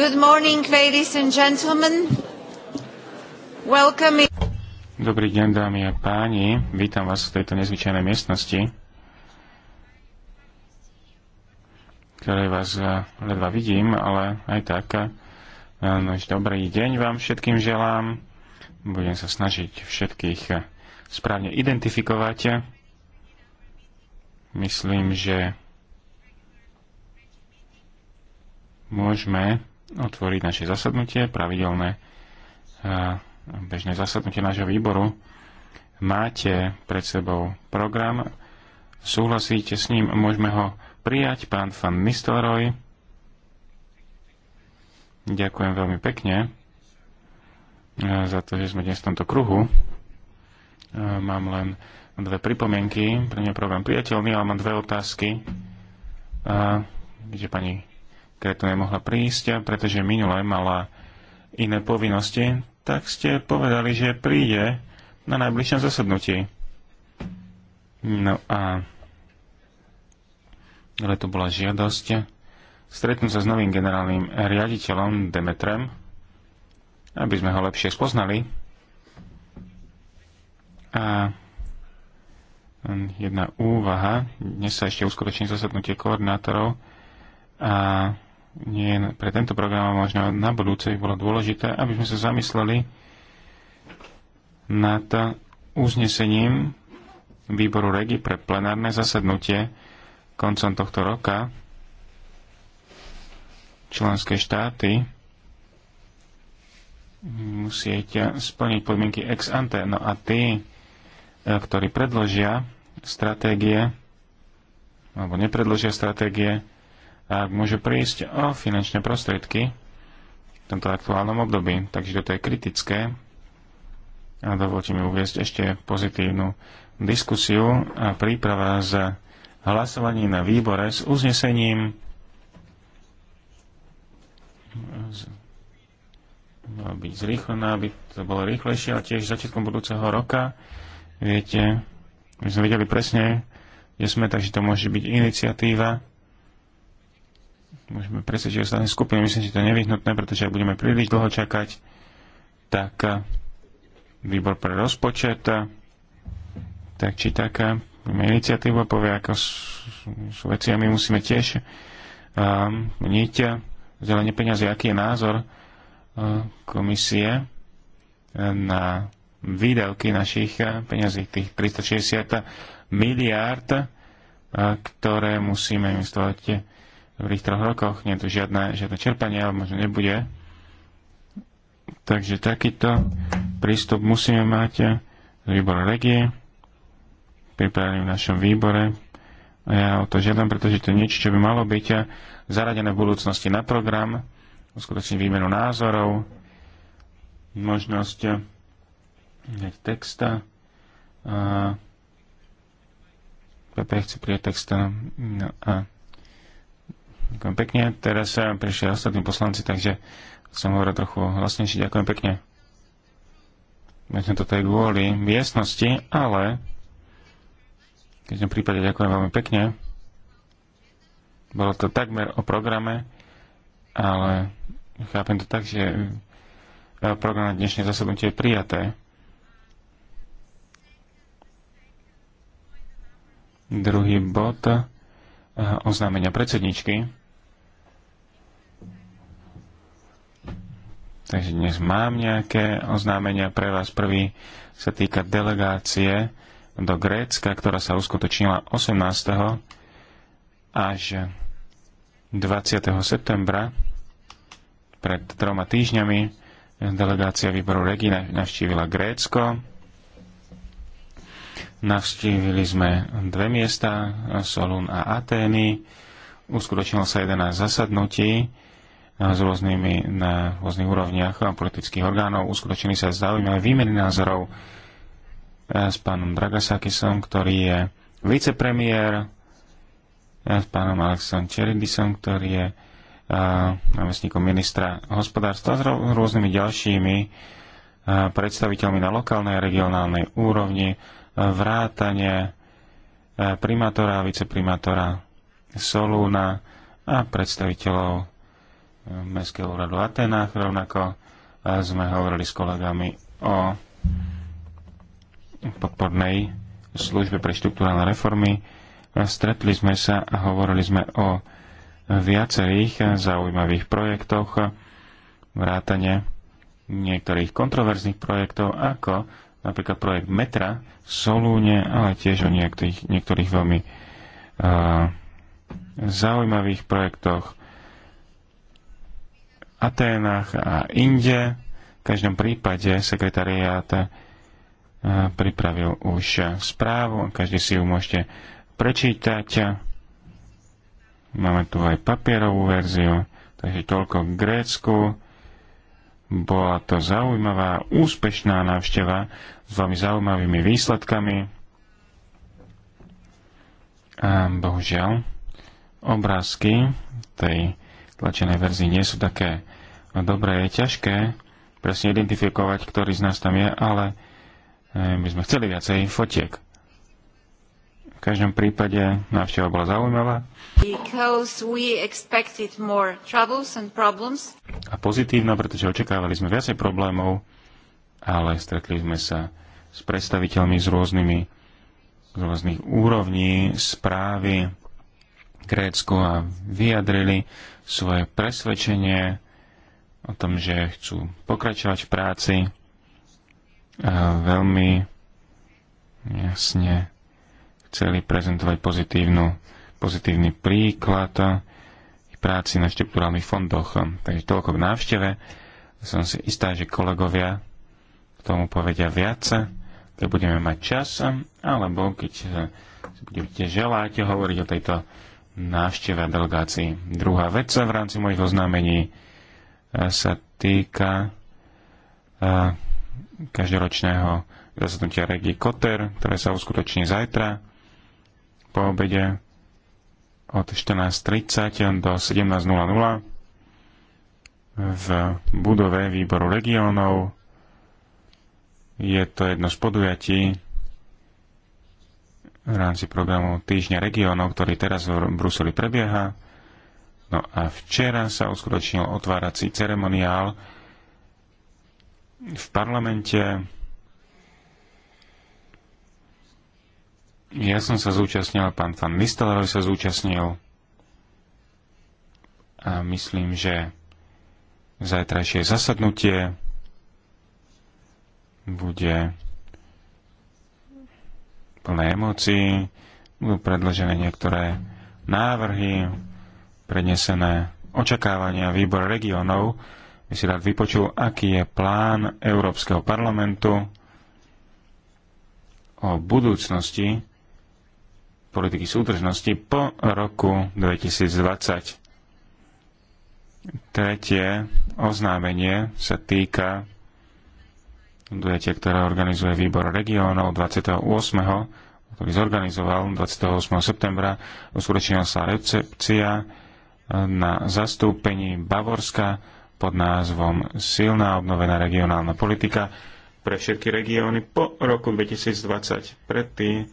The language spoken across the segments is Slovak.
Good morning, ladies and gentlemen. Welcome. Dobrý deň, dámy a páni. Vítam vás v tejto nezvyčajnej miestnosti, ktoré vás eh, ledva vidím, ale aj tak. Eh, Nož dobrý deň vám všetkým želám. Budem sa snažiť všetkých eh, správne identifikovať Myslím, že môžeme otvoriť naše zasadnutie, pravidelné bežné zasadnutie nášho výboru. Máte pred sebou program, súhlasíte s ním, môžeme ho prijať, pán Van Nistelrooy. Ďakujem veľmi pekne e, za to, že sme dnes v tomto kruhu. E, mám len dve pripomienky, pre mňa program priateľný, ale mám dve otázky, a, kde pani Kretu nemohla prísť, pretože minule mala iné povinnosti, tak ste povedali, že príde na najbližšom zasadnutí. No a ale to bola žiadosť Stretnú sa s novým generálnym riaditeľom Demetrem, aby sme ho lepšie spoznali. A jedna úvaha. Dnes sa ešte uskutoční zasadnutie koordinátorov a nie pre tento program, ale možno na budúce by bolo dôležité, aby sme sa zamysleli nad uznesením výboru REGI pre plenárne zasadnutie koncom tohto roka. Členské štáty musieť splniť podmienky ex ante. No a tí, eh, ktorí predložia stratégie alebo nepredložia stratégie, a môžu prísť o finančné prostriedky v tomto aktuálnom období. Takže toto je kritické. A dovolte mi uviezť ešte pozitívnu diskusiu a príprava za hlasovanie na výbore s uznesením mala byť zrýchlená, aby to bolo rýchlejšie, ale tiež začiatkom budúceho roka, viete, my sme vedeli presne, kde sme, takže to môže byť iniciatíva. Môžeme presvedčiť ostatné skupiny, myslím, že to je nevyhnutné, pretože ak budeme príliš dlho čakať, tak eh, výbor pre rozpočet, eh, tak či taká eh, iniciatíva povie, ako sú veci a my musíme tiež meniť zelenie peniazy, aký je názor komisie na výdavky našich eh, peňazí, tých 360 miliárd, eh, ktoré musíme investovať v tých troch rokoch. Nie je tu žiadne, žiadne čerpanie, alebo možno nebude. Takže takýto prístup musíme mať eh, z výboru regie, pripravený v našom výbore. A ja o to žiadam, pretože to je niečo, čo by malo byť zaradené v budúcnosti na program, uskutočniť výmenu názorov, možnosť texta. A PP chce prijať texta. No a ďakujem pekne. Teraz sa prišli ostatní poslanci, takže som hovoril trochu hlasnejšie. Ďakujem pekne. Možno to tej kvôli miestnosti, ale v každom prípade ďakujem veľmi pekne. Bolo to takmer o programe, ale chápem to tak, že e, program na dnešné zasadnutie je prijaté. Druhý bod eh, oznámenia predsedničky. Takže dnes mám nejaké oznámenia pre vás. Prvý sa týka delegácie do Grécka, ktorá sa uskutočnila 18. až 20. septembra pred troma týždňami. Delegácia výboru regina navštívila Grécko. Navštívili sme dve miesta, Solun a Atény. Uskutočnilo sa 11 zasadnutí eh, s rôznymi, na rôznych úrovniach eh, politických orgánov. Uskutočnili sa zaujímavé výmeny názorov eh, s pánom Dragasakisom, ktorý je vicepremiér, s pánom Alexom Čeridisom, ktorý je námestníkom ministra hospodárstva s rôznymi ďalšími predstaviteľmi na lokálnej a regionálnej úrovni, Vrátane e, primátora a viceprimátora Solúna a predstaviteľov e, Mestského úradu Atena. Rovnako e, sme hovorili s kolegami o podpornej službe pre štruktúrálne reformy. Stretli sme sa a hovorili sme o viacerých zaujímavých projektoch, vrátane niektorých kontroverzných projektov, ako napríklad projekt metra v Solúne, ale tiež o niektorých, niektorých veľmi uh, zaujímavých projektoch v Aténach a inde. V každom prípade sekretariát eh, pripravil už správu, každý si ju môžete prečítať. Máme tu aj papierovú verziu, takže toľko k Grécku. Bola to zaujímavá, úspešná návšteva s veľmi zaujímavými výsledkami. A bohužiaľ, obrázky tej tlačenej verzii nie sú také dobré. Je ťažké presne identifikovať, ktorý z nás tam je, ale e, my sme chceli viacej fotiek. V každom prípade návšteva bola zaujímavá. A pozitívna, pretože očakávali sme viacej problémov ale stretli sme sa s predstaviteľmi z rôznymi z rôznych úrovní správy Grécku a vyjadrili svoje presvedčenie o tom, že chcú pokračovať v práci a veľmi jasne chceli prezentovať pozitívnu, pozitívny príklad práci na štruktúrálnych fondoch. Takže toľko k návšteve. Som si istá, že kolegovia tomu povedia viac, keď budeme mať čas, alebo keď budete želať hovoriť o tejto návšteve a delegácii. Druhá vec v rámci mojich oznámení eh, sa týka eh, každoročného zasadnutia regie Koter, ktoré sa uskutoční zajtra po obede od 14.30 do 17.00 v budove výboru regiónov je to jedno z podujatí v rámci programu Týždňa regiónov, ktorý teraz v Bruseli prebieha. No a včera sa uskutočnil otvárací ceremoniál v parlamente. Ja som sa zúčastnil, pán Van Nistelrooy sa zúčastnil a myslím, že zajtrajšie zasadnutie bude plné emócií, budú predložené niektoré návrhy, prednesené očakávania výbor regionov. By si rád vypočul, aký je plán Európskeho parlamentu o budúcnosti politiky súdržnosti po roku 2020. Tretie oznámenie sa týka dujete, ktorá organizuje výbor regiónov 28 ktorý zorganizoval 28. septembra, uskutočnila sa recepcia eh, na zastúpení Bavorska pod názvom Silná obnovená regionálna politika pre všetky regióny po roku 2020. Predtým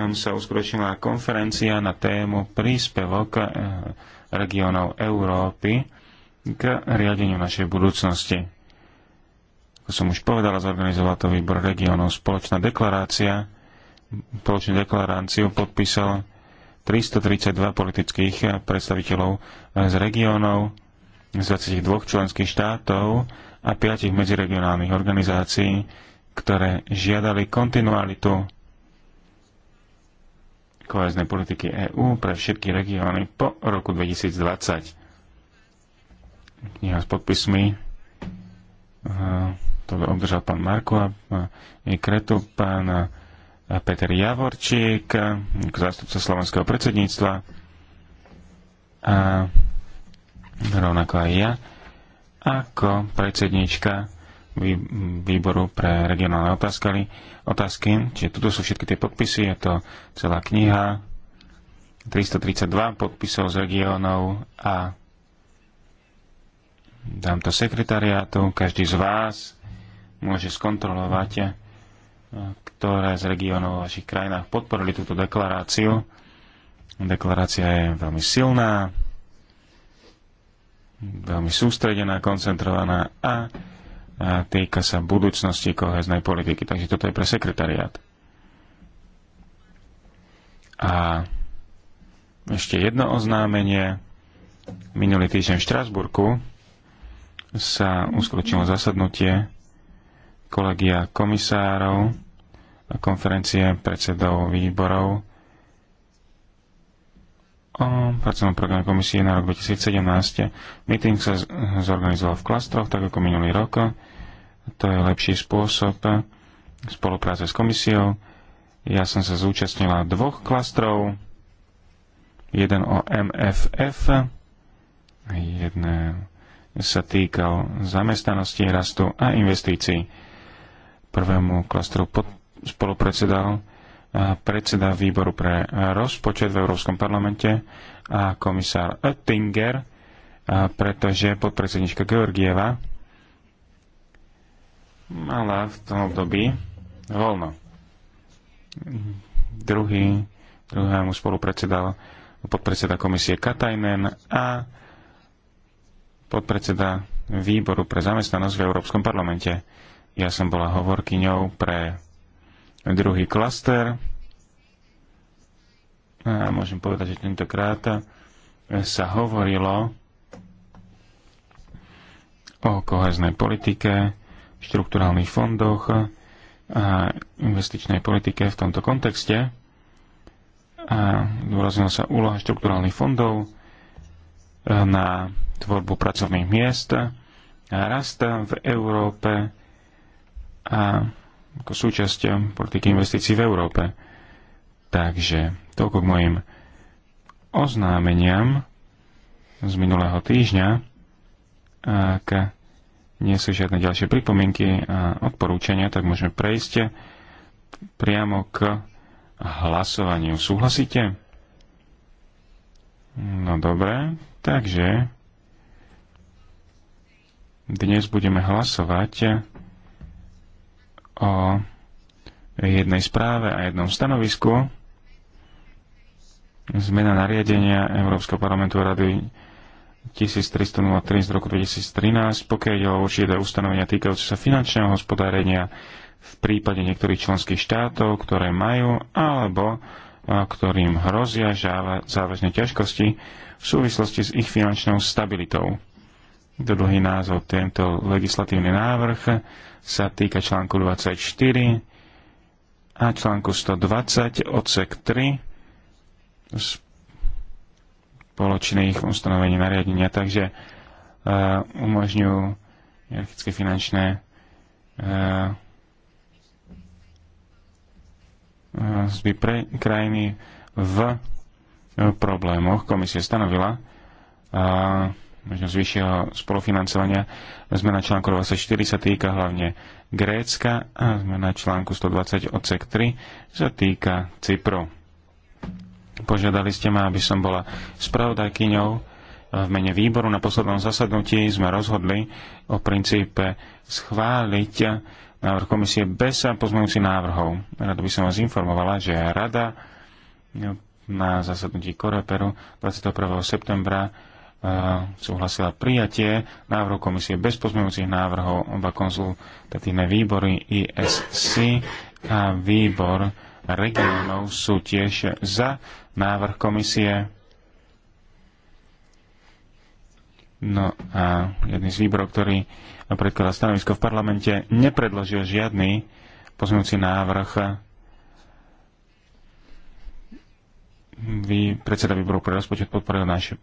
ehm, sa uskutočnila konferencia na tému príspevok eh, regiónov Európy k riadeniu našej budúcnosti. Ako som už povedala, zorganizoval to výbor regionov. Spoločná deklarácia, spoločnú deklaráciu podpísal 332 politických predstaviteľov z regiónov, z 22 členských štátov a 5 medziregionálnych organizácií, ktoré žiadali kontinualitu koheznej politiky EÚ pre všetky regióny po roku 2020. Kniha s podpismi eh, to obdržal pán Marko a Kretu, pán Peter Javorčík, zástupca slovenského predsedníctva a rovnako aj ja, ako predsednička výboru pre regionálne otázky. otázky. Čiže tuto sú všetky tie podpisy, je to celá kniha, 332 podpisov z regiónov a dám to sekretariátu, každý z vás môže skontrolovať, eh, ktoré z regiónov v vašich krajinách podporili túto deklaráciu. Deklarácia je veľmi silná, veľmi sústredená, koncentrovaná a, a týka sa budúcnosti koheznej politiky. Takže toto je pre sekretariát. A ešte jedno oznámenie. Minulý týždeň v Štrasburku sa uskutočnilo zasadnutie kolegia komisárov a konferencie predsedov výborov o pracovnom programe komisie na rok 2017. Meeting sa zorganizoval v klastroch, tak ako minulý rok. To je lepší spôsob spolupráce s komisiou. Ja som sa zúčastnila dvoch klastrov. Jeden o MFF, jeden sa týkal zamestnanosti, rastu a investícií prvému klastru pod, spolupredsedal eh, predseda výboru pre eh, rozpočet v Európskom parlamente a komisár Oettinger, eh, pretože podpredsednička Georgieva mala v tom období voľno. Druhý, druhému spolupredsedal podpredseda komisie Katajnen a podpredseda výboru pre zamestnanosť v Európskom parlamente. Ja som bola hovorkyňou pre druhý klaster. A môžem povedať, že tentokrát sa hovorilo o koheznej politike, štruktúrálnych fondoch a investičnej politike v tomto kontexte. A dôraznila sa úloha štruktúrálnych fondov na tvorbu pracovných miest a rast v Európe a ako súčasť politiky investícií v Európe. Takže toľko k mojim oznámeniam z minulého týždňa. Ak nie sú žiadne ďalšie pripomienky a odporúčania, tak môžeme prejsť priamo k hlasovaniu. Súhlasíte? No dobre, takže dnes budeme hlasovať o jednej správe a jednom stanovisku. Zmena nariadenia Európskeho parlamentu rady 1303 z roku 2013, pokiaľ ide o určité ustanovenia týkajúce sa finančného hospodárenia v prípade niektorých členských štátov, ktoré majú alebo ktorým hrozia závažné ťažkosti v súvislosti s ich finančnou stabilitou to dlhý názov. Tento legislatívny návrh sa týka článku 24 a článku 120 odsek 3 spoločných ustanovení nariadenia. Takže uh, umožňujú hierarchické finančné uh, zby pre krajiny v problémoch. Komisia stanovila uh, možnosť vyššieho spolufinancovania. Zmena článku 24 sa týka hlavne Grécka a zmena článku 120 odsek 3 sa týka Cypru. Požiadali ste ma, aby som bola spravodajkyňou e, v mene výboru. Na poslednom zasadnutí sme rozhodli o princípe schváliť návrh komisie bez pozmeňujúcich návrhov. Rada by som vás informovala, že rada na zasadnutí Koreperu 21. septembra súhlasila prijatie návrhu komisie bez pozmeňujúcich návrhov oba konzultatívne výbory ISC a výbor regionov sú tiež za návrh komisie. No a jedný z výborov, ktorý predkladá stanovisko v parlamente, nepredložil žiadny pozmeňujúci návrh vy, predseda výboru pre rozpočet, podporil naše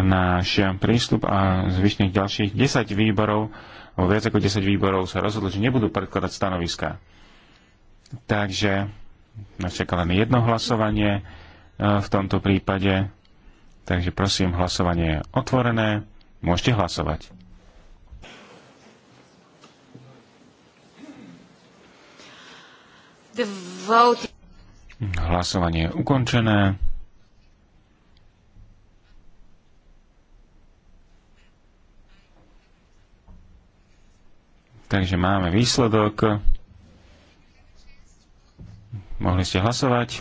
náš prístup a zvyšných ďalších 10 výborov, alebo viac ako 10 výborov sa rozhodlo, že nebudú predkladať stanoviska. Takže nás čaká len jedno hlasovanie e, v tomto prípade. Takže prosím, hlasovanie je otvorené. Môžete hlasovať. Hlasovanie je ukončené. Takže máme výsledok. Mohli ste hlasovať.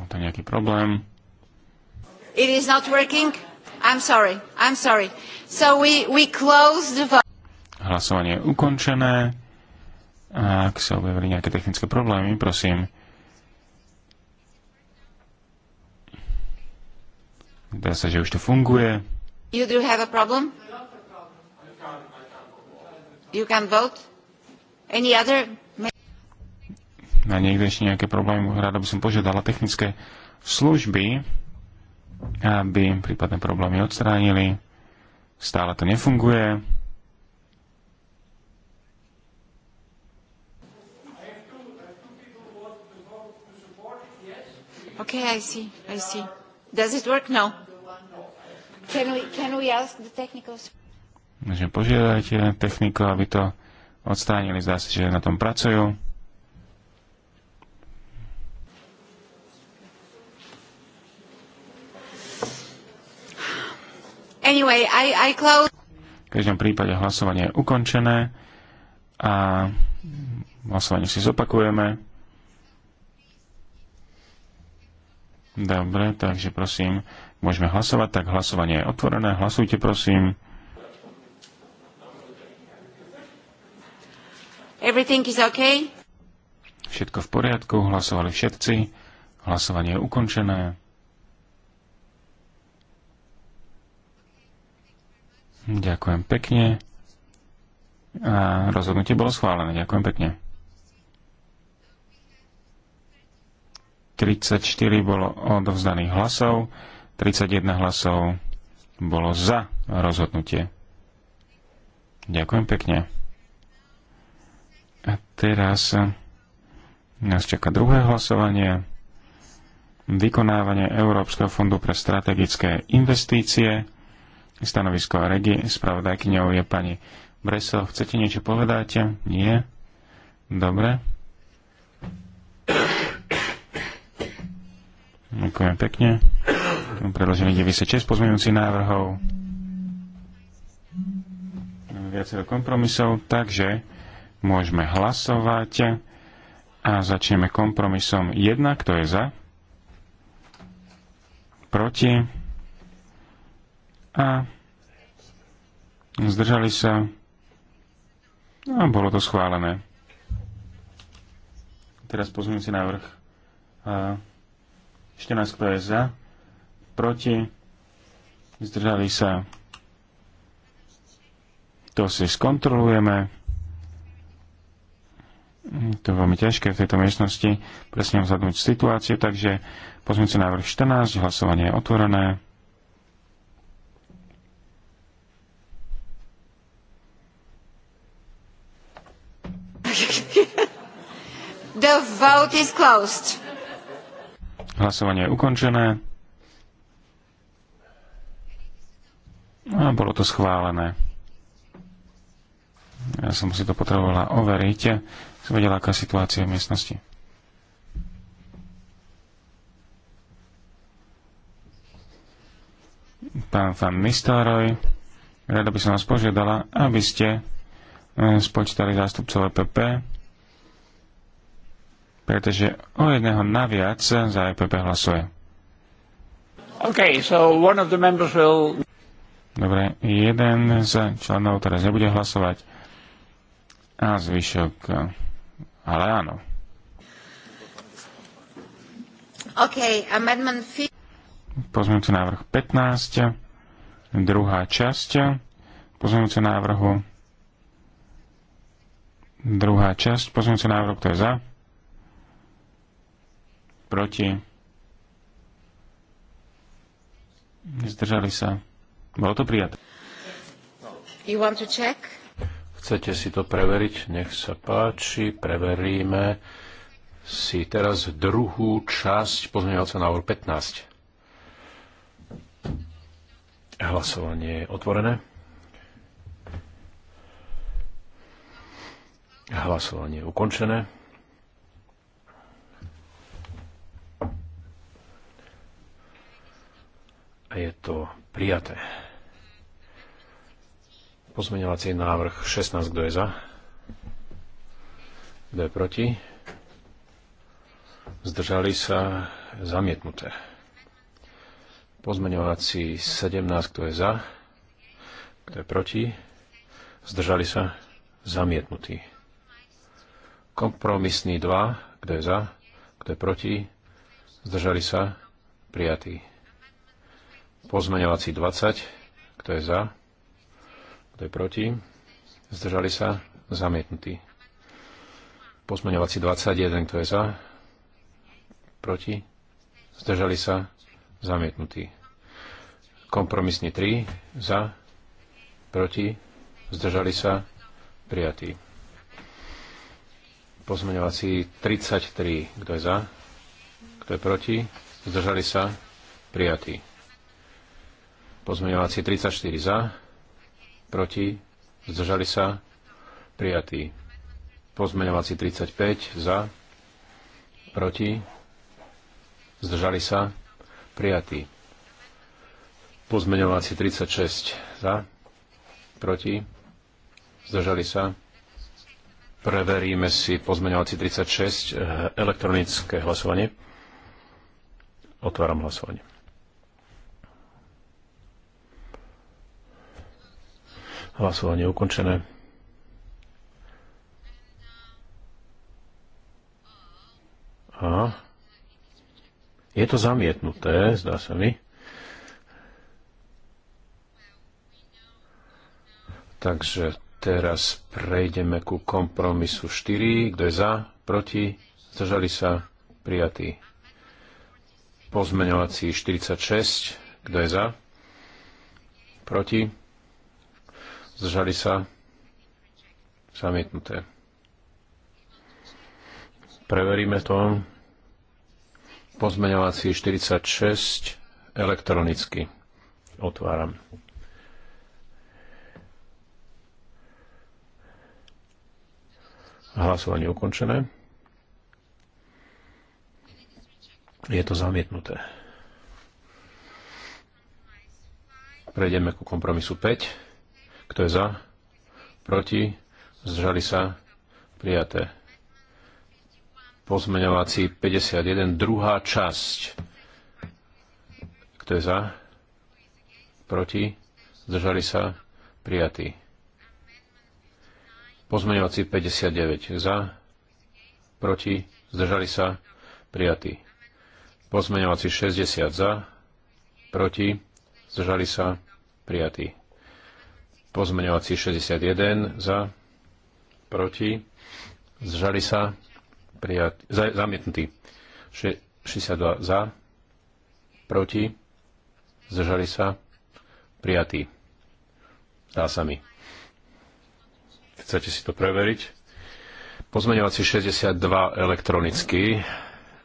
Má to nejaký problém. It is not working. I'm sorry. I'm sorry. So we, we close the vote. Hlasovanie je ukončené. ak sa objavili nejaké technické problémy, prosím, Dá sa, že už to funguje. You do have a problem? You can vote? Any other? Má niekde ešte nejaké problémy? Rada by som požiadala technické služby, aby prípadné problémy odstránili. Stále to nefunguje. Okay, I see, I see. Does it work now? Can we, can we ask the Môžem požiadať techniku, aby to odstránili. Zdá sa, že na tom pracujú. Anyway, I, I close... V každom prípade hlasovanie je ukončené a hlasovanie si zopakujeme. Dobre, takže prosím, môžeme hlasovať. Tak hlasovanie je otvorené. Hlasujte, prosím. Everything is okay? Všetko v poriadku, hlasovali všetci. Hlasovanie je ukončené. Ďakujem pekne. A rozhodnutie bolo schválené. Ďakujem pekne. 34 bolo odovzdaných hlasov, 31 hlasov bolo za rozhodnutie. Ďakujem pekne. A teraz nás čaká druhé hlasovanie. Vykonávanie Európskeho fondu pre strategické investície. Stanovisko a regi. Spravodajkyňou je pani Breso. Chcete niečo povedať? Nie? Dobre. Ďakujem pekne. Predložený 96 pozmeňujúcich návrhov. Viacero kompromisov, takže môžeme hlasovať a začneme kompromisom 1, kto je za, proti a zdržali sa a no, bolo to schválené. Teraz pozmeňujúci návrh. 14, kto je za, proti, zdržali sa. To si skontrolujeme. To je veľmi ťažké v tejto miestnosti presne vzhľadnúť situáciu, takže pozmite návrh 14, hlasovanie je otvorené. The vote is closed. Hlasovanie je ukončené. A bolo to schválené. Ja som si to potrebovala overiť. Som vedela, aká situácia v miestnosti. Pán fan Mistároj, rada by som vás požiadala, aby ste eh, spočítali zástupcov EPP pretože o jedného naviac za EPP hlasuje. Okay, so one of the members will... Dobre, jeden z členov teraz nebude hlasovať a zvyšok, ale áno. Okay, amendment... Pozmeňujúci návrh 15, druhá časť pozmeňujúceho návrhu, druhá časť pozmeňujúceho návrhu, kto je za? proti, zdržali sa. Bolo to prijaté. You want to check? Chcete si to preveriť? Nech sa páči, preveríme si teraz druhú časť pozmeňovacia návrhu 15. Hlasovanie je otvorené. Hlasovanie je ukončené. je to prijaté. Pozmeňovací návrh 16, kto je za? Kto je proti? Zdržali sa zamietnuté. Pozmeňovací 17, kto je za? Kto je proti? Zdržali sa zamietnutí. Kompromisný 2, kto je za? Kto je proti? Zdržali sa prijatí. Pozmeňovací 20. Kto je za? Kto je proti? Zdržali sa? zamietnutí, Pozmeňovací 21. Kto je za? Proti? Zdržali sa? zamietnutí. Kompromisný 3. Za? Proti? Zdržali sa? prijatí. Pozmeňovací 33. Kto je za? Kto je proti? Zdržali sa? prijatí. Pozmeňovací 34 za, proti, zdržali sa, prijatý. Pozmeňovací 35 za, proti, zdržali sa, prijatý. Pozmeňovací 36 za, proti, zdržali sa. Preveríme si pozmeňovací 36, eh, elektronické hlasovanie. Otváram hlasovanie. Hlasovanie ukončené. A je to zamietnuté, zdá sa mi. Takže teraz prejdeme ku kompromisu 4. Kto je za? Proti? Zdržali sa? Prijatý. Pozmeňovací 46. Kto je za? Proti? zdržali sa, zamietnuté. Preveríme to. Pozmeňovací 46 elektronicky. Otváram. Hlasovanie ukončené. Je to zamietnuté. Prejdeme ku kompromisu 5. Kto je za? Proti? Zdržali sa? Prijaté. Pozmeňovací 51, druhá časť. Kto je za? Proti? Zdržali sa? Prijatý. Pozmeňovací 59, za? Proti? Zdržali sa? Prijatý. Pozmeňovací 60, za? Proti? Zdržali sa? Prijatý. Pozmeňovací 61 za, proti, zžali sa, prijat, za, zamietnutý. 62 za, proti, zžali sa, prijatý. Dá sa mi. Chcete si to preveriť? Pozmeňovací 62 elektronicky.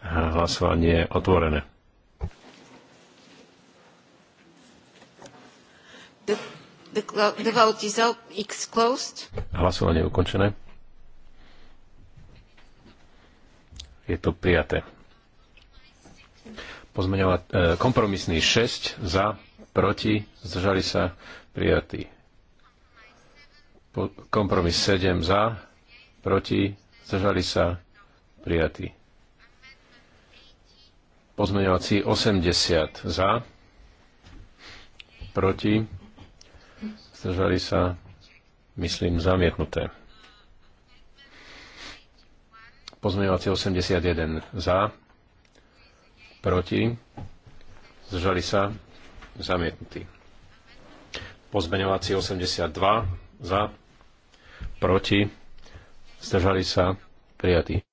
Hlasovanie otvorené. The, the vote is it's closed. Hlasovanie je ukončené. Je to prijaté. Pozmeňová, e, kompromisný 6 za, proti, zdržali sa, prijatý. Po, kompromis 7 za, proti, zdržali sa, prijatý. Pozmeňovací 80 za, proti, Zdržali sa, myslím, zamietnuté. Pozmeňovací 81 za, proti, zdržali sa, zamietnutí. Pozmeňovací 82 za, proti, zdržali sa, prijatí.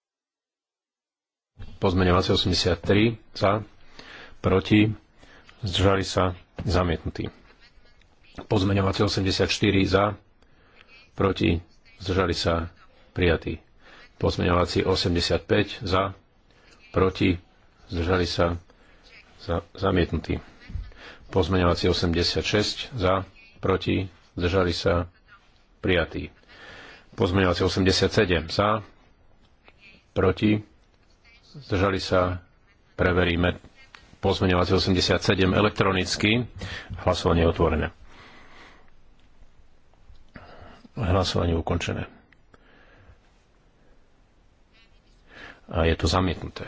Pozmeňovací 83 za, proti, zdržali sa, zamietnutí. Pozmeňovací 84 za, proti, zdržali sa, prijatý. Pozmeňovací 85 za, proti, zdržali sa, za, zamietnutý. Pozmeňovací 86 za, proti, zdržali sa, prijatý. Pozmeňovací 87 za, proti, zdržali sa, preveríme. Pozmeňovací 87 elektronicky, hlasovanie je otvorené. Hlasovanie ukončené. A je to zamietnuté.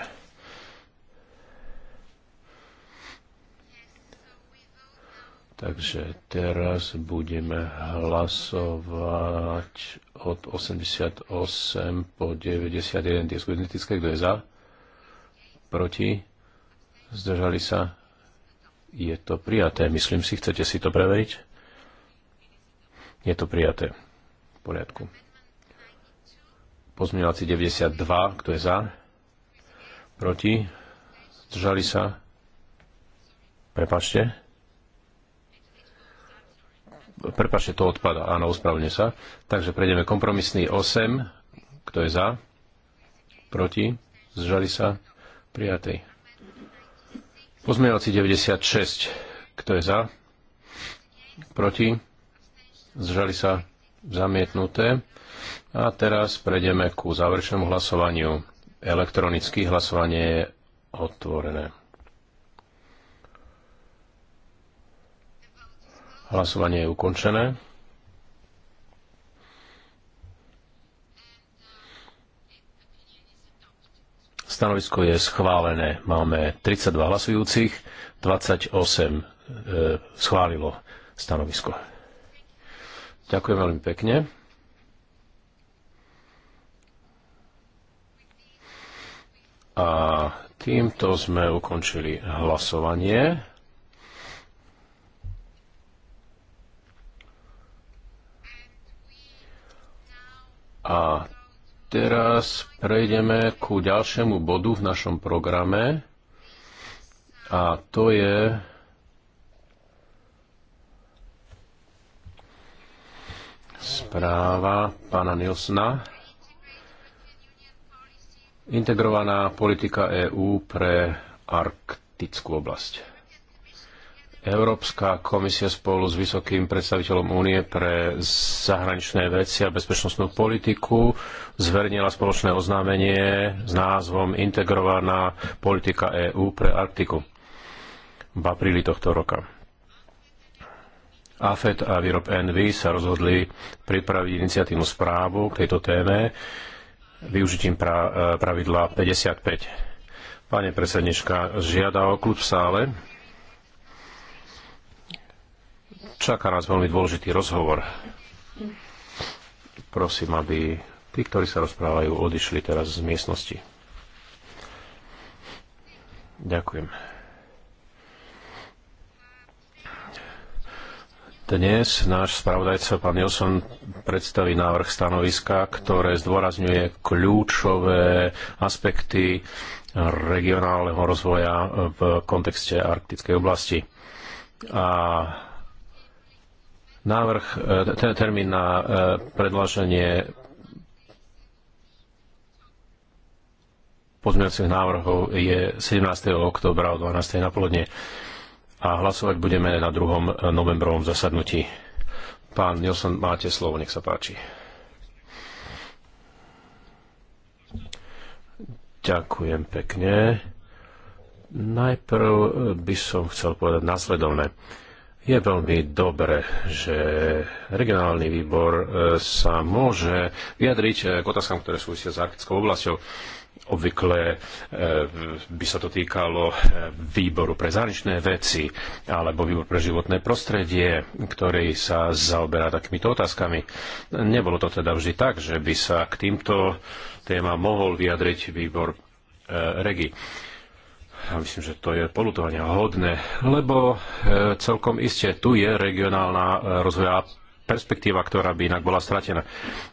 Takže teraz budeme hlasovať od 88 po 91. Tie identické. Kto je za? Proti? Zdržali sa? Je to prijaté. Myslím si, chcete si to preveriť? Je to prijaté poriadku. Pozmeňovací 92, kto je za? Proti? Zdržali sa? Prepačte. Prepačte, to odpada. Áno, uspravne sa. Takže prejdeme kompromisný 8. Kto je za? Proti? Zdržali sa? Prijatý. Pozmeňovací 96. Kto je za? Proti? Zdržali sa? Zamietnuté. A teraz prejdeme ku záverečnému hlasovaniu. Elektronické hlasovanie je otvorené. Hlasovanie je ukončené. Stanovisko je schválené. Máme 32 hlasujúcich, 28 e, schválilo stanovisko. Ďakujem veľmi pekne. A týmto sme ukončili hlasovanie. A teraz prejdeme ku ďalšiemu bodu v našom programe. A to je správa pána Nilsna. Integrovaná politika EÚ pre arktickú oblasť. Európska komisia spolu s vysokým predstaviteľom únie pre zahraničné veci a bezpečnostnú politiku zvernila spoločné oznámenie s názvom Integrovaná politika EÚ pre Arktiku v apríli tohto roka. AFED a Výrob NV sa rozhodli pripraviť iniciatívnu správu k tejto téme využitím pra, e, pravidla 55. Pane predsednička, žiada o kľud v sále. Čaká nás veľmi dôležitý rozhovor. Prosím, aby tí, ktorí sa rozprávajú, odišli teraz z miestnosti. Ďakujem. Dnes náš spravodajca pán Nilsson predstaví návrh stanoviska, ktoré zdôrazňuje kľúčové aspekty regionálneho rozvoja v kontexte arktickej oblasti. A návrh, ten termín na e, predlaženie pozmeňovacích návrhov je 17. oktobra o 12. napoludne a hlasovať budeme na 2. Eh, novembrovom zasadnutí. Pán Nilsson, máte slovo, nech sa páči. Ďakujem pekne. Najprv eh, by som chcel povedať následovné. Je veľmi dobre, že regionálny výbor eh, sa môže vyjadriť k otázkam, ktoré súvisia s arktickou oblasťou Obvykle e, by sa to týkalo e, výboru pre zahraničné veci alebo výbor pre životné prostredie, ktorý sa zaoberá takýmito otázkami. Nebolo to teda vždy tak, že by sa k týmto témam mohol vyjadriť výbor e, regi. Ja myslím, že to je polutovania hodné, lebo celkom iste tu je regionálna rozvoja perspektíva, ktorá by inak bola stratená.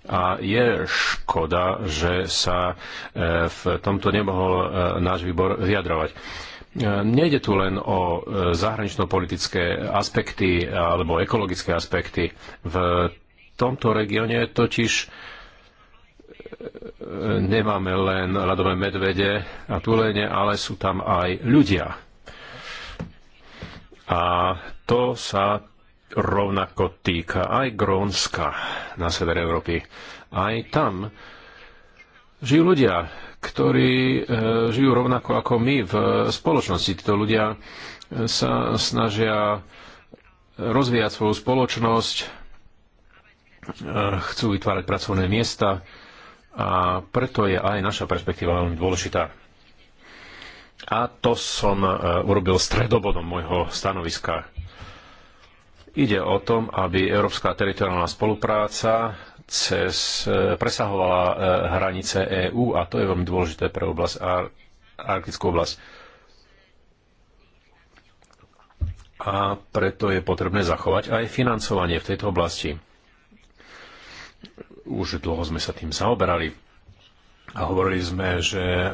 A je škoda, že sa e, v tomto nemohol e, náš výbor vyjadrovať. E, nejde tu len o zahranično-politické aspekty alebo ekologické aspekty. V tomto regióne totiž nemáme len ľadové medvede a tulene, ale sú tam aj ľudia. A to sa rovnako týka aj Grónska na severe Európy. Aj tam žijú ľudia, ktorí e, žijú rovnako ako my v spoločnosti. Títo ľudia e, sa snažia rozvíjať svoju spoločnosť, e, chcú vytvárať pracovné miesta a preto je aj naša perspektíva veľmi dôležitá. A to som urobil stredobodom môjho stanoviska. Ide o tom, aby európska teritoriálna spolupráca cez, e, presahovala e, hranice EÚ a to je veľmi dôležité pre oblasť, arktickú oblasť. A preto je potrebné zachovať aj financovanie v tejto oblasti. Už dlho sme sa tým zaoberali a hovorili sme, že e,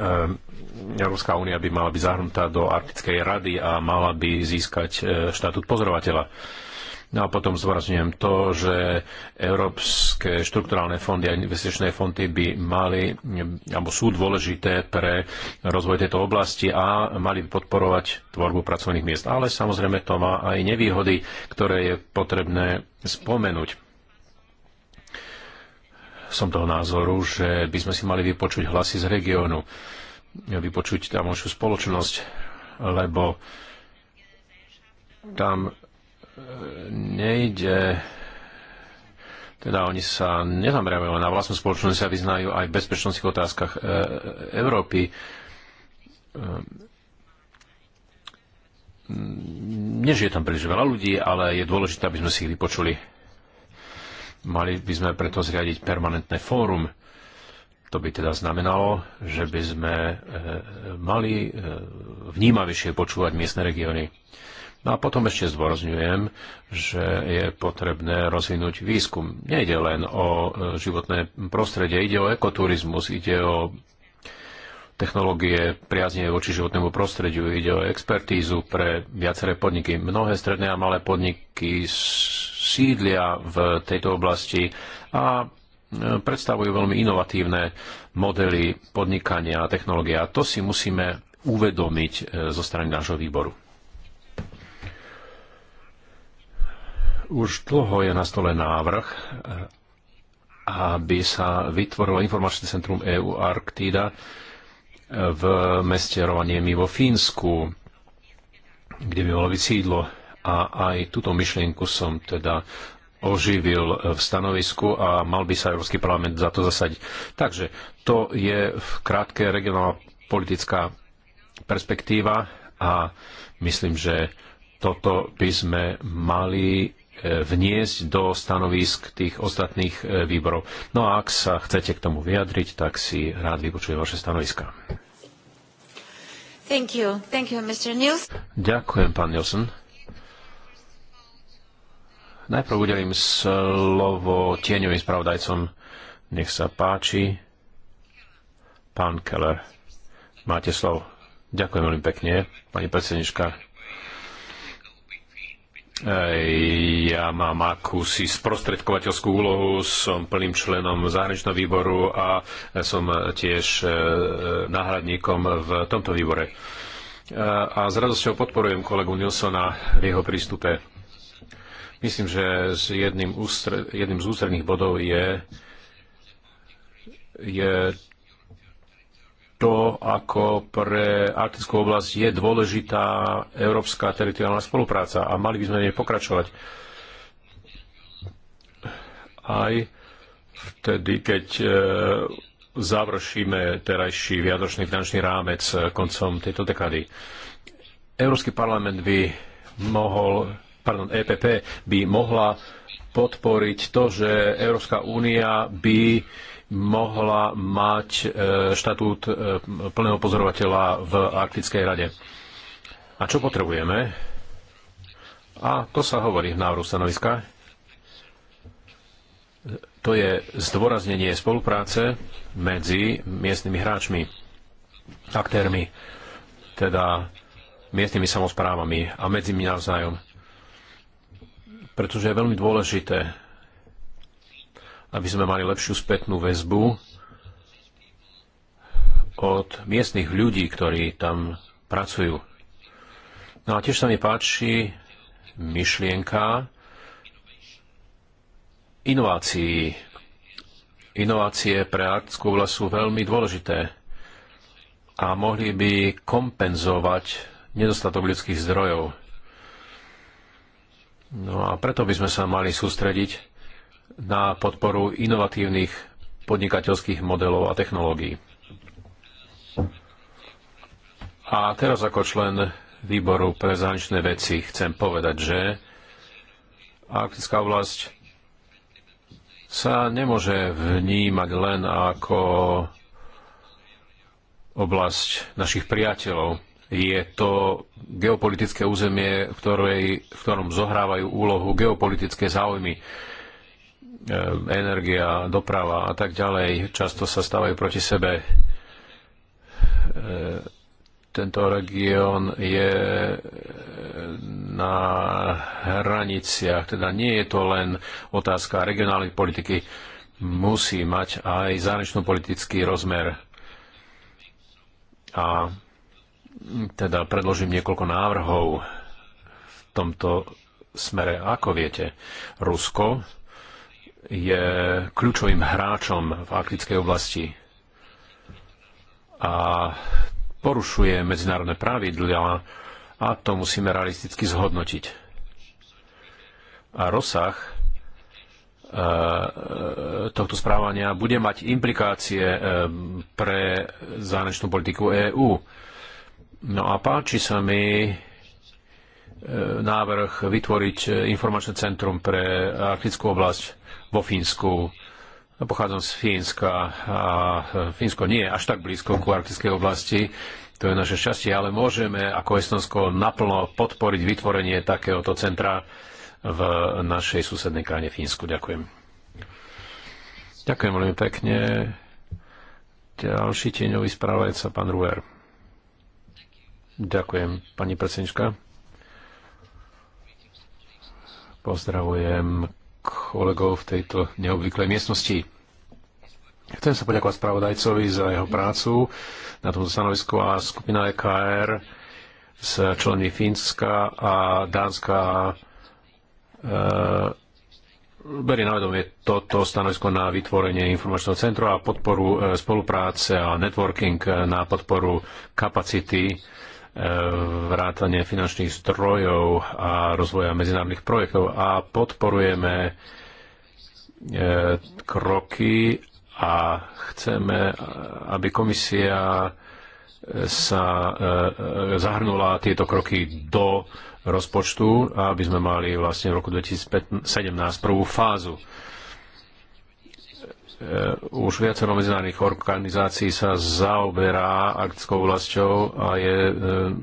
Európska únia by mala byť zahrnutá do Arktickej rady a mala by získať štatút pozorovateľa No a potom zvorazňujem to, že európske štrukturálne fondy a investičné fondy by mali, alebo sú dôležité pre rozvoj tejto oblasti a mali by podporovať tvorbu pracovných miest. Ale samozrejme to má aj nevýhody, ktoré je potrebné spomenúť som toho názoru, že by sme si mali vypočuť hlasy z regiónu, vypočuť tamošiu spoločnosť, lebo tam nejde teda oni sa nezameriavajú na vlastnú spoločnosť, sa vyznajú aj v bezpečnostných otázkach e, Európy. E, nežije tam príliš veľa ľudí, ale je dôležité, aby sme si ich vypočuli. Mali by sme preto zriadiť permanentné fórum. To by teda znamenalo, že by sme e, mali e, vnímavejšie počúvať miestne regióny. E, No a potom ešte zdôrazňujem, že je potrebné rozvinúť výskum. Nejde len o e, životné prostredie, ide o ekoturizmus, ide o technológie priazne voči životnému prostrediu, ide o expertízu pre viaceré podniky. Mnohé stredné a malé podniky sídlia v tejto oblasti a e, predstavujú veľmi inovatívne modely podnikania a technológie. A to si musíme uvedomiť e, zo strany nášho výboru. Už dlho je na stole návrh, eh, aby sa vytvorilo informačné centrum EU Arktída eh, v meste Rovaniemi vo Fínsku, kde by malo byť sídlo. A aj túto myšlienku som teda oživil eh, v stanovisku a mal by sa Európsky parlament za to zasadiť. Takže to je v krátke regionálna politická perspektíva a myslím, že toto by sme mali E, vniesť do stanovisk tých ostatných e, výborov. No a ak sa chcete k tomu vyjadriť, tak si rád vypočujem vaše stanoviska. Thank you. Thank you, Mr. Ďakujem, pán Nielsen. Najprv udelím slovo tieňovým spravodajcom. Nech sa páči. Pán Keller, máte slovo. Ďakujem veľmi pekne, pani predsednička. Ja mám akúsi sprostredkovateľskú úlohu, som plným členom zahraničného výboru a som tiež e, e, náhradníkom v tomto výbore. E, a s radosťou podporujem kolegu Nilsona v jeho prístupe. Myslím, že s jedným, ústre, jedným z ústredných bodov je, je to, ako pre arktickú oblasť je dôležitá európska teritoriálna spolupráca a mali by sme nej pokračovať. Aj vtedy, keď e, završíme terajší viadočný finančný rámec koncom tejto dekady. Európsky parlament by mohol, pardon, EPP by mohla podporiť to, že Európska únia by mohla mať e, štatút e, plného pozorovateľa v Arktickej rade. A čo potrebujeme? A to sa hovorí v návrhu stanoviska. To je zdôraznenie spolupráce medzi miestnymi hráčmi, aktérmi, teda miestnymi samozprávami a medzi navzájom. Pretože je veľmi dôležité aby sme mali lepšiu spätnú väzbu od miestnych ľudí, ktorí tam pracujú. No a tiež sa mi páči myšlienka inovácií. Inovácie pre Arktickú oblasť sú veľmi dôležité a mohli by kompenzovať nedostatok ľudských zdrojov. No a preto by sme sa mali sústrediť na podporu inovatívnych podnikateľských modelov a technológií. A teraz ako člen výboru pre zahraničné veci chcem povedať, že arktická oblasť sa nemôže vnímať len ako oblasť našich priateľov. Je to geopolitické územie, v, ktorej, v ktorom zohrávajú úlohu geopolitické záujmy. E, energia, doprava a tak ďalej často sa stávajú proti sebe. E, tento región je e, na hraniciach, teda nie je to len otázka regionálnej politiky, musí mať aj zahranično-politický rozmer. A teda predložím niekoľko návrhov v tomto smere. Ako viete, Rusko je kľúčovým hráčom v arktickej oblasti a porušuje medzinárodné pravidlá a to musíme realisticky zhodnotiť. A rozsah e, e, tohto správania bude mať implikácie e, pre zahraničnú politiku EÚ. No a páči sa mi návrh vytvoriť informačné centrum pre arktickú oblasť vo Fínsku. Pochádzam z Fínska a Fínsko nie je až tak blízko ku arktickej oblasti. To je naše šťastie, ale môžeme ako Estonsko naplno podporiť vytvorenie takéhoto centra v našej susednej krajine Fínsku. Ďakujem. Ďakujem veľmi pekne. Ďalší tieňový správajca, pán Ruer. Ďakujem, pani predsednička. Pozdravujem kolegov v tejto neobvyklej miestnosti. Chcem sa poďakovať spravodajcovi za jeho prácu na tomto stanovisku a skupina EKR s členmi Fínska a Dánska e, berie na vedomie toto stanovisko na vytvorenie informačného centra a podporu e, spolupráce a networking na podporu kapacity vrátanie finančných zdrojov a rozvoja medzinárodných projektov a podporujeme e, kroky a chceme, aby komisia e, sa e, zahrnula tieto kroky do rozpočtu, aby sme mali vlastne v roku 2017 prvú fázu Eh, už viacero medzinárodných organizácií sa zaoberá arktickou oblasťou a je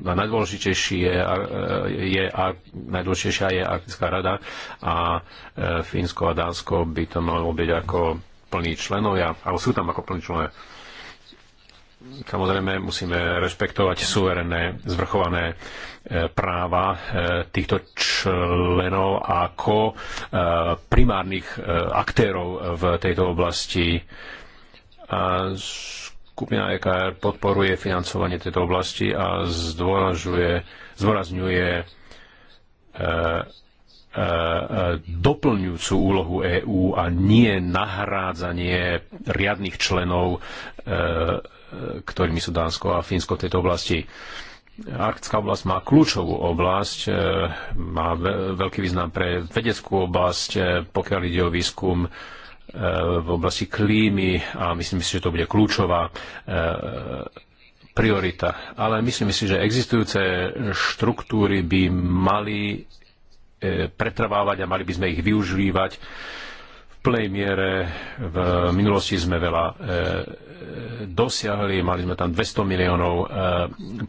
eh, a najdôležitejší je, eh, je a, najdôležitejšia je Arktická rada a Fínsko a Dánsko by to malo byť ako plní členovia, alebo sú tam ako plní členovia. Samozrejme musíme rešpektovať suverené, zvrchované E, práva e, týchto členov ako e, primárnych aktérov v tejto oblasti. A skupina EKR podporuje financovanie tejto oblasti a zdôrazňuje doplňujúcu úlohu EÚ a nie nahrádzanie riadných členov, ktorými sú Dánsko a Fínsko v tejto oblasti. Arktická oblasť má kľúčovú oblasť, e, má veľký význam pre vedeckú oblasť, e, pokiaľ ide o výskum e, v oblasti klímy a myslím si, že to bude kľúčová priorita. Ale myslím si, že existujúce štruktúry by mali pretrvávať a mali by sme ich využívať plnej miere. V minulosti sme veľa e, e dosiahli, mali sme tam 200 miliónov e,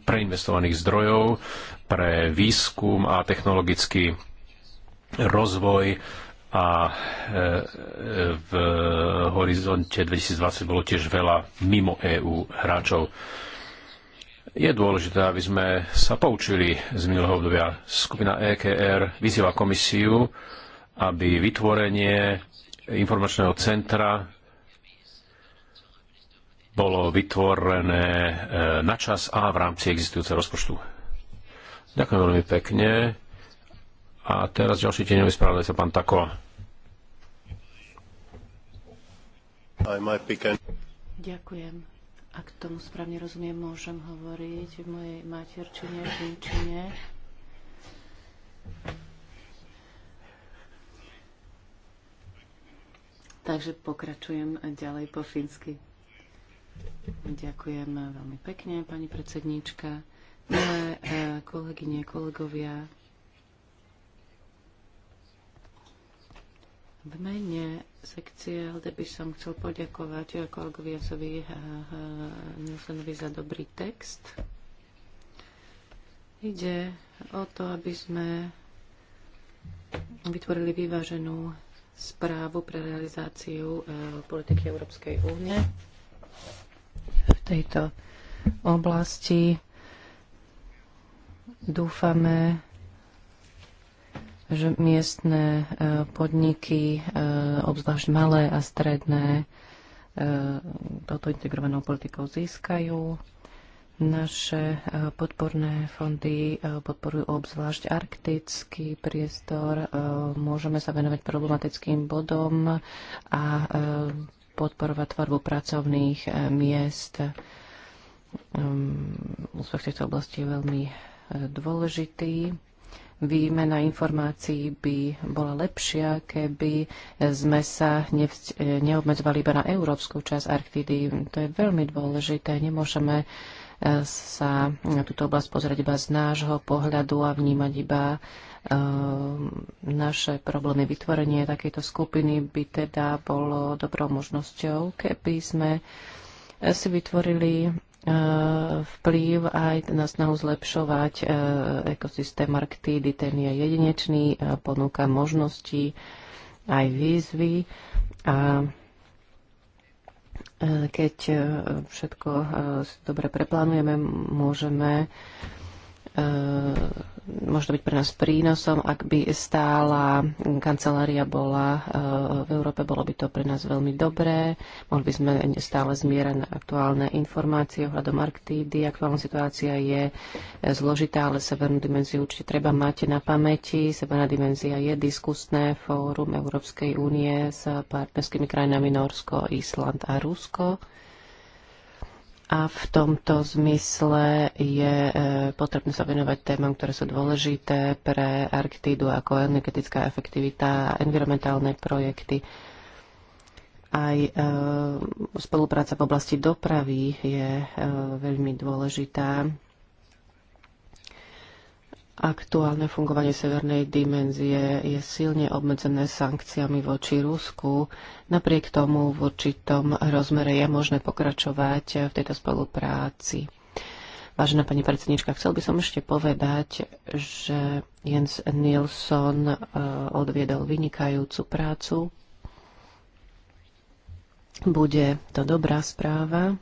preinvestovaných zdrojov pre výskum a technologický rozvoj a e, e, v horizonte 2020 bolo tiež veľa mimo EÚ hráčov. Je dôležité, aby sme sa poučili z minulého obdobia. Skupina EKR vyzýva komisiu, aby vytvorenie informačného centra bolo vytvorené e, na čas a v rámci existujúceho rozpočtu. Ďakujem veľmi pekne. A teraz ďalší tieňový spravodajca, pán Tako. Ďakujem. Ak tomu správne rozumiem, môžem hovoriť v mojej materčine, v Takže pokračujem ďalej po fínsky. Ďakujem veľmi pekne, pani predsedníčka. Milé eh, kolegyne, kolegovia, v mene sekcie LD by som chcel poďakovať kolegovi Jasovi eh, eh, Nilsenovi za dobrý text. Ide o to, aby sme vytvorili vyváženú správu pre realizáciu e, politiky Európskej únie v tejto oblasti. Dúfame, že miestne e, podniky, e, obzvlášť malé a stredné, touto integrovanou politikou získajú. Naše e, podporné fondy e, podporujú obzvlášť arktický priestor. E, môžeme sa venovať problematickým bodom a podporovať tvorbu pracovných miest. Úspech tejto oblasti je veľmi dôležitý. Výmena informácií by bola lepšia, keby sme sa neobmedzovali iba na európsku časť Arktidy. To je veľmi dôležité. Nemôžeme uh, sa na túto oblasť pozrieť iba z nášho pohľadu a vnímať iba ehm, naše problémy. Vytvorenie takejto skupiny by teda bolo dobrou možnosťou, keby sme si vytvorili ehm, vplyv aj na snahu zlepšovať ehm, ekosystém Arktídy. Ten je jedinečný, ponúka možnosti aj výzvy a Eh, keď eh, všetko eh, dobre preplánujeme, môžeme možno byť pre nás prínosom, ak by stála kancelária bola e, v Európe, bolo by to pre nás veľmi dobré. Mohli by sme stále zmierať na aktuálne informácie ohľadom Arktídy. Aktuálna situácia je e, zložitá, ale severnú dimenziu určite treba mať na pamäti. Severná dimenzia je diskusné fórum Európskej únie s partnerskými krajinami Norsko, Island a Rusko a v tomto zmysle je e, potrebné sa venovať témam, ktoré sú dôležité pre Arktídu, ako energetická efektivita, environmentálne projekty. Aj e, spolupráca v oblasti dopravy je e, veľmi dôležitá Aktuálne fungovanie severnej dimenzie je silne obmedzené sankciami voči Rusku. Napriek tomu v určitom rozmere je možné pokračovať v tejto spolupráci. Vážená pani predsednička, chcel by som ešte povedať, že Jens Nilsson e, odviedol vynikajúcu prácu. Bude to dobrá správa.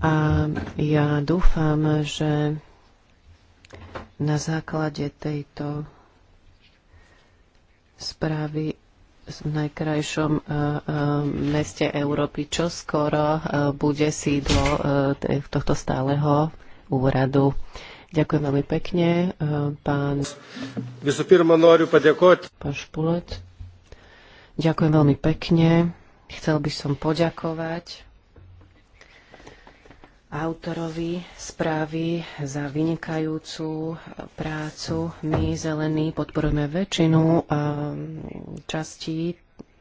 A ja dúfam, že na základe tejto správy v najkrajšom e, e, meste Európy čo skoro e, bude sídlo tohto stáleho úradu. Ďakujem veľmi pekne, pán... Pán Špulet. Ďakujem veľmi pekne. Chcel by som poďakovať autorovi správy za vynikajúcu eh, prácu. My, zelení, podporujeme väčšinu eh, častí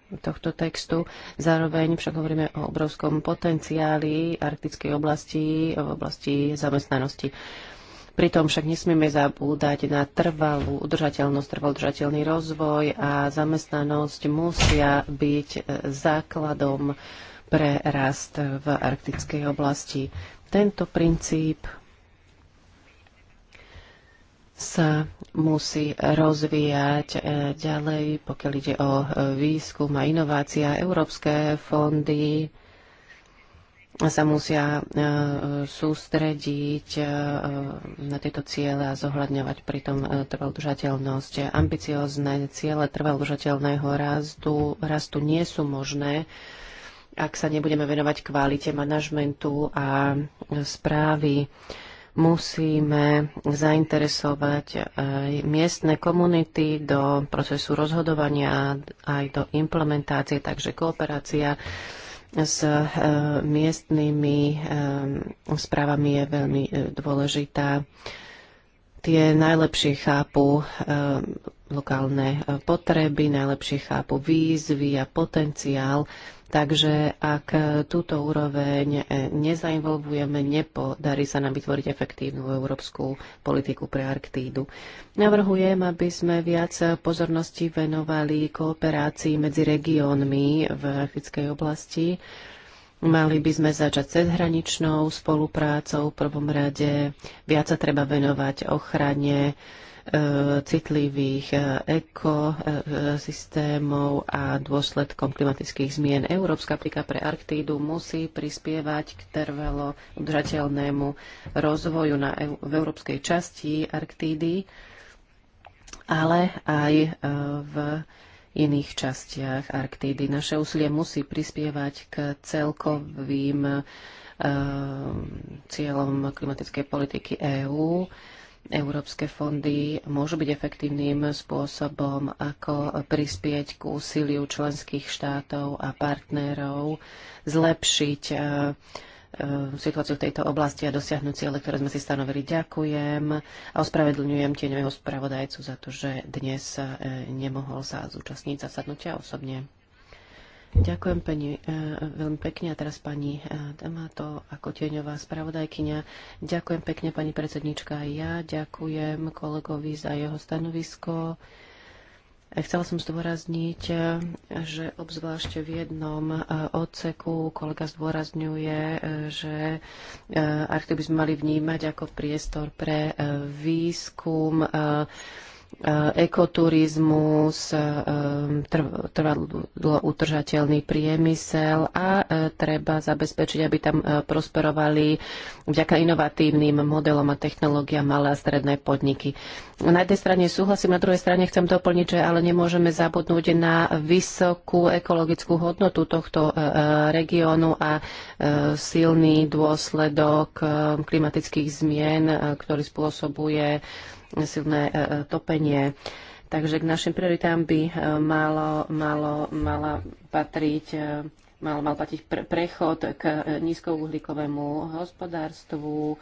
tohto textu. Zároveň však hovoríme o obrovskom potenciáli arktickej oblasti v oblasti zamestnanosti. Pritom však nesmieme zabúdať na trvalú udržateľnosť, trvalo udržateľný rozvoj a zamestnanosť musia byť eh, základom pre rast v arktickej oblasti. Tento princíp sa musí rozvíjať e, ďalej, pokiaľ ide o e, výskum a inovácia. Európske fondy sa musia e, sústrediť na tieto ciele a zohľadňovať pritom trvalodržateľnosť. Ambiciózne ciele trvalodržateľného rastu, rastu nie sú možné, ak sa nebudeme venovať kvalite manažmentu a správy, musíme zainteresovať aj e, miestne komunity do procesu rozhodovania aj do implementácie, takže kooperácia s e, miestnymi e, správami je veľmi dôležitá. Tie najlepšie chápu lokálne potreby, najlepšie chápu výzvy a potenciál Takže ak túto úroveň nezainvolvujeme, nepodarí sa nám vytvoriť efektívnu európsku politiku pre Arktídu. Navrhujem, aby sme viac pozornosti venovali kooperácii medzi regiónmi v arktickej oblasti. Mali by sme začať cezhraničnou spoluprácou v prvom rade. Viac sa treba venovať ochrane Eh, citlivých eh, ekosystémov a dôsledkom klimatických zmien. Európska aplika pre Arktídu musí prispievať k trvalo udržateľnému rozvoju na, v európskej časti Arktídy, ale aj eh, v iných častiach Arktídy. Naše úsilie musí prispievať k celkovým cieľom klimatickej politiky EÚ Európske fondy môžu byť efektívnym spôsobom, ako prispieť k úsiliu členských štátov a partnerov, zlepšiť eh, eh, situáciu v tejto oblasti a dosiahnuť ciele, ktoré sme si stanovili. Ďakujem a ospravedlňujem tieňového spravodajcu za to, že dnes eh, nemohol sa zúčastniť zasadnutia osobne. Ďakujem pani, e, veľmi pekne. A teraz pani e, Damato ako tieňová spravodajkyňa. Ďakujem pekne pani predsednička aj ja. Ďakujem kolegovi za jeho stanovisko. E, chcela som zdôrazniť, že obzvlášť v jednom odseku kolega zdôrazňuje, že Arktik by sme mali vnímať ako priestor pre výskum Eh, ekoturizmus, eh, trvalo utržateľný priemysel a eh, treba zabezpečiť, aby tam prosperovali vďaka inovatívnym modelom a technológiám malé a stredné podniky. Na jednej strane súhlasím, na druhej strane chcem doplniť, že ale nemôžeme zabudnúť na vysokú ekologickú hodnotu tohto regiónu a silný dôsledok klimatických zmien, ktorý spôsobuje silné e, e, topenie. Takže k našim prioritám by e, malo, malo, mala patriť mal, mal platiť pre, prechod k nízkouhlíkovému hospodárstvu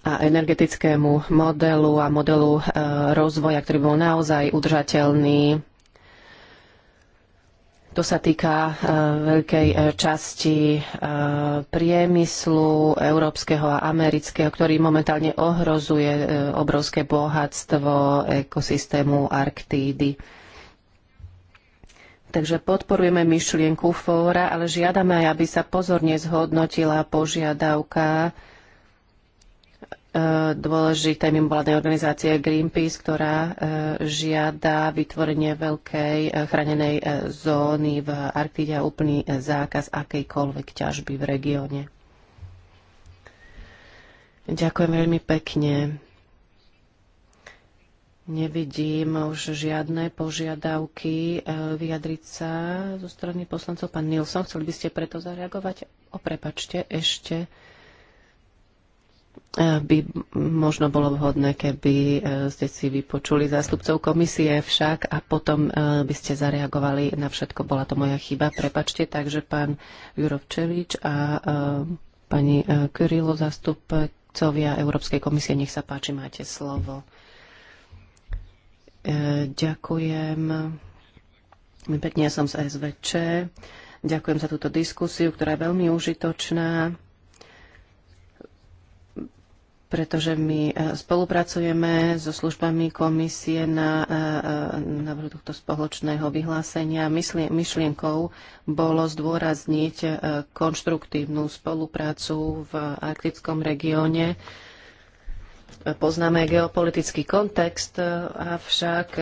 a energetickému modelu a modelu rozvoja, ktorý bol naozaj udržateľný to sa týka e, veľkej e, časti e, priemyslu európskeho a amerického, ktorý momentálne ohrozuje obrovské bohatstvo ekosystému Arktídy. Takže podporujeme myšlienku fóra, ale žiadame aj, aby sa pozorne zhodnotila požiadavka dôležitej mimovládnej organizácie Greenpeace, ktorá e, žiada vytvorenie veľkej e, chránenej e, zóny v Arktíde a úplný zákaz akejkoľvek ťažby v regióne. Ďakujem veľmi pekne. Nevidím už žiadne požiadavky vyjadriť sa zo strany poslancov. Pán Nilsson, chceli by ste preto zareagovať? Prepačte ešte E, by možno bolo vhodné, keby e, ste si vypočuli zástupcov komisie však a potom e, by ste zareagovali na všetko. Bola to moja chyba, prepačte. Takže pán Čelič a pani Kyrilo, zástupcovia Európskej komisie, nech sa páči, máte slovo. Ďakujem. Pekne ja som z SVČ. Ďakujem za túto diskusiu, ktorá je veľmi užitočná pretože my e, spolupracujeme so službami komisie na e, e, návrhu tohto spoločného vyhlásenia. myšlienkou bolo zdôrazniť konštruktívnu spoluprácu v arktickom regióne. Poznáme geopolitický kontext, avšak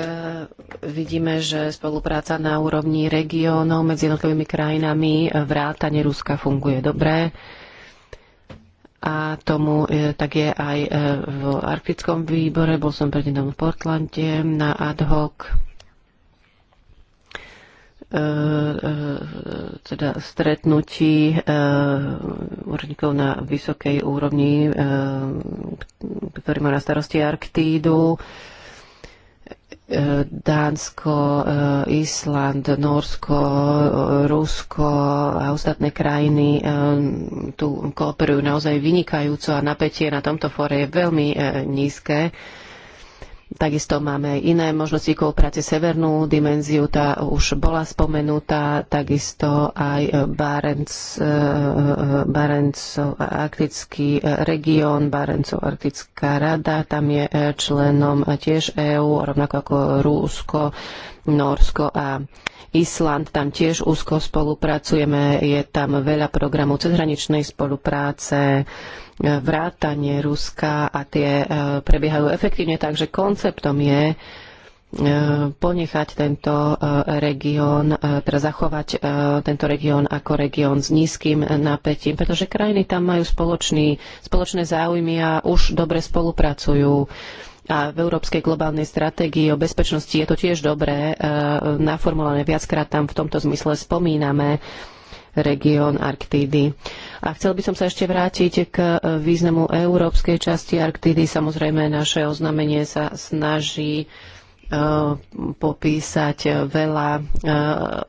vidíme, že spolupráca na úrovni regiónov medzi jednotlivými krajinami vrátane Ruska funguje dobre a tomu e, tak je aj e, v Arktickom výbore. Bol som prednedávno v Portlande na ad hoc e, e, teda stretnutí e, úradníkov na vysokej úrovni, ktorý má na starosti Arktídu E, Dánsko, e, Island, Norsko, e, Rusko a ostatné krajiny tu kooperujú naozaj vynikajúco a napätie na tomto fóre je veľmi nízke. Takisto máme aj iné možnosti kooperácie, severnú dimenziu, tá už bola spomenutá, takisto aj e, Barents, e, e, Barentsov arktický región, Barentsov arktická rada, tam je členom tiež EÚ, rovnako ako Rúsko, Norsko a Island, tam tiež úzko spolupracujeme, je tam veľa programov cezhraničnej spolupráce, e, vrátanie Ruska a tie e, prebiehajú efektívne, takže konceptom je e, ponechať tento región, teda zachovať tento región ako región s nízkym napätím, pretože krajiny tam majú spoločný, spoločné záujmy a už dobre spolupracujú a v Európskej globálnej stratégii o bezpečnosti je to tiež dobré e, naformulované. Viackrát tam v tomto zmysle spomíname región Arktídy. A chcel by som sa ešte vrátiť k e, významu európskej časti Arktídy. Samozrejme, naše oznámenie sa snaží e, popísať veľa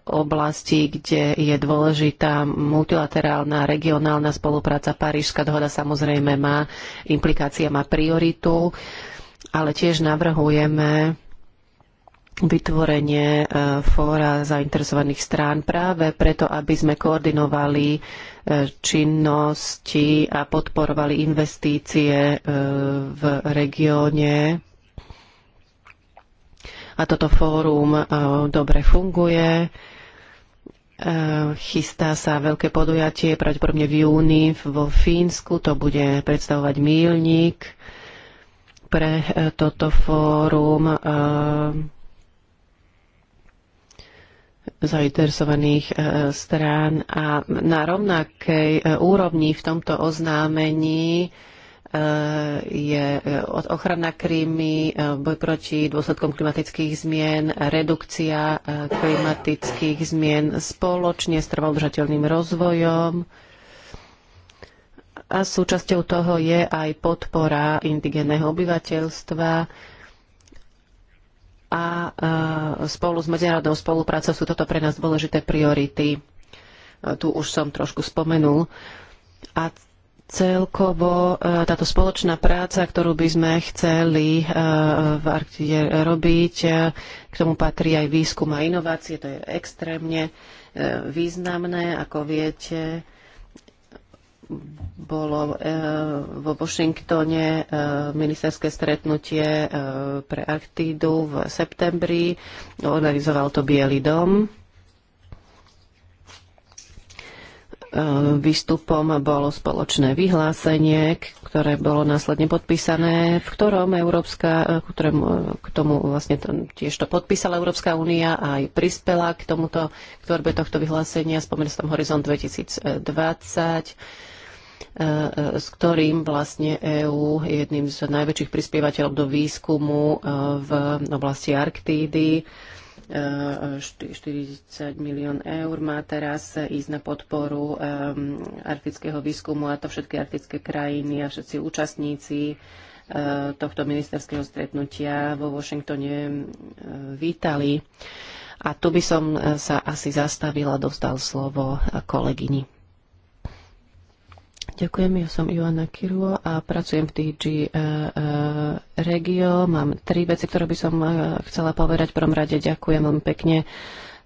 oblastí, kde je dôležitá multilaterálna regionálna spolupráca. Parížská dohoda samozrejme má implikácia, má prioritu ale tiež navrhujeme vytvorenie e, fóra zainteresovaných strán práve preto, aby sme koordinovali e, činnosti a podporovali investície e, v regióne. A toto fórum dobre funguje. Chystá sa veľké podujatie, pravdepodobne v júni vo Fínsku. To bude predstavovať mílnik pre e, toto fórum e, zainteresovaných e, strán a na rovnakej úrovni v tomto oznámení je ochrana krímy, boj proti dôsledkom klimatických zmien, redukcia klimatických zmien spoločne s trvalodržateľným rozvojom a súčasťou toho je aj podpora indigenného obyvateľstva a e, spolu s medzinárodnou spoluprácou sú toto pre nás dôležité priority. E, tu už som trošku spomenul. A celkovo e, táto spoločná práca, ktorú by sme chceli v Arktide robiť, k tomu patrí aj výskum a inovácie, to je extrémne významné, ako viete bolo e, vo Washingtone e, ministerské stretnutie e, pre Arktídu v septembri. Organizoval to Bielý dom. Výstupom bolo spoločné vyhlásenie, ktoré bolo následne podpísané, v ktorom Európska, ktorému, k tomu vlastne to, tiež to podpísala Európska únia a aj prispela k tomuto, k tvorbe tohto vyhlásenia. s som Horizont 2020 E, e, s ktorým vlastne EÚ je jedným z najväčších prispievateľov do výskumu e, v oblasti Arktídy. 40 milión eur má teraz ísť na podporu arktického výskumu a to všetky arktické krajiny a všetci účastníci tohto ministerského stretnutia vo Washingtone vítali. A tu by som sa asi zastavila, dostal slovo kolegyni. Ďakujem, ja som Joana Kiruo a pracujem v TG e, eh, e, eh, Regio. Mám tri veci, ktoré by som e, chcela povedať. V prvom rade ďakujem veľmi pekne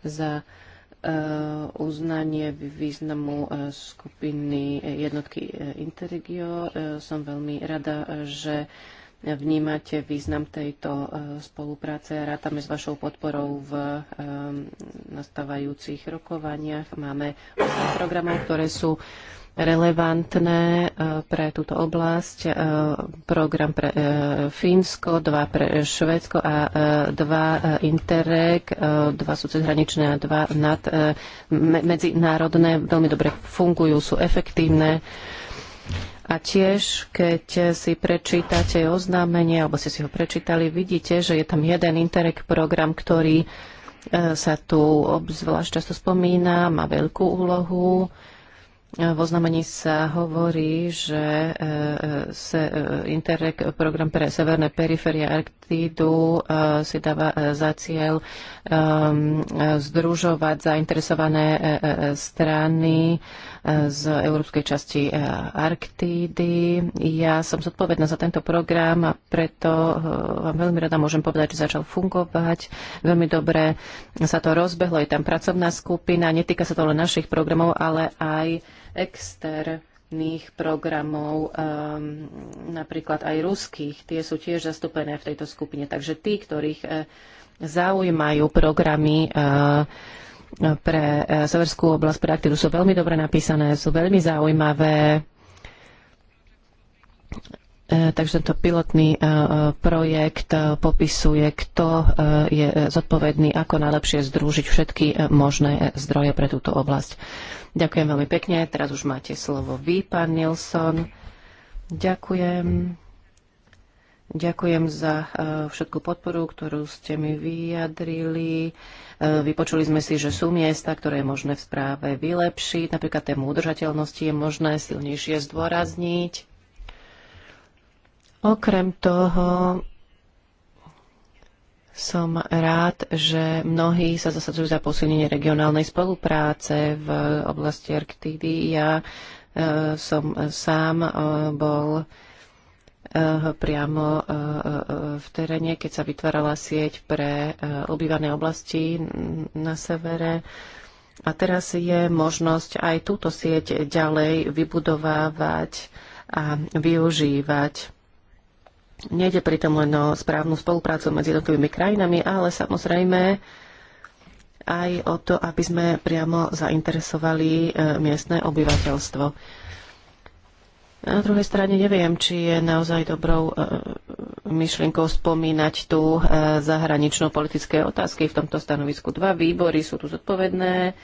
za uznanie významu skupiny jednotky Interregio. Som veľmi rada, že vnímate význam tejto spolupráce. Rátame s vašou podporou v nastávajúcich rokovaniach. Máme programov, ktoré sú relevantné e, pre túto oblasť. E, program pre e, Fínsko, dva pre Švédsko a dva Interreg, dva sú cezhraničné a dva nad, medzinárodné. Veľmi dobre fungujú, sú efektívne. A tiež, keď si prečítate oznámenie, alebo ste si ho prečítali, vidíte, že je tam jeden Interreg program, ktorý sa tu obzvlášť často spomína, má veľkú úlohu E, v oznamení sa hovorí, že e, e, se Interreg, program pre severné periférie Arktídu, si dáva za cieľ združovať zainteresované strany z európskej časti Arktídy. Ja som zodpovedná za tento program a preto vám veľmi rada môžem povedať, že začal fungovať. Veľmi dobre sa to rozbehlo, je tam pracovná skupina, netýka sa to len našich programov, ale aj externých programov, um, napríklad aj ruských. Tie sú tiež zastúpené v tejto skupine. Takže tí, ktorých eh, zaujímajú programy eh, pre eh, Severskú oblasť, pre aktivu, sú veľmi dobre napísané, sú veľmi zaujímavé E, takže tento pilotný e, e, projekt popisuje, kto je zodpovedný, ako najlepšie združiť všetky možné zdroje pre túto oblasť. Ďakujem veľmi pekne. Teraz už máte slovo vy, pán Nilsson. Ďakujem. Ďakujem za všetku podporu, ktorú ste mi vyjadrili. Vypočuli sme si, že sú miesta, ktoré je možné v správe vylepšiť. Napríklad tému udržateľnosti je možné silnejšie zdôrazniť Okrem toho som rád, že mnohí sa zasadzujú za posilnenie regionálnej spolupráce v oblasti Arktídy. Ja e, som sám e, bol e, priamo v teréne, keď sa vytvárala sieť pre obývané oblasti na severe. A teraz je možnosť aj túto sieť ďalej vybudovávať a využívať. Nejde pritom len o správnu spoluprácu medzi jednotlivými krajinami, ale samozrejme aj o to, aby sme priamo zainteresovali e, miestne obyvateľstvo. Na druhej strane neviem, či je naozaj dobrou e, myšlienkou spomínať tu e, zahranično-politické otázky. V tomto stanovisku dva výbory sú tu zodpovedné.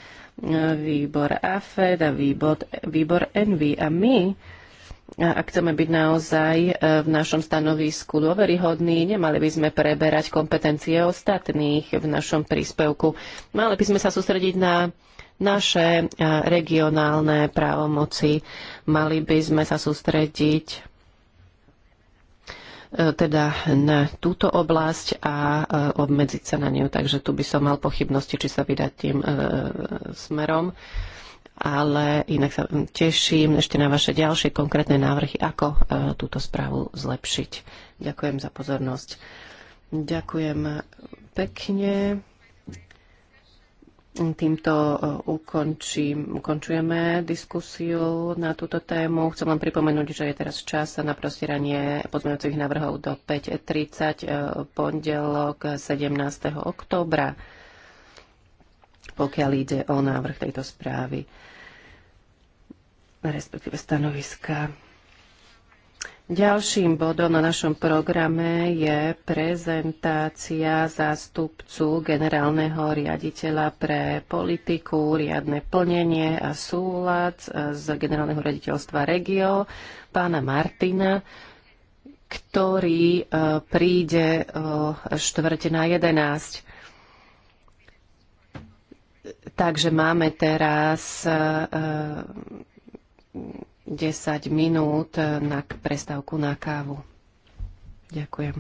Výbor AFED a výbor, výbor ENVY. A my ak chceme byť naozaj e, v našom stanovisku dôveryhodní, nemali by sme preberať kompetencie ostatných v našom príspevku. Mali by sme sa sústrediť na naše e, regionálne právomoci. Mali by sme sa sústrediť e, teda na túto oblasť a obmedziť sa na ňu. Takže tu by som mal pochybnosti, či sa vydať tým smerom ale inak sa teším ešte na vaše ďalšie konkrétne návrhy, ako e, túto správu zlepšiť. Ďakujem za pozornosť. Ďakujem pekne. Týmto e, ukončím, ukončujeme diskusiu na túto tému. Chcem len pripomenúť, že je teraz čas na prostieranie pozmeňujúcich návrhov do 5.30 e, pondelok 17. oktobra, pokiaľ ide o návrh tejto správy respektíve stanoviska. Ďalším bodom na našom programe je prezentácia zástupcu generálneho riaditeľa pre politiku, riadne plnenie a súlad z generálneho riaditeľstva Regio, pána Martina, ktorý e, príde o štvrte na 11. Takže máme teraz e, 10 minút na prestávku na kávu. Ďakujem.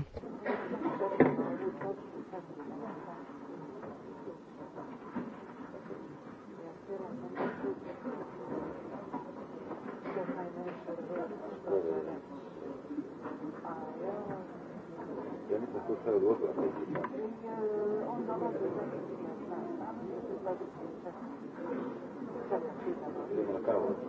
Thank you.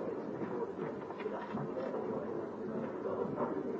Thank you.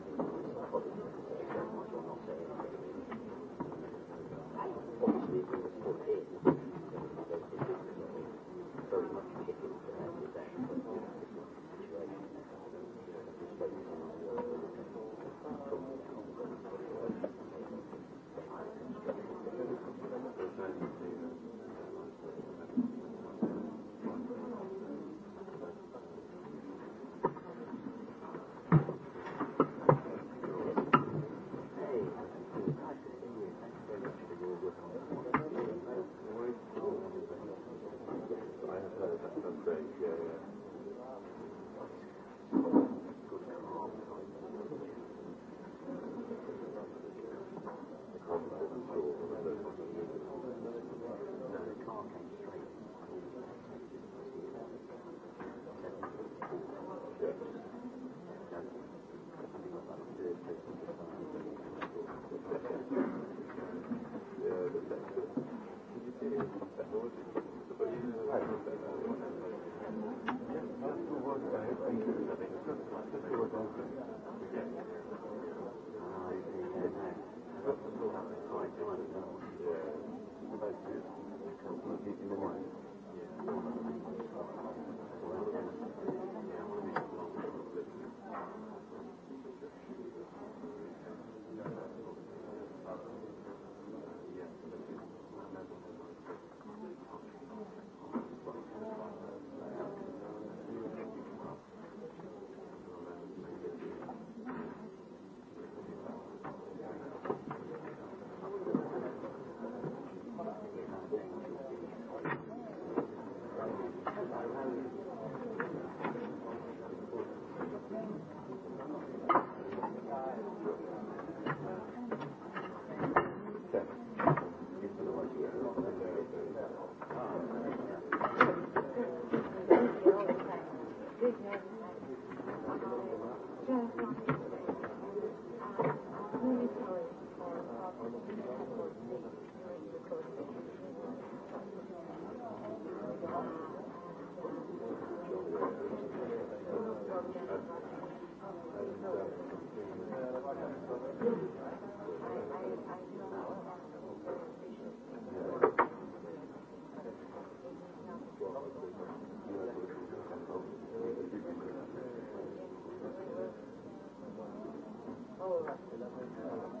todas, que las mencionaba.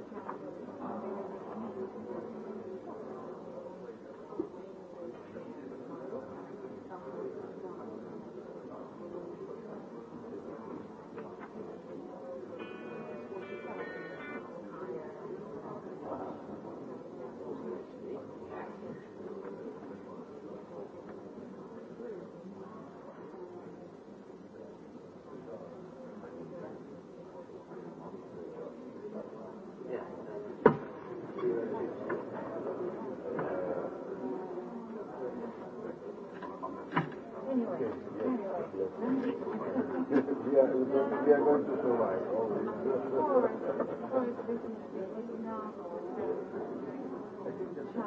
Yes.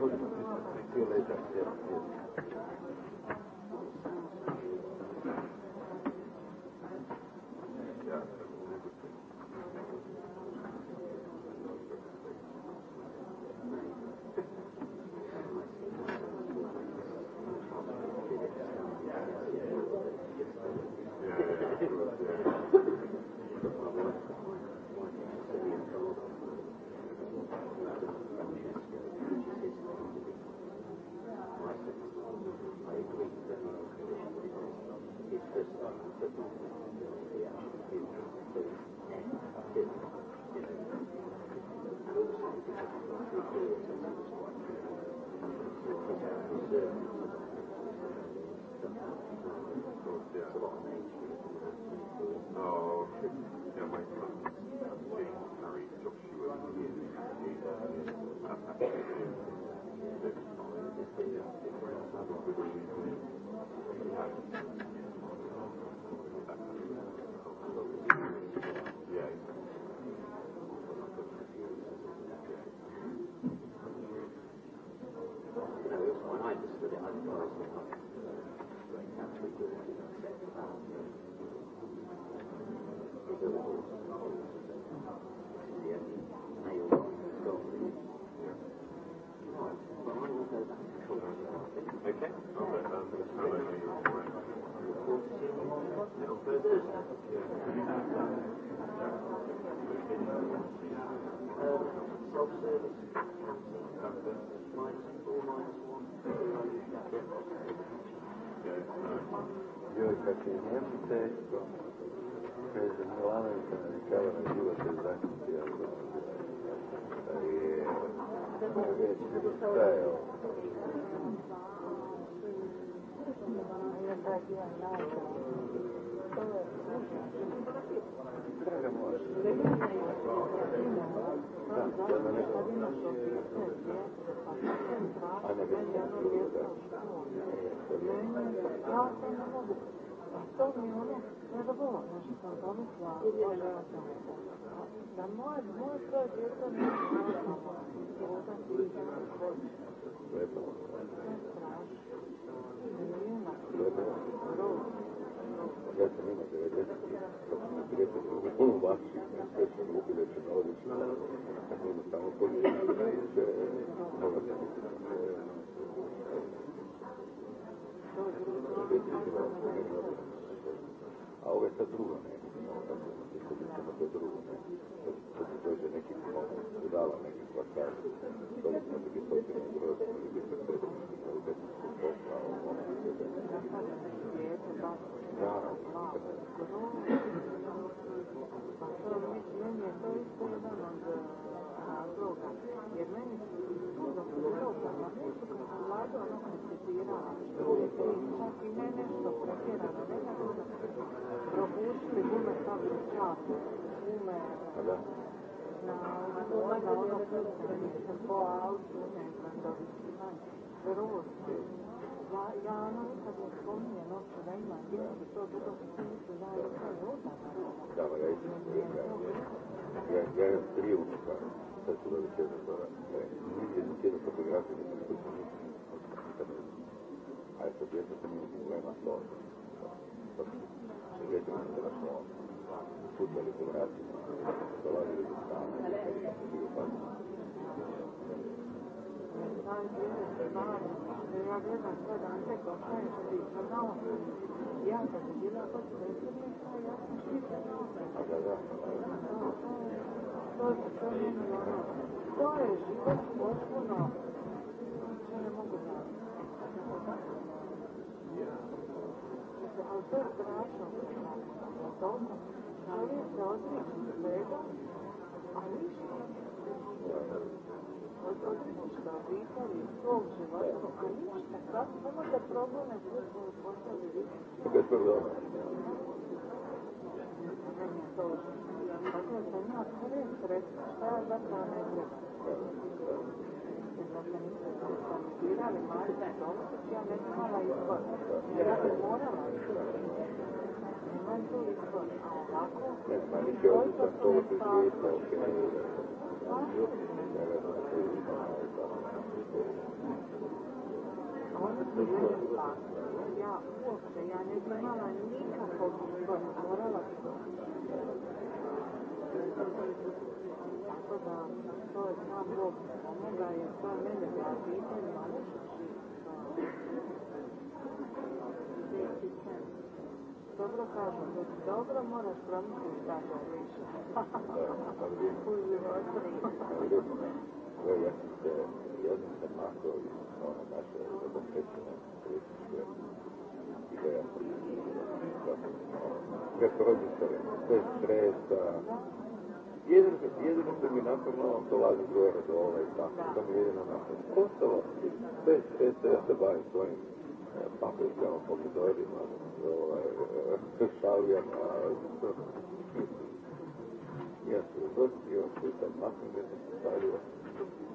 Okay. Joj, kad je Njemce kaže Milanović navikava na život bez zakonci, ja to da je već šta je ovo. Draga moja, da, da, da, da, da, da, da, da, da, da, da, Eine Wechselflüge da. A to mi ono ne da bolo, znači sam pomislila, da moje, moje svoje djeto ne znam, to je strašno. Nema. Grazie a me che vedete, non vedete uno a ove Pero ja, ja Marika se spominje noću da ima djecu, to dugo se smisli, ja je sve odmah. Da, ja isto A ja to je život potpuno, što ne mogu dati. Ali to je strašno. Čovjek se odrije svega, a ništa от този московител и свой живот, они така само да пробваме да после да видим. Тук е твърдо. Ако е за нас, това е средство, това е за това не е Организирали мали дом, тя не имала избор. Тя би morala. Nema tu izbor. A ovako, koji to su ne stavili? ja uopšte, ja ne bi imala nikakvog izbora, morala bi to. Tako da, dobro moraš promisliti šta govoriš. U životu. Voi acite, io ho informato il sono nato da confessione di lei a questo lo disteremo, questo stressa, jedino, jedino što mi napravno dolazi gore do ove i tako, to mi jedino napravno. Ostalo, sve stresa ja se bavim svojim paprikama, pomidorima, ovaj, šalijama, ja se uvrstio, čitam, nakon je se stavio,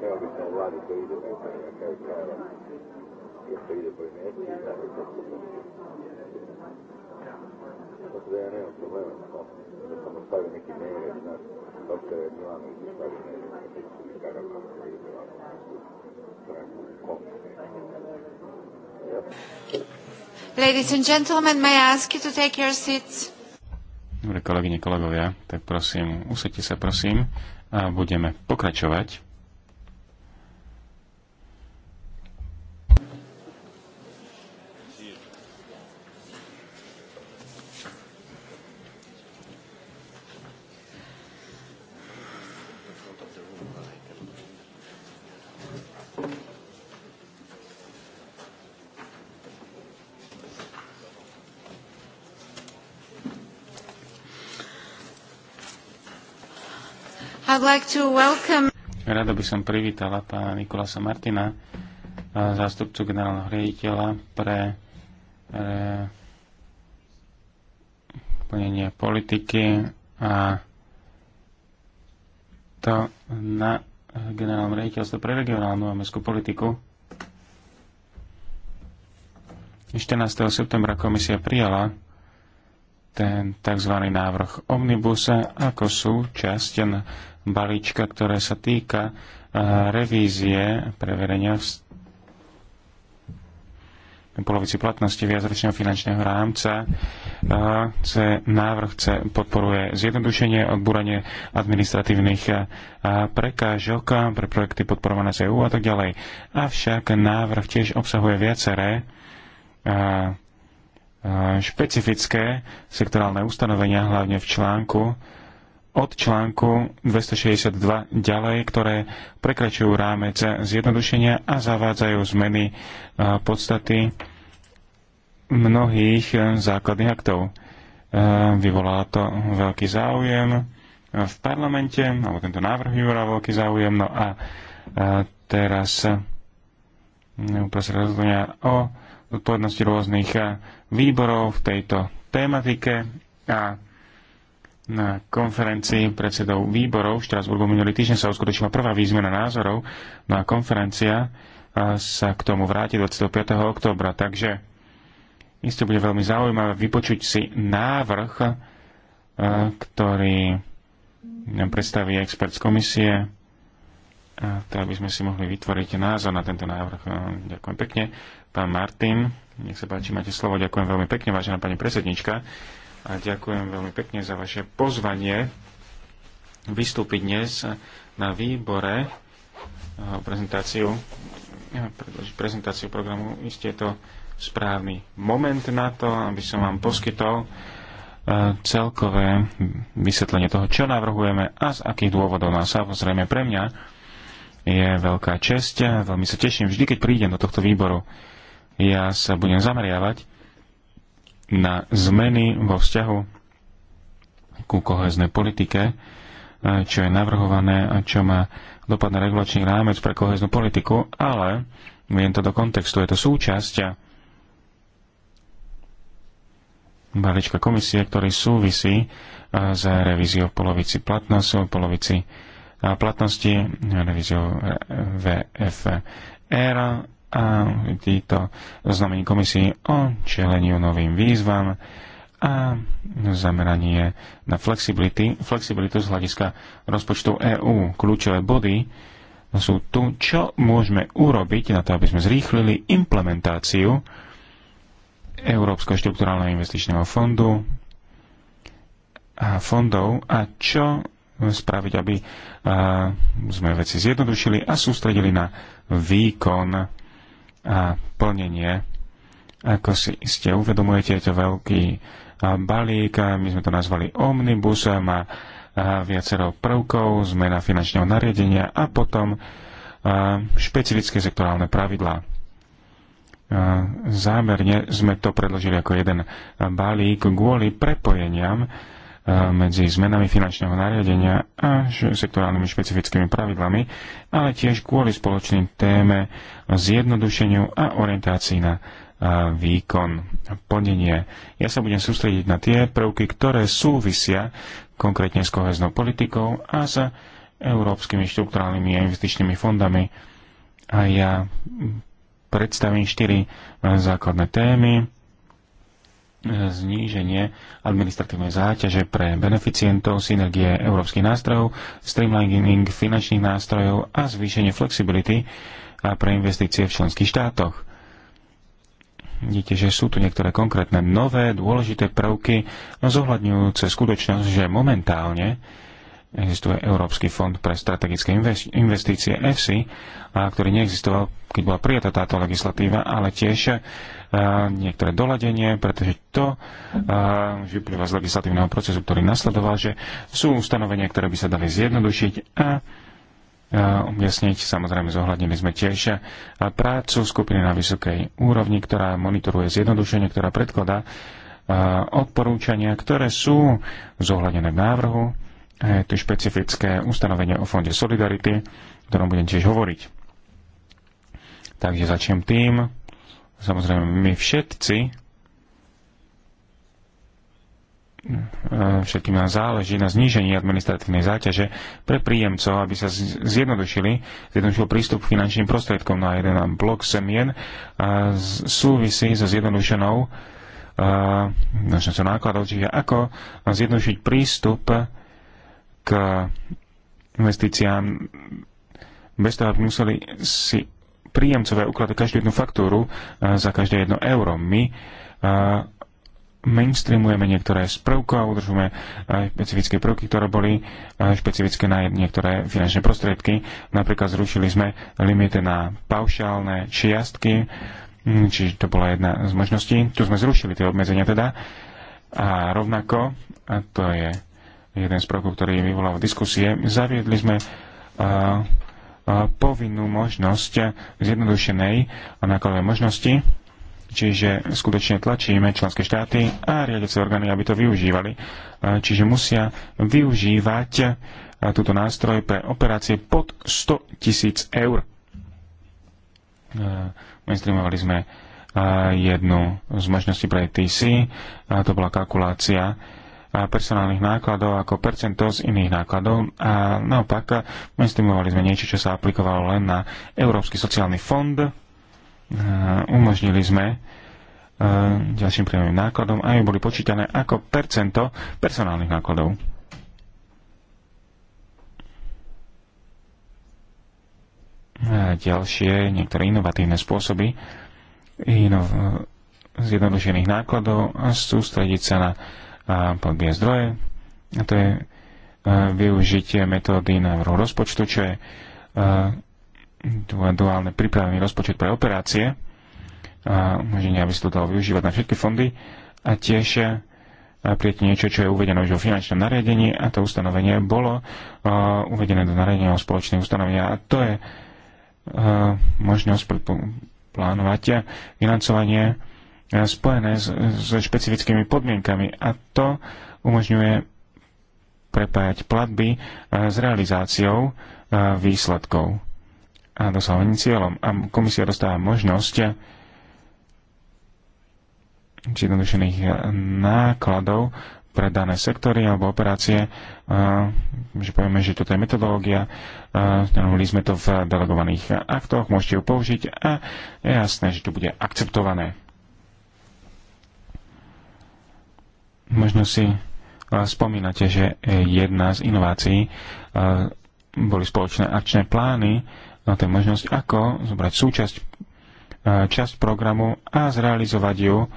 Leo che a Ladies and gentlemen, may I ask you to take your seats? Dobre kolegyne, kolegovia, tak prosím, usadte sa prosím a budeme pokračovať. I'd like to welcome... Rado by som privítala pána Nikolasa Martina, e, zástupcu generálneho riaditeľa pre, pre plnenie politiky a to na generálnom riaditeľstve pre regionálnu a mestskú politiku. 14. septembra komisia prijala ten tzv. návrh omnibusa ako súčasť balíčka, ktoré sa týka eh, revízie preverenia v polovici platnosti viacročného finančného rámca. Eh, C, návrh C podporuje zjednodušenie, odbúranie administratívnych eh, prekážok pre projekty podporované z EU a tak ďalej. Avšak návrh tiež obsahuje viaceré špecifické sektorálne ustanovenia, hlavne v článku od článku 262 ďalej, ktoré prekračujú rámec zjednodušenia a zavádzajú zmeny podstaty mnohých základných aktov. Vyvolalo to veľký záujem v parlamente, alebo tento návrh vyvolal veľký záujem, no a teraz uprostred rozhodnutia o odpovednosti rôznych výborov v tejto tématike a na konferencii predsedov výborov v Štrasburgu minulý týždeň sa uskutočila prvá výzmena názorov, no a konferencia sa k tomu vráti 25. oktobra. Takže isto bude veľmi zaujímavé vypočuť si návrh, ktorý nám predstaví expert z komisie, to aby sme si mohli vytvoriť názor na tento návrh. Ďakujem pekne. Pán Martin, nech sa páči, máte slovo. Ďakujem veľmi pekne, vážená pani predsednička. A ďakujem veľmi pekne za vaše pozvanie vystúpiť dnes na výbore prezentáciu, predložiť prezentáciu programu. Isté je to správny moment na to, aby som vám poskytol e, celkové vysvetlenie toho, čo navrhujeme a z akých dôvodov. No a samozrejme pre mňa je veľká česť, veľmi sa teším vždy, keď prídem do tohto výboru ja sa budem zameriavať na zmeny vo vzťahu ku koheznej politike, e, čo je navrhované a čo má dopad na regulačný rámec pre koheznú politiku, ale viem to do kontextu, je to súčasť balíčka komisie, ktorý súvisí e, s revíziou v polovici platnosti, v polovici e, platnosti, revíziou VFR a týto znamení komisii o čeleniu novým výzvam a zameranie na flexibility, flexibilitu z hľadiska rozpočtu EÚ. Kľúčové body sú tu, čo môžeme urobiť na to, aby sme zrýchlili implementáciu Európskeho štruktúrálneho investičného fondu a fondov a čo spraviť, aby sme veci zjednodušili a sústredili na výkon a plnenie. Ako si ste uvedomujete, je to veľký balík, my sme to nazvali omnibusom a viacero prvkov, zmena finančného nariadenia a potom špecifické sektorálne pravidlá. Zámerne sme to predložili ako jeden balík kvôli prepojeniam medzi zmenami finančného nariadenia a sektorálnymi špecifickými pravidlami, ale tiež kvôli spoločným téme zjednodušeniu a orientácii na výkon, plnenie. Ja sa budem sústrediť na tie prvky, ktoré súvisia konkrétne s koheznou politikou a s európskymi štruktúrálnymi a investičnými fondami. A ja predstavím štyri e, základné témy zníženie administratívnej záťaže pre beneficientov, synergie európskych nástrojov, streamlining finančných nástrojov a zvýšenie flexibility a pre investície v členských štátoch. Vidíte, že sú tu niektoré konkrétne nové dôležité prvky zohľadňujúce skutočnosť, že momentálne existuje Európsky fond pre strategické investície EFSI, ktorý neexistoval, keď bola prijatá táto legislatíva, ale tiež niektoré doladenie, pretože to vyplýva z legislatívneho procesu, ktorý nasledoval, že sú ustanovenia, ktoré by sa dali zjednodušiť a objasniť. Samozrejme, zohľadnili sme tiež prácu skupiny na vysokej úrovni, ktorá monitoruje zjednodušenie, ktorá predkladá odporúčania, ktoré sú zohľadené v návrhu. Je to špecifické ustanovenie o Fonde Solidarity, o ktorom budem tiež hovoriť. Takže začnem tým, Samozrejme, my všetci, e, všetkým nám záleží na znížení administratívnej záťaže pre príjemcov, aby sa zjednodušili, zjednodušil prístup k finančným prostriedkom na jeden blok semien a súvisí so zjednodušenou e, našou nákladov, čiže ako zjednodušiť prístup k investíciám bez toho, aby museli si príjemcovia ukladajú každú jednu faktúru e, za každé jedno euro. My e, mainstreamujeme niektoré z prvkov a udržujeme e, špecifické prvky, ktoré boli špecifické na niektoré finančné prostriedky. Napríklad zrušili sme limity na paušálne čiastky, čiže to bola jedna z možností. Tu sme zrušili tie obmedzenia teda. A rovnako, a to je jeden z prvkov, ktorý vyvolal diskusie, zaviedli sme uh, povinnú možnosť zjednodušenej a nákladovej možnosti, čiže skutočne tlačíme členské štáty a riadiace orgány, aby to využívali. Čiže musia využívať túto nástroj pre operácie pod 100 tisíc eur. Mainstreamovali sme jednu z možností pre TC, to bola kalkulácia personálnych nákladov ako percento z iných nákladov a naopak stimulovali sme niečo, čo sa aplikovalo len na Európsky sociálny fond. Umožnili sme e, ďalším príjemným nákladom a boli počítané ako percento personálnych nákladov. A ďalšie, niektoré inovatívne spôsoby inov, zjednodušených nákladov a sústrediť sa na a plodie zdroje. A to je e, využitie metódy návrhu rozpočtu, čo je e, duálne pripravený rozpočet pre operácie, a umožnenie, aby sa to dalo využívať na všetky fondy a tiež e, prijete niečo, čo je uvedené už vo finančnom nariadení a to ustanovenie bolo uvedené do nariadenia o spoločných ustanovenia a to je možnosť plánovať financovanie E, spojené so špecifickými podmienkami a to umožňuje prepájať platby e, s realizáciou e, výsledkov a dosahovaním cieľom. A komisia dostáva možnosť zjednodušených nákladov pre dané sektory alebo operácie, že povieme, že toto je metodológia, stanovili sme to v delegovaných aktoch, môžete ju použiť a je jasné, že to bude akceptované. Možno si e, spomínate, že e, jedna z inovácií e, boli spoločné akčné plány na to je možnosť, ako zobrať súčasť časť programu a zrealizovať ju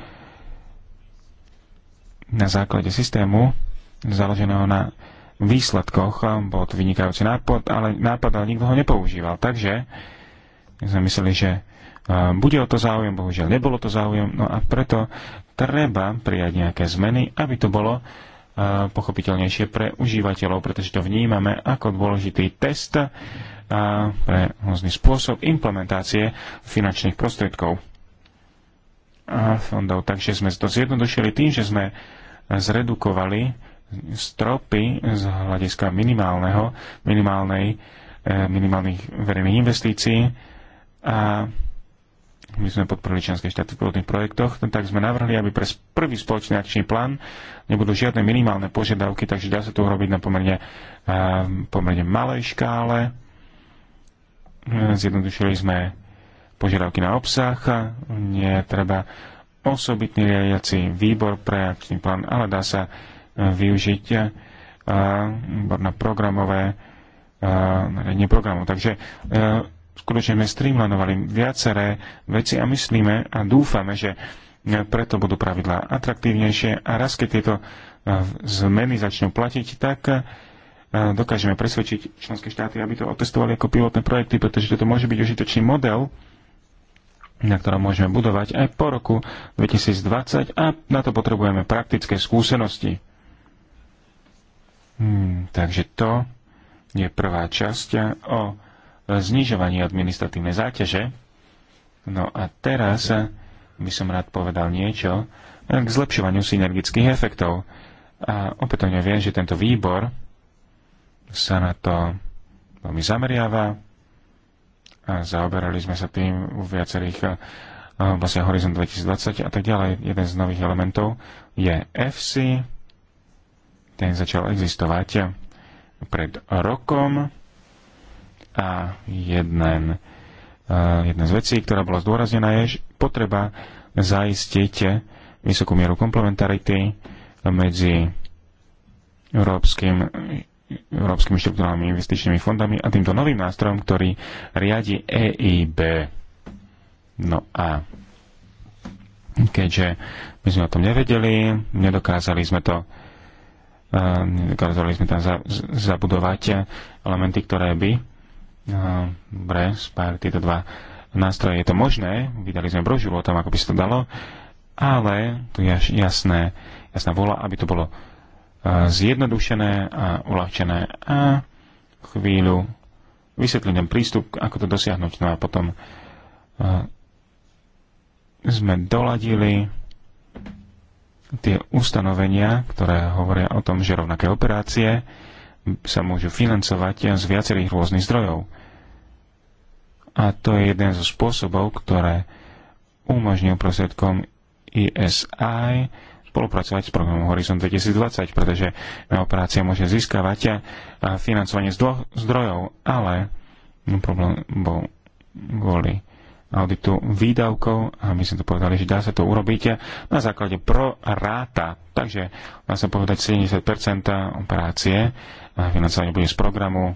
na základe systému založeného na výsledkoch. Bol to vynikajúci nápad, ale, nápad, ale nikto ho nepoužíval. Takže sme mysleli, že bude o to záujem, bohužiaľ nebolo to záujem, no a preto treba prijať nejaké zmeny, aby to bolo e, pochopiteľnejšie pre užívateľov, pretože to vnímame ako dôležitý test e, pre rôzny spôsob implementácie finančných prostriedkov a fondov. Takže sme to zjednodušili tým, že sme zredukovali stropy z hľadiska minimálneho, minimálnej, e, minimálnych verejných investícií a my sme podporili členské štáty v pilotných projektoch, no tak sme navrhli, aby pre prvý spoločný akčný plán nebudú žiadne minimálne požiadavky, takže dá sa to urobiť na pomerne, pomerne malej škále. Zjednodušili sme požiadavky na obsah, nie treba osobitný riadiaci výbor pre akčný plán, ale dá sa e, využiť výbor e, na programové, e, neprogramov. Takže skutočne sme streamlinovali viaceré veci a myslíme a dúfame, že preto budú pravidlá atraktívnejšie a raz, keď tieto eh, zmeny začnú platiť, tak eh, dokážeme presvedčiť členské štáty, aby to otestovali ako pilotné projekty, pretože toto môže byť užitočný model, na ktorom môžeme budovať aj po roku 2020 a na to potrebujeme praktické skúsenosti. Hmm, takže to je prvá časť eh, o znižovanie administratívnej záťaže. No a teraz by som rád povedal niečo k zlepšovaniu synergických efektov. A opätovne viem, že tento výbor sa na to veľmi zameriava a zaoberali sme sa tým u viacerých eh, vlastne Horizon 2020 a tak ďalej. Jeden z nových elementov je FC, ten začal existovať pred rokom a jeden, e, jedna z vecí, ktorá bola zdôraznená, je potreba zaistiť vysokú mieru komplementarity medzi európskym európskymi štruktúrnymi investičnými fondami a týmto novým nástrojom, ktorý riadi EIB. No a keďže my sme o tom nevedeli, nedokázali sme to e, nedokázali sme tam zabudovať elementy, ktoré by Dobre, spájali tieto dva nástroje. Je to možné, vydali sme brožuru o tom, ako by sa to dalo, ale tu je jasné, jasná vola, aby to bolo zjednodušené a uľahčené. A chvíľu vysvetlím prístup, ako to dosiahnuť. No a potom sme doladili tie ustanovenia, ktoré hovoria o tom, že rovnaké operácie sa môžu financovať z viacerých rôznych zdrojov. A to je jeden zo spôsobov, ktoré umožňujú prostriedkom ISI e spolupracovať s programom Horizon 2020, pretože operácia môže získavať financovanie z dvoch zdrojov, ale problém bol kvôli auditu výdavkov a my sme to povedali, že dá sa to urobiť na základe pro ráta. Takže dá sa povedať 70% operácie financovanie bude z programu e,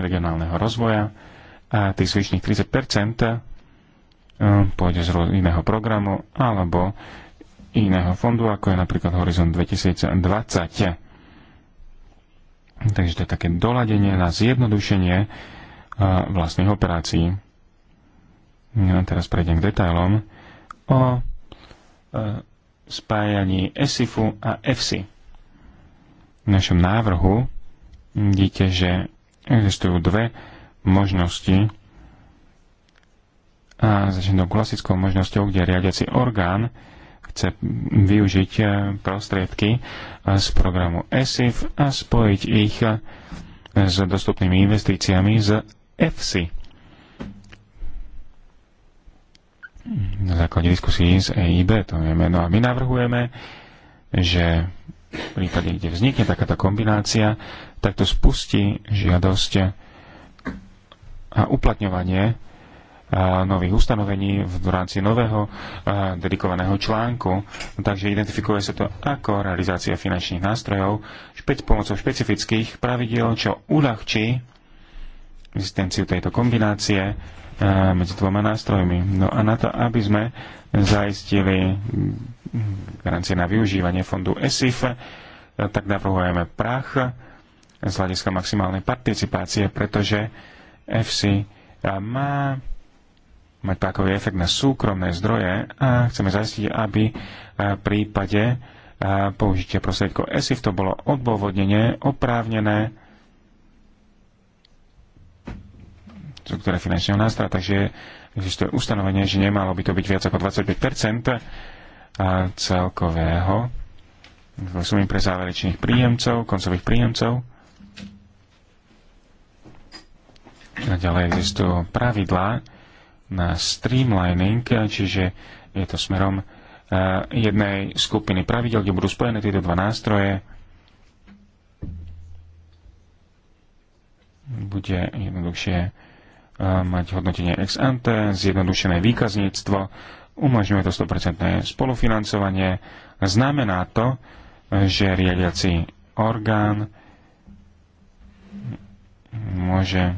regionálneho rozvoja a tých zvyšných 30 e, pôjde z iného programu alebo iného fondu, ako je napríklad Horizon 2020. Takže to je také doladenie na zjednodušenie e, vlastných operácií. Ja no, teraz prejdem k detailom o spájaní ESIFu a EFSI v našom návrhu vidíte, že existujú dve možnosti. A začnem klasickou možnosťou, kde riadiaci orgán chce využiť e, prostriedky e, z programu ESIF a spojiť ich e, s dostupnými investíciami z EFSI. Na základe diskusí z EIB, to je meno. A my navrhujeme, že v prípade, kde vznikne takáto kombinácia, tak to spustí žiadosť a uplatňovanie nových ustanovení v rámci nového dedikovaného článku, takže identifikuje sa to ako realizácia finančných nástrojov špec pomocou špecifických pravidiel, čo uľahčí existenciu tejto kombinácie medzi dvoma nástrojmi. No a na to, aby sme zaistili garancie na využívanie fondu ESIF, tak navrhujeme prach z hľadiska maximálnej participácie, pretože FC má mať takový efekt na súkromné zdroje a chceme zaistiť, aby v prípade použitia prostriedkov ESIF to bolo odôvodnené, oprávnené štruktúre finančného nástroja, takže existuje ustanovenie, že nemalo by to byť viac ako 25 celkového sumy pre záverečných príjemcov, koncových príjemcov. A ďalej existujú pravidlá na streamlining, čiže je to smerom e, jednej skupiny pravidel, kde budú spojené tieto dva nástroje. Bude jednoduchšie mať hodnotenie ex ante, zjednodušené výkazníctvo, umožňuje to 100% spolufinancovanie. Znamená to, že riadiaci orgán môže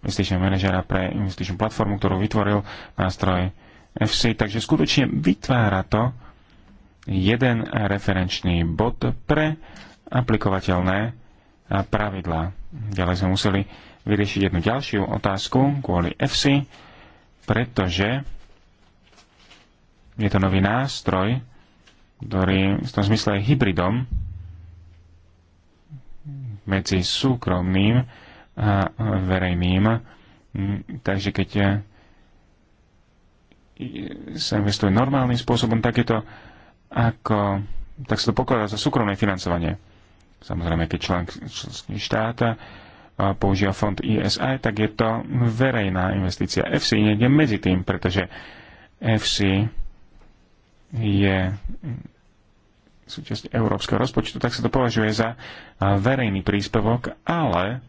investičného manažera pre investičnú platformu, ktorú vytvoril nástroj FC, takže skutočne vytvára to jeden referenčný bod pre aplikovateľné pravidlá. Ďalej sme museli vyriešiť jednu ďalšiu otázku kvôli EFSI, pretože je to nový nástroj, ktorý v tom zmysle je hybridom medzi súkromným a verejným. Takže keď sa investuje normálnym spôsobom, tak je to ako, tak sa to pokladá za súkromné financovanie. Samozrejme, keď členský štáta používa fond ISI, tak je to verejná investícia. FC niekde medzi tým, pretože FC je súčasť európskeho rozpočtu, tak sa to považuje za verejný príspevok, ale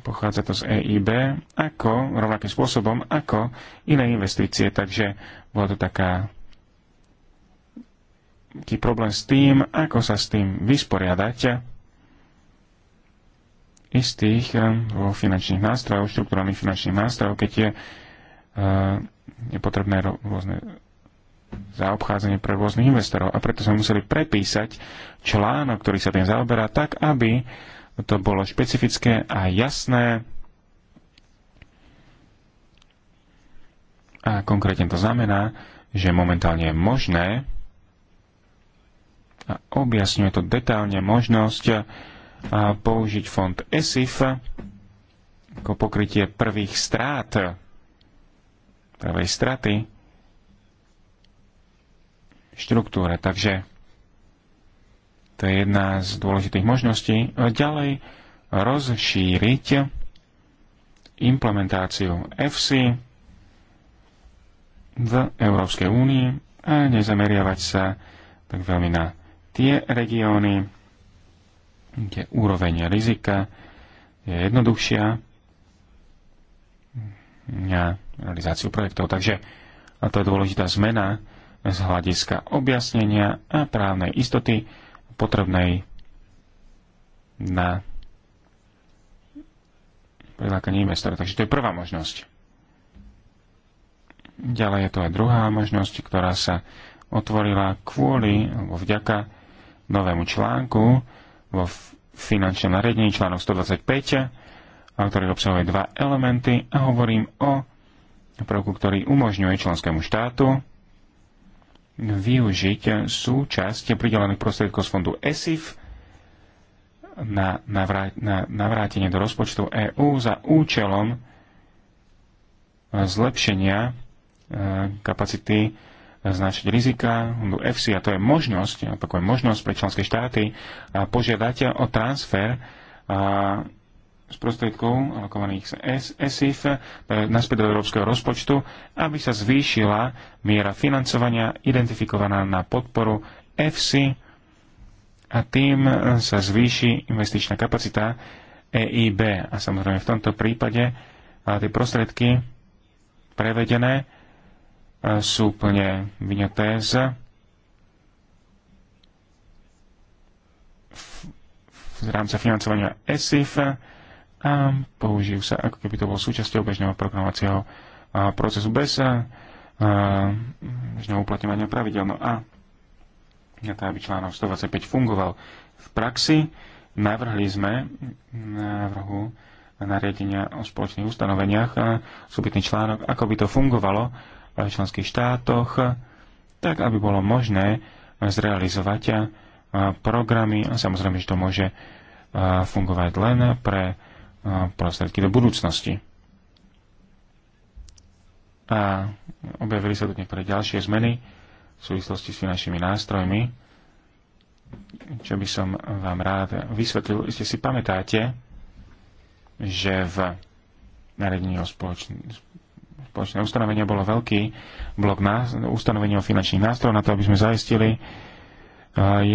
pochádza to z EIB ako, rovnakým spôsobom ako iné investície, takže bola to taká taký problém s tým, ako sa s tým vysporiadať istých eh, vo finančných nástrojov, štruktúrálnych finančných nástrojov, keď je, eh, je potrebné rôzne zaobchádzanie pre rôznych investorov. A preto sme museli prepísať článok, ktorý sa tým zaoberá, tak, aby to bolo špecifické a jasné. A konkrétne to znamená, že momentálne je možné a objasňuje to detálne možnosť použiť fond ESIF ako pokrytie prvých strát, prvej straty štruktúre. Takže to je jedna z dôležitých možností. Ďalej rozšíriť implementáciu FC v Európskej únii a nezameriavať sa tak veľmi na tie regióny, kde úroveň rizika je jednoduchšia na realizáciu projektov. Takže a to je dôležitá zmena z hľadiska objasnenia a právnej istoty potrebnej na prilákanie investora. Takže to je prvá možnosť. Ďalej je to aj druhá možnosť, ktorá sa otvorila kvôli alebo vďaka novému článku vo finančnom nariadení článok 125, ktorý obsahuje dva elementy a hovorím o prvku, ktorý umožňuje členskému štátu využiť súčasť pridelených prostriedkov z fondu ESIF na, na navrátenie do rozpočtu EÚ za účelom zlepšenia e, kapacity značiť rizika, FC, a to je možnosť, opakujem, možnosť pre členské štáty požiadať o transfer z prostriedkou alokovaných z ESIF e, naspäť do európskeho rozpočtu, aby sa zvýšila miera financovania identifikovaná na podporu EFSI a tým e, sa zvýši investičná kapacita EIB. A samozrejme v tomto prípade tie prostriedky prevedené sú plne vyňaté z z rámca financovania ESIF a použijú sa, ako keby to bol súčasťou bežného programovacieho procesu bez bežného uplatňovania pravidel. No a na to, aby článok 125 fungoval v praxi, navrhli sme návrhu nariadenia o spoločných ustanoveniach a súbytný článok, ako by to fungovalo v členských štátoch, tak aby bolo možné zrealizovať programy a samozrejme, že to môže fungovať len pre prostriedky do budúcnosti. A objavili sa tu niektoré ďalšie zmeny v súvislosti s finančnými nástrojmi, čo by som vám rád vysvetlil. Ste si pamätáte, že v nariadení o spoločných spoločné ustanovenia bolo veľký blok na ustanovenia o finančných nástrojov na to, aby sme zaistili eh,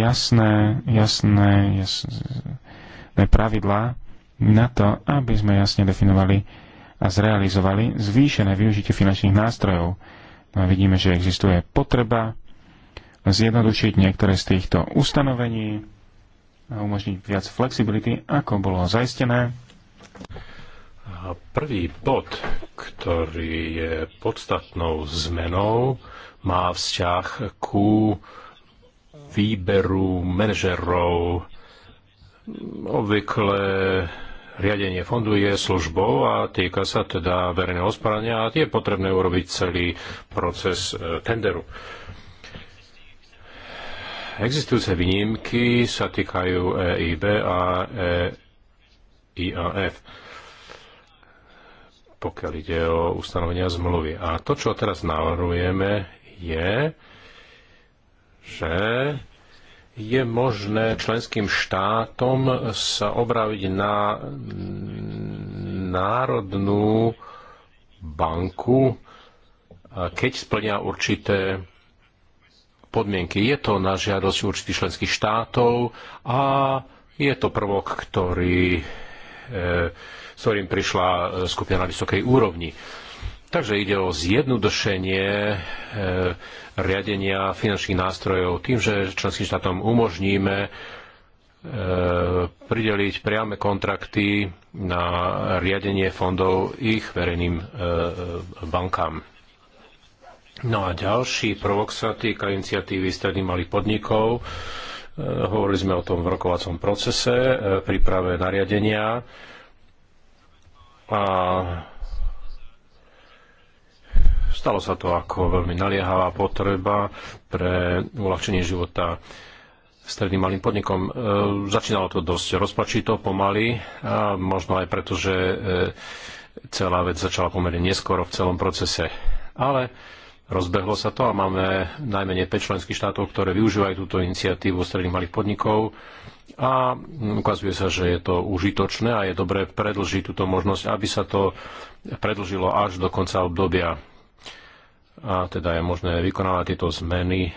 jasné, jasné, jasné pravidlá na to, aby sme jasne definovali a zrealizovali zvýšené využitie finančných nástrojov. No a vidíme, že existuje potreba zjednodušiť niektoré z týchto ustanovení a umožniť viac flexibility, ako bolo zaistené. Prvý bod, ktorý je podstatnou zmenou, má vzťah ku výberu manažerov. Obvykle riadenie fondu je službou a týka sa teda verejného osporania a je potrebné urobiť celý proces e, tenderu. Existujúce výnimky sa týkajú EIB a EIAF pokiaľ ide o ustanovenia zmluvy. A to, čo teraz navrhujeme, je, že je možné členským štátom sa obraviť na Národnú banku, keď splňa určité podmienky. Je to na žiadosť určitých členských štátov a je to prvok, ktorý E, s ktorým prišla e, skupina na vysokej úrovni. Takže ide o zjednodušenie e, riadenia finančných nástrojov tým, že členským štátom umožníme prideliť priame kontrakty na riadenie fondov ich verejným bankám. No a ďalší prvok sa týka iniciatívy stredných malých podnikov. E, hovorili sme o tom v rokovacom procese, e, príprave nariadenia a stalo sa to ako veľmi naliehavá potreba pre uľahčenie života stredným malým podnikom. E, začínalo to dosť rozpačito, pomaly, a možno aj preto, že e, celá vec začala pomerne neskoro v celom procese. Ale Rozbehlo sa to a máme najmenej 5 členských štátov, ktoré využívajú túto iniciatívu stredných malých podnikov a ukazuje sa, že je to užitočné a je dobré predlžiť túto možnosť, aby sa to predlžilo až do konca obdobia. A teda je možné vykonávať tieto zmeny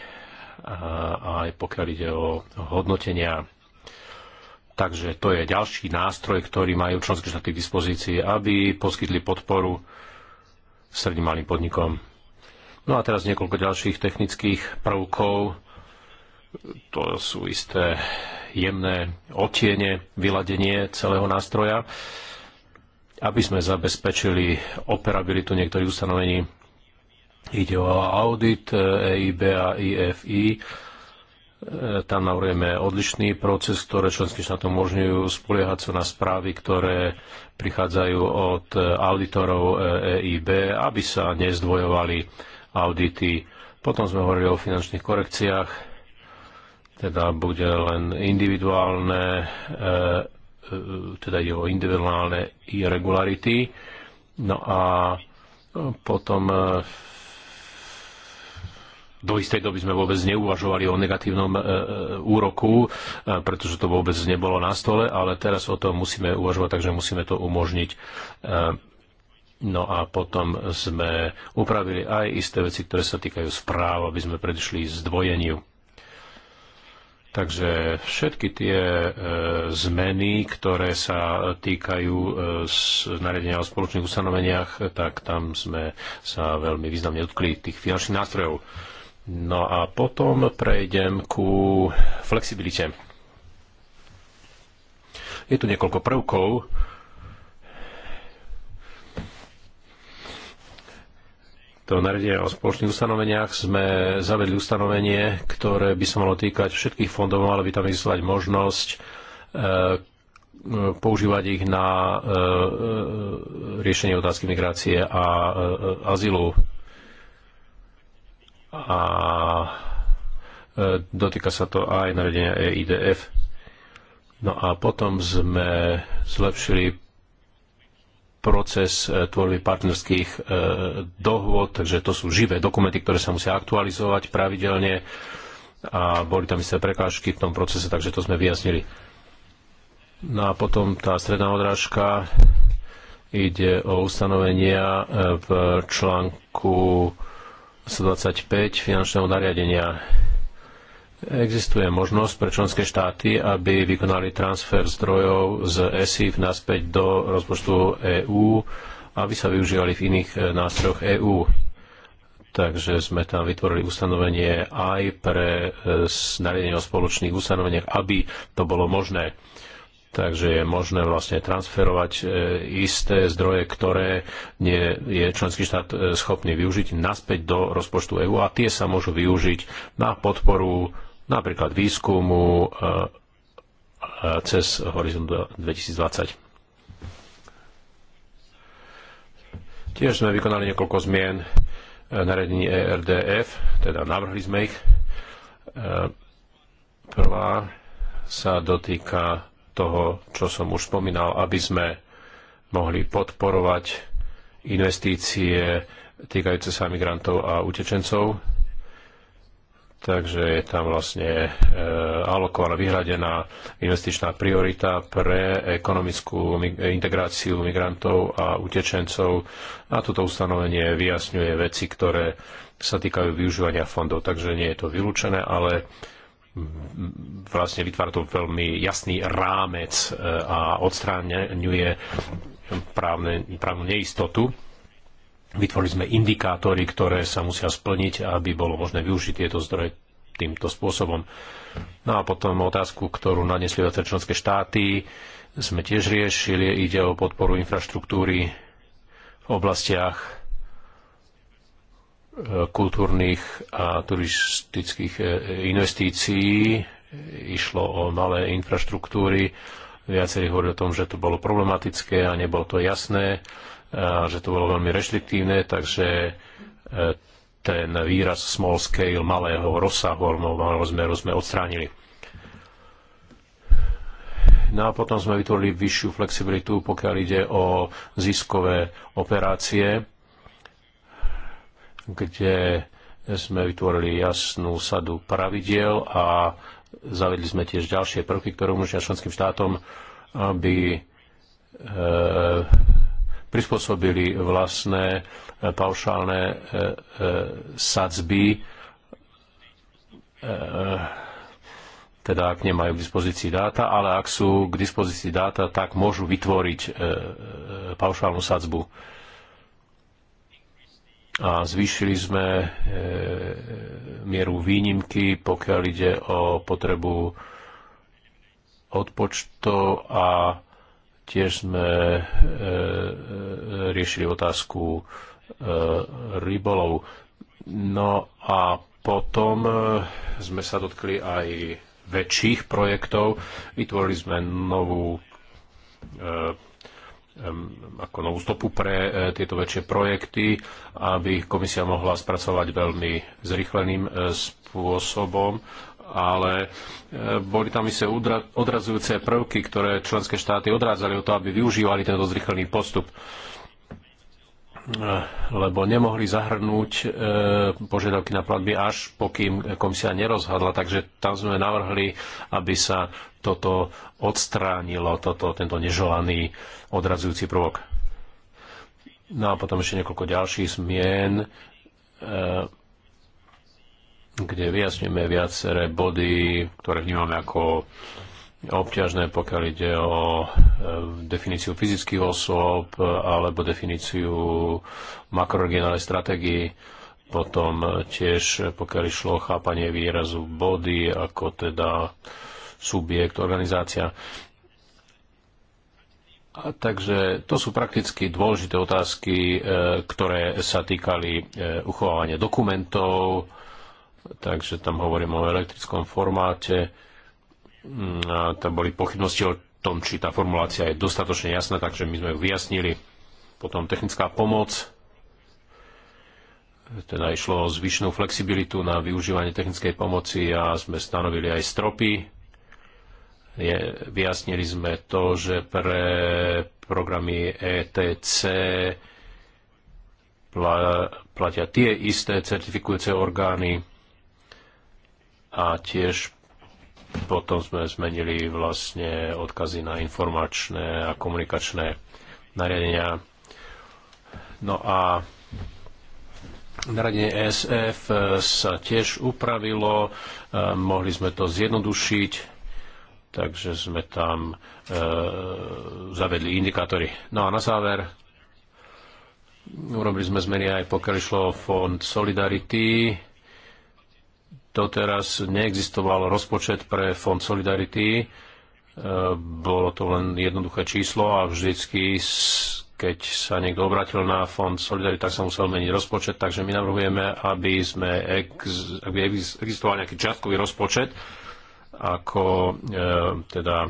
a aj pokiaľ ide o hodnotenia. Takže to je ďalší nástroj, ktorý majú členské štáty k dispozícii, aby poskytli podporu stredným malým podnikom. No a teraz niekoľko ďalších technických prvkov. To sú isté jemné otiene, vyladenie celého nástroja, aby sme zabezpečili operabilitu niektorých ustanovení. Ide o audit EIB e a IFI. E, tam navrhujeme odlišný proces, ktoré členské štáty umožňujú spoliehať sa na správy, ktoré prichádzajú od auditorov EIB, e aby sa nezdvojovali audity. Potom sme hovorili o finančných korekciách, teda bude len individuálne, e, e, teda ide o individuálne irregularity. No a potom e, do istej doby sme vôbec neuvažovali o negatívnom e, úroku, e, pretože to vôbec nebolo na stole, ale teraz o tom musíme uvažovať, takže musíme to umožniť. No a potom sme upravili aj isté veci, ktoré sa týkajú správ, aby sme predišli zdvojeniu. Takže všetky tie e, zmeny, ktoré sa týkajú e, nariadenia o spoločných ustanoveniach, tak tam sme sa veľmi významne dotkli tých finančných nástrojov. No a potom prejdem ku flexibilite. Je tu niekoľko prvkov, To nariadenia o spoločných ustanoveniach sme zavedli ustanovenie, ktoré by sa malo týkať všetkých fondov, malo by tam existovať možnosť e, e, používať ich na e, riešenie otázky migrácie a azylu. A dotýka sa to aj nariadenia EIDF. No a potom sme zlepšili proces e, tvorby partnerských e, dohôd, takže to sú živé dokumenty, ktoré sa musia aktualizovať pravidelne a boli tam isté prekážky v tom procese, takže to sme vyjasnili. No a potom tá stredná odrážka ide o ustanovenia e, v článku 125 finančného nariadenia Existuje možnosť pre členské štáty, aby vykonali transfer zdrojov z ESIF naspäť do rozpočtu EÚ, aby sa využívali v iných e, nástrojoch EÚ. Takže sme tam vytvorili ustanovenie aj pre e, nariadenie o spoločných ustanoveniach, aby to bolo možné. Takže je možné vlastne transferovať e, isté zdroje, ktoré nie je členský štát schopný využiť naspäť do rozpočtu EÚ a tie sa môžu využiť na podporu napríklad výskumu e, e, cez Horizon 2020. Tiež sme vykonali niekoľko zmien na e, nariadení ERDF, teda navrhli sme ich. Prvá sa dotýka toho, čo som už spomínal, aby sme mohli podporovať investície týkajúce sa migrantov a utečencov Takže je tam vlastne e, alokovaná, vyhradená investičná priorita pre ekonomickú integráciu migrantov a utečencov a toto ustanovenie vyjasňuje veci, ktoré sa týkajú využívania fondov, takže nie je to vylúčené, ale mm, vlastne vytvára to veľmi jasný rámec e, a odstráňuje právne, právnu neistotu Vytvorili sme indikátory, ktoré sa musia splniť, aby bolo možné využiť tieto zdroje týmto spôsobom. No a potom otázku, ktorú nanesli členské štáty, sme tiež riešili. Ide o podporu infraštruktúry v oblastiach e, kultúrnych a turistických e, investícií. Išlo o malé infraštruktúry. Viacerí hovorili o tom, že to bolo problematické a nebolo to jasné že to bolo veľmi reštriktívne, takže e, ten výraz small scale, malého rozsahu, malého rozmeru sme odstránili. No a potom sme vytvorili vyššiu flexibilitu, pokiaľ ide o ziskové operácie, kde sme vytvorili jasnú sadu pravidiel a zavedli sme tiež ďalšie prvky, ktoré umožnia členským štátom, aby e, prispôsobili vlastné e, paušálne e, e, sadzby, teda ak nemajú k dispozícii dáta, ale ak sú k dispozícii dáta, tak môžu vytvoriť paušálnu sadzbu. A zvýšili sme mieru výnimky, pokiaľ ide o potrebu odpočtov a Tiež sme e, e, e, riešili otázku rybolov. No a potom sme sa dotkli aj väčších projektov. Vytvorili sme novú ako novú stopu pre tieto väčšie projekty, aby komisia mohla spracovať veľmi zrychleným spôsobom ale e, boli tam isté odrazujúce prvky, ktoré členské štáty odrádzali o to, aby využívali tento zrychlený postup e, lebo nemohli zahrnúť e, požiadavky na platby až pokým komisia nerozhadla, takže tam sme navrhli, aby sa toto odstránilo, toto, tento neželaný odrazujúci prvok. No a potom ešte niekoľko ďalších zmien. E, kde vyjasňujeme viaceré body, ktoré vnímame ako obťažné, pokiaľ ide o e, definíciu fyzických osôb alebo definíciu makroregionálnej stratégie. Potom tiež, pokiaľ išlo o chápanie výrazu body, ako teda subjekt, organizácia. A takže to sú prakticky dôležité otázky, e, ktoré sa týkali e, uchovávania dokumentov, takže tam hovorím o elektrickom formáte. Mm, a tam boli pochybnosti o tom, či tá formulácia je dostatočne jasná, takže my sme ju vyjasnili. Potom technická pomoc, teda išlo o zvyšnú flexibilitu na využívanie technickej pomoci a sme stanovili aj stropy. Je, vyjasnili sme to, že pre programy ETC platia tie isté certifikujúce orgány, a tiež potom sme zmenili vlastne odkazy na informačné a komunikačné nariadenia. No a nariadenie ESF e, sa tiež upravilo, e, mohli sme to zjednodušiť, takže sme tam e, zavedli indikátory. No a na záver urobili sme zmeny aj pokiaľ išlo fond Solidarity, doteraz neexistoval rozpočet pre Fond Solidarity. E, bolo to len jednoduché číslo a vždycky, keď sa niekto obratil na Fond Solidarity, tak sa musel meniť rozpočet. Takže my navrhujeme, aby, sme ex, aby existoval nejaký čiastkový rozpočet ako e, teda e,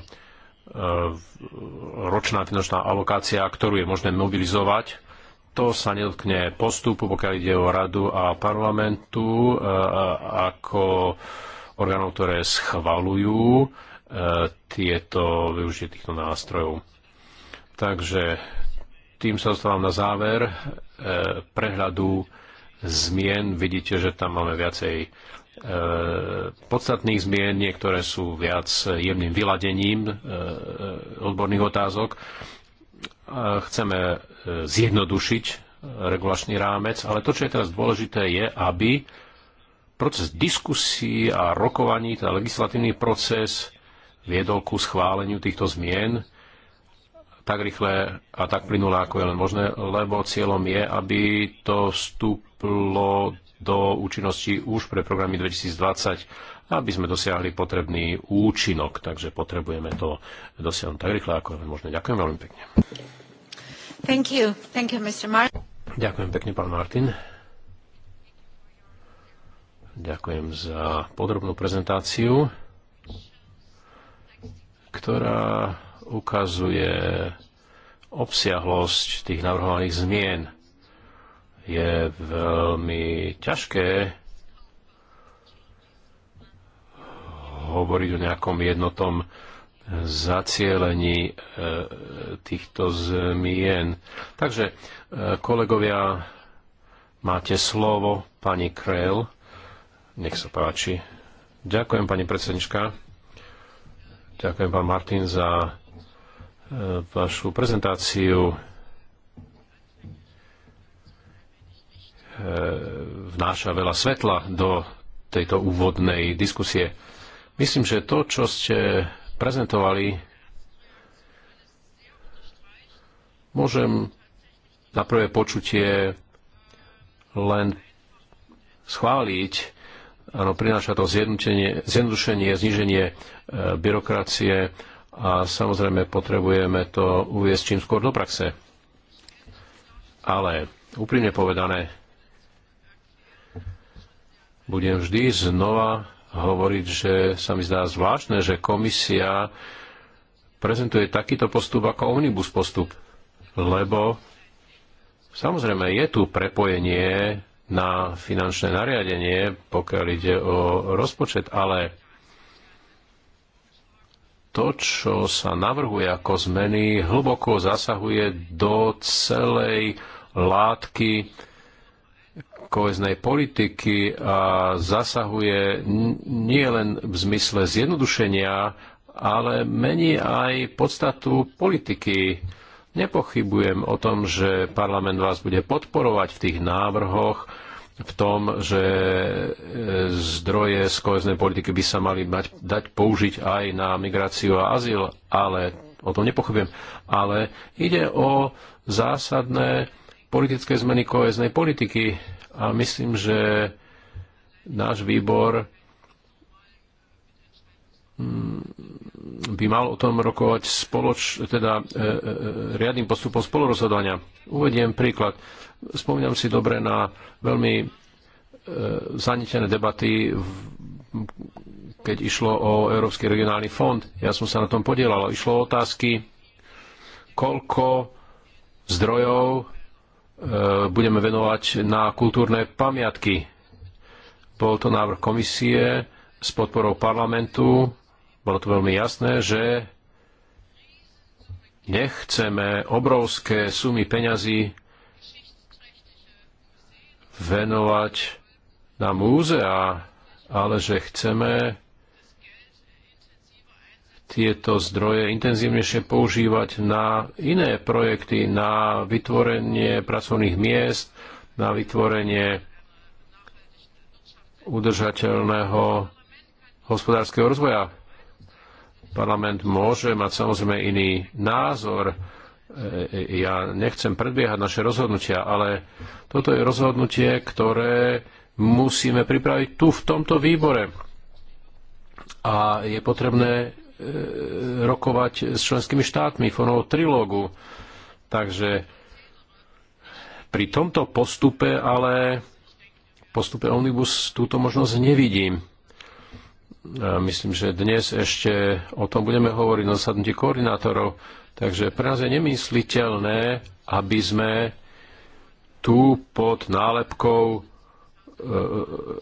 ročná finančná alokácia, ktorú je možné mobilizovať to sa nedotkne postupu, pokiaľ ide o radu a parlamentu, e, ako orgánov, ktoré schvalujú e, tieto využitie týchto nástrojov. Takže tým sa dostávam na záver e, prehľadu zmien. Vidíte, že tam máme viacej podstatných zmien, niektoré sú viac jemným vyladením odborných otázok Chceme e, zjednodušiť e, regulačný rámec, ale to, čo je teraz dôležité, je, aby proces diskusí a rokovaní, teda legislatívny proces, viedol ku schváleniu týchto zmien tak rýchle a tak plynulé, ako je len možné, lebo cieľom je, aby to vstúplo do účinnosti už pre programy 2020 aby sme dosiahli potrebný účinok. Takže potrebujeme to dosiahnuť tak rýchle, ako je možné. Ďakujem veľmi pekne. Thank you. Thank you, Mr. Martin. Ďakujem pekne, pán Martin. Ďakujem za podrobnú prezentáciu, ktorá ukazuje obsiahlosť tých navrhovaných zmien. Je veľmi ťažké hovoriť o nejakom jednotom zacielení e, týchto zmien. Takže, e, kolegovia, máte slovo, pani Krell. Nech sa páči. Ďakujem, pani predsednička. Ďakujem, pán Martin, za e, vašu prezentáciu. Vnáša veľa svetla do tejto úvodnej diskusie Myslím, že to, čo ste prezentovali, môžem na prvé počutie len schváliť. Áno, prináša to zjednodušenie, zniženie e, byrokracie a samozrejme potrebujeme to uviezť čím skôr do praxe. Ale úprimne povedané, budem vždy znova hovoriť, že sa mi zdá zvláštne, že komisia prezentuje takýto postup ako omnibus postup, lebo samozrejme je tu prepojenie na finančné nariadenie, pokiaľ ide o rozpočet, ale to, čo sa navrhuje ako zmeny, hlboko zasahuje do celej látky koheznej politiky a zasahuje nie len v zmysle zjednodušenia, ale mení aj podstatu politiky. Nepochybujem o tom, že parlament vás bude podporovať v tých návrhoch, v tom, že e, zdroje z koheznej politiky by sa mali mať, dať použiť aj na migráciu a azyl, ale o tom nepochybujem. Ale ide o zásadné politické zmeny koheznej politiky a myslím, že náš výbor mm, by mal o tom rokovať spoloč, teda e, e, e, riadnym postupom spolurozhodovania. Uvediem príklad. Spomínam si dobre na veľmi e, zanitené debaty, v, keď išlo o Európsky regionálny fond. Ja som sa na tom podielal. Išlo o otázky, koľko zdrojov E, budeme venovať na kultúrne pamiatky. Bol to návrh komisie s podporou parlamentu. Bolo to veľmi jasné, že nechceme obrovské sumy peňazí venovať na múzea, ale že chceme tieto zdroje intenzívnejšie používať na iné projekty, na vytvorenie pracovných miest, na vytvorenie udržateľného hospodárskeho rozvoja. Parlament môže mať samozrejme iný názor. E, e, ja nechcem predbiehať naše rozhodnutia, ale toto je rozhodnutie, ktoré musíme pripraviť tu v tomto výbore. A je potrebné E, rokovať s členskými štátmi formou trilógu. Takže pri tomto postupe ale postupe Omnibus túto možnosť nevidím. A myslím, že dnes ešte o tom budeme hovoriť na zasadnutí koordinátorov, takže pre nás je nemysliteľné, aby sme tu pod nálepkou e,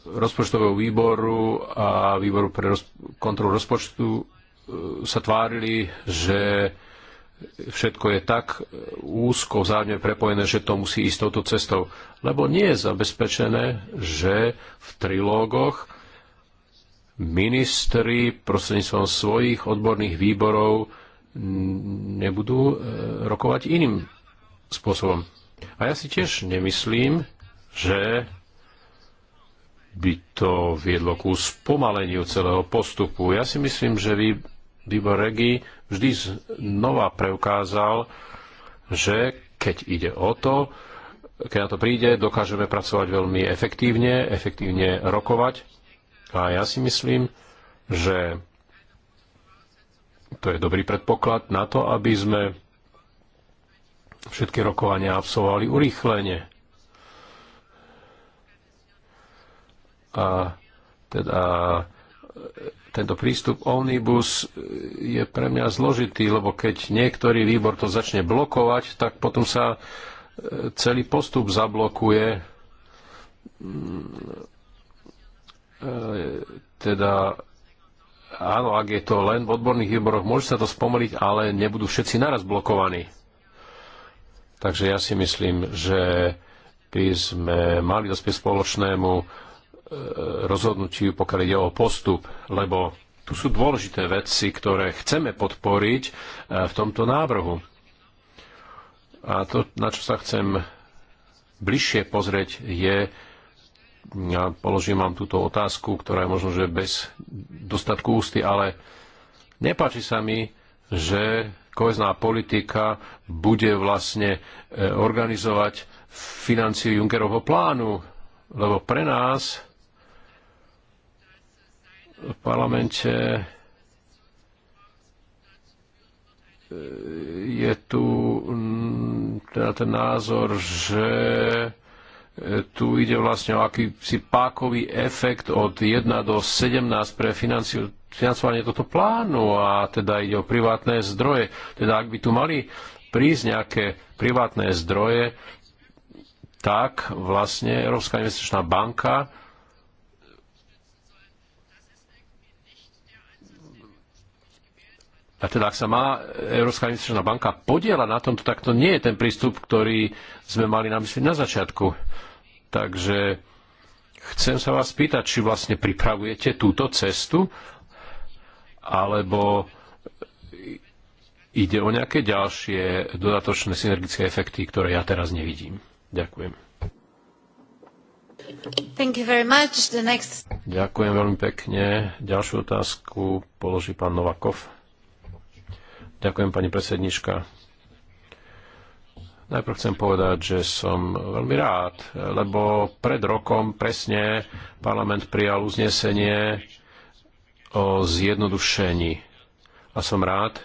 rozpočtového výboru a výboru pre kontrolu rozpočtu sa tvárili, že všetko je tak úzko vzájomne prepojené, že to musí ísť touto cestou. Lebo nie je zabezpečené, že v trilógoch ministri prostredníctvom svojich odborných výborov nebudú e, rokovať iným spôsobom. A ja si tiež nemyslím, že by to viedlo ku spomaleniu celého postupu. Ja si myslím, že výbor Regi vždy znova preukázal, že keď ide o to, keď na to príde, dokážeme pracovať veľmi efektívne, efektívne rokovať. A ja si myslím, že to je dobrý predpoklad na to, aby sme všetky rokovania absolvovali urýchlenie. A teda e, tento prístup omnibus je pre mňa zložitý, lebo keď niektorý výbor to začne blokovať, tak potom sa e, celý postup zablokuje. Mm, e, teda áno, ak je to len v odborných výboroch, môže sa to spomaliť, ale nebudú všetci naraz blokovaní. Takže ja si myslím, že by sme mali dospieť spoločnému E, rozhodnutí, pokiaľ ide o postup, lebo tu sú dôležité veci, ktoré chceme podporiť e, v tomto návrhu. A to, na čo sa chcem bližšie pozrieť, je, ja položím vám túto otázku, ktorá je možno, že bez dostatku ústy, ale nepáči sa mi, že kohezná politika bude vlastne e, organizovať financiu Junckerovho plánu, lebo pre nás v parlamente e, je tu teda ten názor, že e, tu ide vlastne o akýsi pákový efekt od 1 do 17 pre financovanie tohto plánu a teda ide o privátne zdroje. Teda ak by tu mali prísť nejaké privátne zdroje, tak vlastne Európska investičná banka a teda ak sa má Európska investičná banka podiela na tomto, tak to nie je ten prístup, ktorý sme mali na mysli na začiatku. Takže chcem sa vás pýtať, či vlastne pripravujete túto cestu, alebo ide o nejaké ďalšie dodatočné synergické efekty, ktoré ja teraz nevidím. Ďakujem. Thank you very much. The next... Ďakujem veľmi pekne. Ďalšiu otázku položí pán Novakov. Ďakujem, pani predsednička. Najprv chcem povedať, že som veľmi rád, lebo pred rokom presne parlament prijal uznesenie o zjednodušení. A som rád,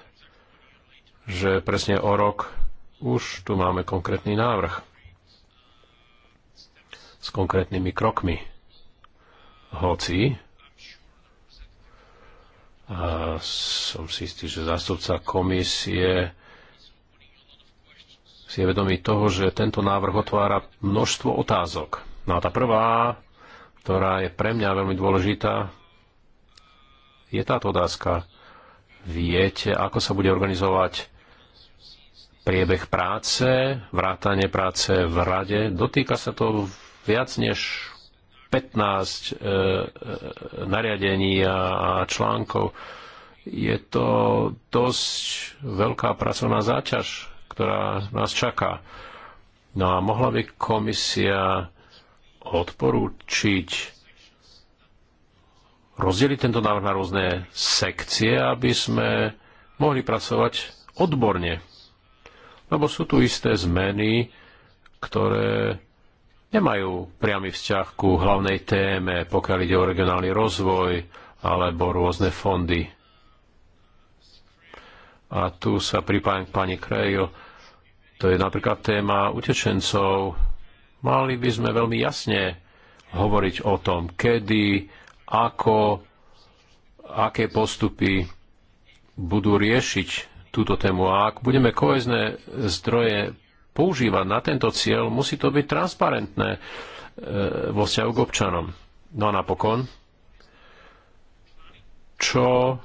že presne o rok už tu máme konkrétny návrh s konkrétnymi krokmi. Hoci a som si istý, že zástupca komisie si je vedomý toho, že tento návrh otvára množstvo otázok. No a tá prvá, ktorá je pre mňa veľmi dôležitá, je táto otázka. Viete, ako sa bude organizovať priebeh práce, vrátanie práce v rade? Dotýka sa to viac než 15 e, e, nariadení a článkov. Je to dosť veľká pracovná záťaž, ktorá nás čaká. No a mohla by komisia odporúčiť rozdeliť tento návrh na rôzne sekcie, aby sme mohli pracovať odborne. Lebo sú tu isté zmeny, ktoré nemajú priamy vzťah ku hlavnej téme, pokiaľ ide o regionálny rozvoj alebo rôzne fondy. A tu sa pripájam k pani Krejo. To je napríklad téma utečencov. Mali by sme veľmi jasne hovoriť o tom, kedy, ako, aké postupy budú riešiť túto tému. A ak budeme kohezné zdroje používať na tento cieľ, musí to byť transparentné e, vo vzťahu k občanom. No a napokon, čo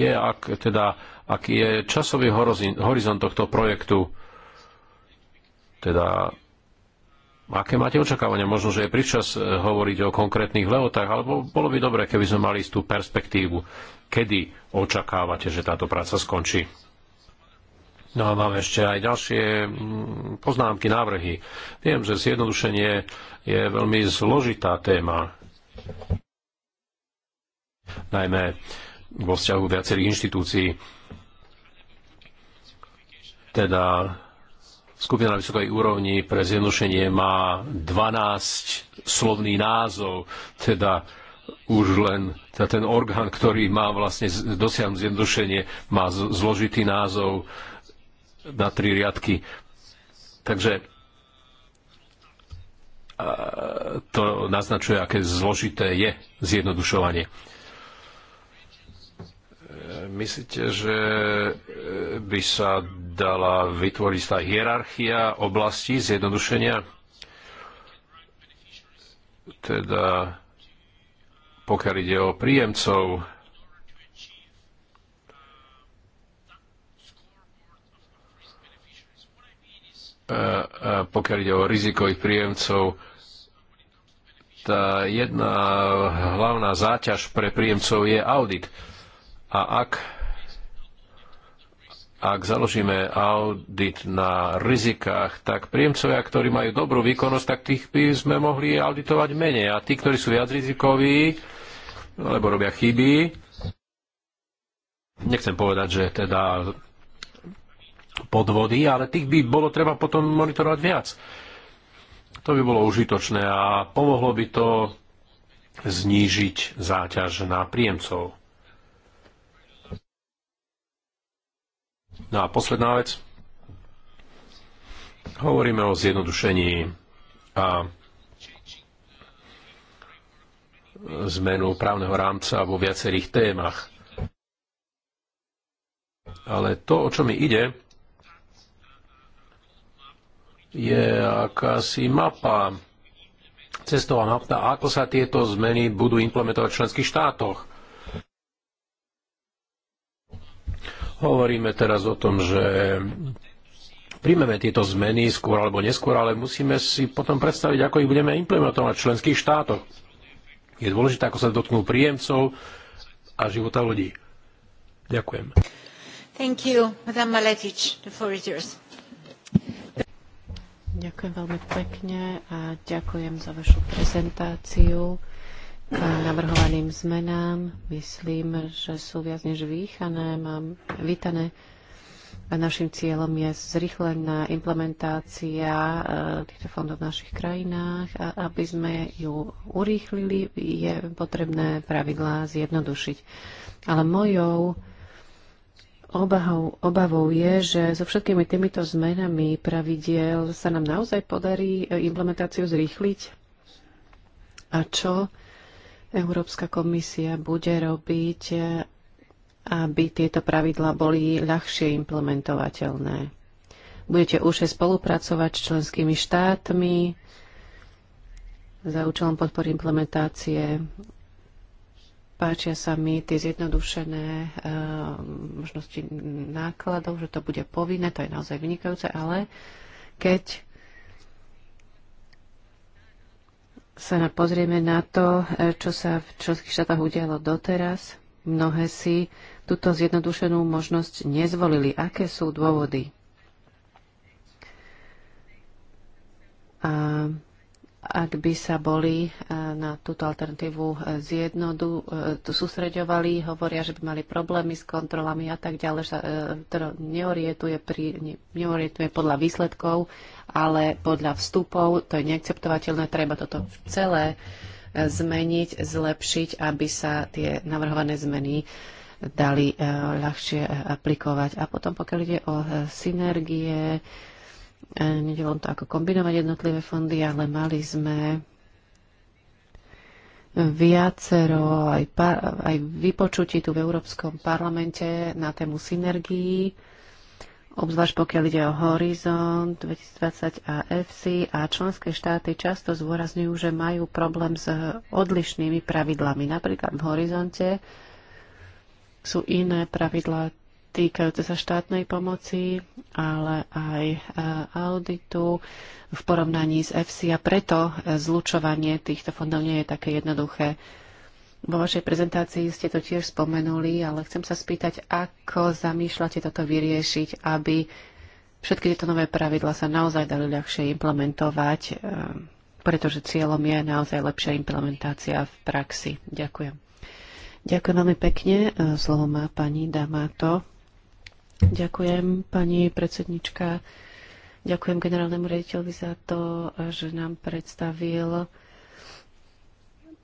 je, ak, teda, aký je časový horizont tohto projektu, teda aké máte očakávania? Možno, že je pričas e, hovoriť o konkrétnych lehotách, alebo bolo by dobré, keby sme mali istú perspektívu, kedy očakávate, že táto práca skončí. No a máme ešte aj ďalšie mm, poznámky, návrhy. Viem, že zjednodušenie je veľmi zložitá téma. Najmä vo vzťahu viacerých inštitúcií. Teda skupina na vysokej úrovni pre zjednodušenie má 12 slovný názov, teda už len teda ten orgán, ktorý má vlastne dosiahnuť zjednodušenie, má zložitý názov na tri riadky. Takže to naznačuje, aké zložité je zjednodušovanie. Myslíte, že e, by sa dala vytvoriť tá hierarchia oblasti zjednodušenia? Teda pokiaľ ide o príjemcov, E, e, pokiaľ ide o rizikových príjemcov, tá jedna hlavná záťaž pre príjemcov je audit. A ak, ak založíme audit na rizikách, tak príjemcovia, ktorí majú dobrú výkonnosť, tak tých by sme mohli auditovať menej. A tí, ktorí sú viac rizikoví, alebo robia chyby, nechcem povedať, že teda podvody, ale tých by bolo treba potom monitorovať viac. To by bolo užitočné a pomohlo by to znížiť záťaž na príjemcov. No a posledná vec. Hovoríme o zjednodušení a zmenu právneho rámca vo viacerých témach. Ale to, o čo mi ide, je akási mapa, cestová mapa, ako sa tieto zmeny budú implementovať v členských štátoch. Hovoríme teraz o tom, že príjmeme tieto zmeny skôr alebo neskôr, ale musíme si potom predstaviť, ako ich budeme implementovať v členských štátoch. Je dôležité, ako sa dotknú príjemcov a života ľudí. Ďakujem. Thank you, Madame Maletic. The floor is yours. Ďakujem veľmi pekne a ďakujem za vašu prezentáciu k navrhovaným zmenám. Myslím, že sú viac než výchané, mám vítané. A našim cieľom je zrychlená implementácia eh, týchto fondov v našich krajinách a aby sme ju urýchlili, je potrebné pravidlá zjednodušiť. Ale mojou Obavou, obavou je, že so všetkými týmito zmenami pravidiel sa nám naozaj podarí e, implementáciu zrýchliť. A čo Európska komisia bude robiť, e, aby tieto pravidlá boli ľahšie implementovateľné? Budete už spolupracovať s členskými štátmi za účelom podpory implementácie Páčia sa mi tie zjednodušené e, možnosti nákladov, že to bude povinné, to je naozaj vynikajúce, ale keď sa pozrieme na to, e, čo sa v členských štátoch udialo doteraz, mnohé si túto zjednodušenú možnosť nezvolili. Aké sú dôvody? A ak by sa boli e, na túto alternatívu e, zjednodu e, tu sústreďovali, hovoria, že by mali problémy s kontrolami a tak ďalej, sa teda neorientuje, pri, neorientuje podľa výsledkov, ale podľa vstupov. To je neakceptovateľné, treba toto celé zmeniť, zlepšiť, aby sa tie navrhované zmeny dali ľahšie aplikovať. A potom, pokiaľ ide o synergie, E, Nedelo to ako kombinovať jednotlivé fondy, ale mali sme viacero aj, par, aj vypočutí tu v Európskom parlamente na tému synergií, obzvlášť pokiaľ ide o Horizont 2020 a FC a členské štáty často zdôrazňujú, že majú problém s odlišnými pravidlami. Napríklad v Horizonte sú iné pravidlá týkajúce sa štátnej pomoci, ale aj e, auditu v porovnaní s EFSI a preto e, zlučovanie týchto fondov nie je také jednoduché. Vo vašej prezentácii ste to tiež spomenuli, ale chcem sa spýtať, ako zamýšľate toto vyriešiť, aby všetky tieto nové pravidla sa naozaj dali ľahšie implementovať, e, pretože cieľom je naozaj lepšia implementácia v praxi. Ďakujem. Ďakujem veľmi pekne. Slovo má pani Damato. Ďakujem, pani predsednička. Ďakujem generálnemu rediteľovi za to, že nám predstavil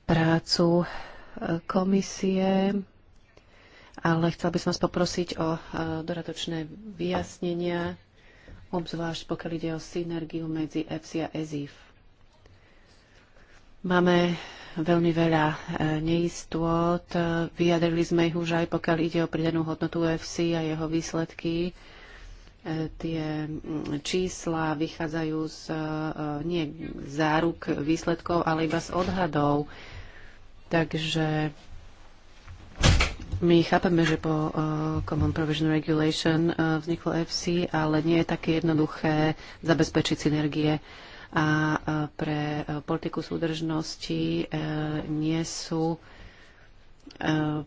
prácu eh, komisie, ale chcela by som vás poprosiť o eh, dodatočné vyjasnenia, obzvlášť pokiaľ ide o synergiu medzi EFSI a EZIF. Máme veľmi veľa e, neistôt. E, vyjadrili sme ich už aj pokiaľ ide o pridanú hodnotu UFC a jeho výsledky. E, tie mm, čísla vychádzajú z, nie záruk výsledkov, ale iba z odhadov. Takže my chápeme, že po Common Provision Regulation vzniklo FC, ale nie je také jednoduché zabezpečiť synergie a e, pre e, politiku súdržnosti e, nie sú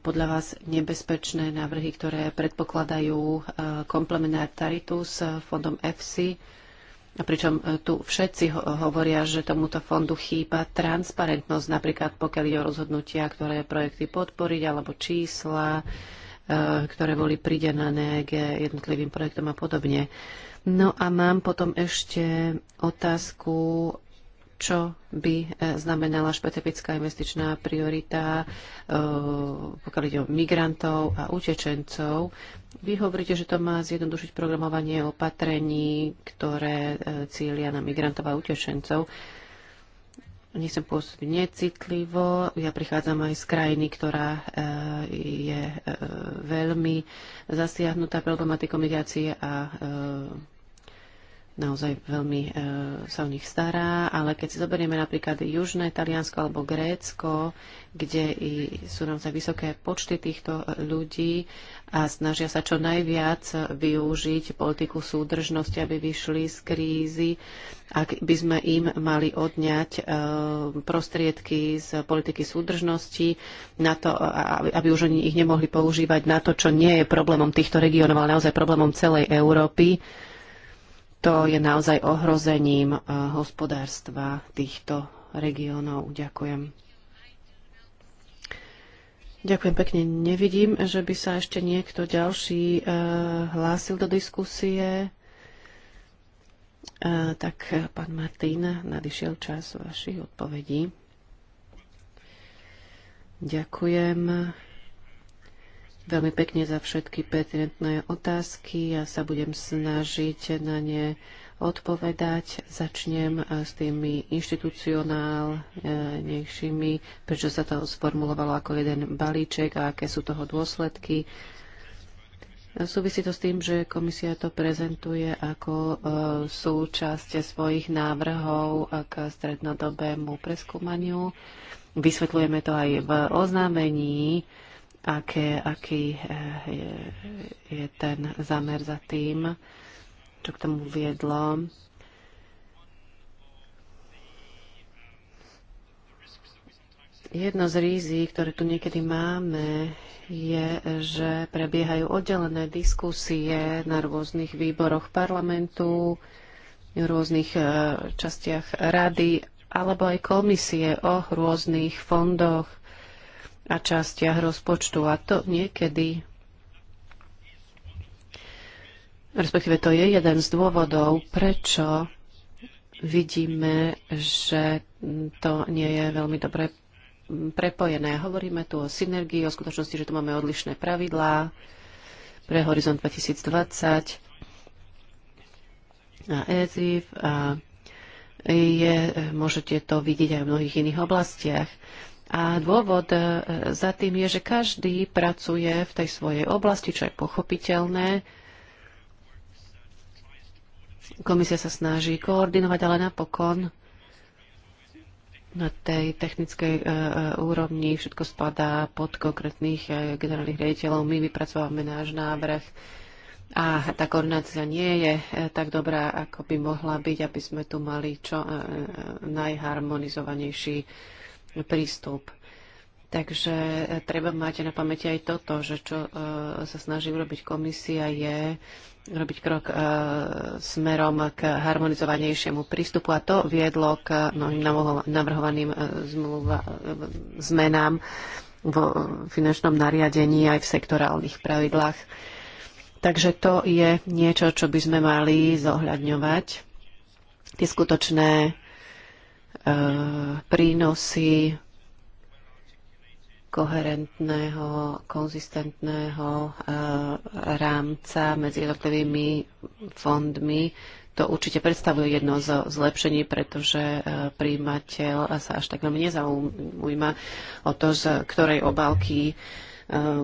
podľa vás nebezpečné návrhy, ktoré predpokladajú komplementaritu s fondom EFSI. A pričom tu všetci hovoria, že tomuto fondu chýba transparentnosť, napríklad pokiaľ ide o rozhodnutia, ktoré projekty podporiť, alebo čísla, ktoré boli pridenané k jednotlivým projektom a podobne. No a mám potom ešte otázku, čo by e, znamenala špecifická investičná priorita, e, pokiaľ ide o migrantov a utečencov. Vy hovoríte, že to má zjednodušiť programovanie opatrení, ktoré e, cieľia na migrantov a utečencov nechcem pôsobiť necitlivo. Ja prichádzam aj z krajiny, ktorá je veľmi zasiahnutá problematikou migrácie a naozaj veľmi e, sa o nich stará, ale keď si zoberieme napríklad Južné Taliansko alebo Grécko, kde i sú naozaj vysoké počty týchto e, ľudí a snažia sa čo najviac využiť politiku súdržnosti, aby vyšli z krízy, ak by sme im mali odňať e, prostriedky z politiky súdržnosti, na to, aby, aby už oni ich nemohli používať na to, čo nie je problémom týchto regiónov, ale naozaj problémom celej Európy, to je naozaj ohrozením eh, hospodárstva týchto regiónov. Ďakujem. Ďakujem pekne. Nevidím, že by sa ešte niekto ďalší eh, hlásil do diskusie. Eh, tak, pán Martin, nadišiel čas vašich odpovedí. Ďakujem veľmi pekne za všetky pertinentné otázky. Ja sa budem snažiť na ne odpovedať. Začnem e, s tými inštitucionálnejšími, prečo sa to sformulovalo ako jeden balíček a aké sú toho dôsledky. Súvisí to s tým, že komisia to prezentuje ako e, súčasť svojich návrhov k strednodobému preskúmaniu. Vysvetľujeme to aj v oznámení aké, aký je, eh, je ten zámer za tým, čo k tomu viedlo. Jedno z rizí, ktoré tu niekedy máme, je, že prebiehajú oddelené diskusie na rôznych výboroch parlamentu, v rôznych eh, častiach rady alebo aj komisie o rôznych fondoch a častiach rozpočtu. A to niekedy, respektíve to je jeden z dôvodov, prečo vidíme, že to nie je veľmi dobre prepojené. Hovoríme tu o synergii, o skutočnosti, že tu máme odlišné pravidlá pre Horizont 2020 a EZIF a je, môžete to vidieť aj v mnohých iných oblastiach. A dôvod e, za tým je, že každý pracuje v tej svojej oblasti, čo je pochopiteľné. Komisia sa snaží koordinovať, ale napokon na tej technickej e, e, úrovni všetko spadá pod konkrétnych generálnych riaditeľov. My vypracovávame náš návrh a tá koordinácia nie je tak dobrá, ako by mohla byť, aby sme tu mali čo najharmonizovanejší prístup. Takže e, treba mať na pamäti aj toto, že čo e, sa snaží urobiť komisia je robiť krok e, smerom k harmonizovanejšiemu prístupu a to viedlo k mnohým navrhovaným zmluva, zmenám vo finančnom nariadení aj v sektorálnych pravidlách. Takže to je niečo, čo by sme mali zohľadňovať. Tie skutočné E, prínosy koherentného, konzistentného e, rámca medzi jednotlivými fondmi. To určite predstavuje jedno z zlepšení, pretože e, príjimateľ sa až tak veľmi nezaujíma o to, z ktorej obálky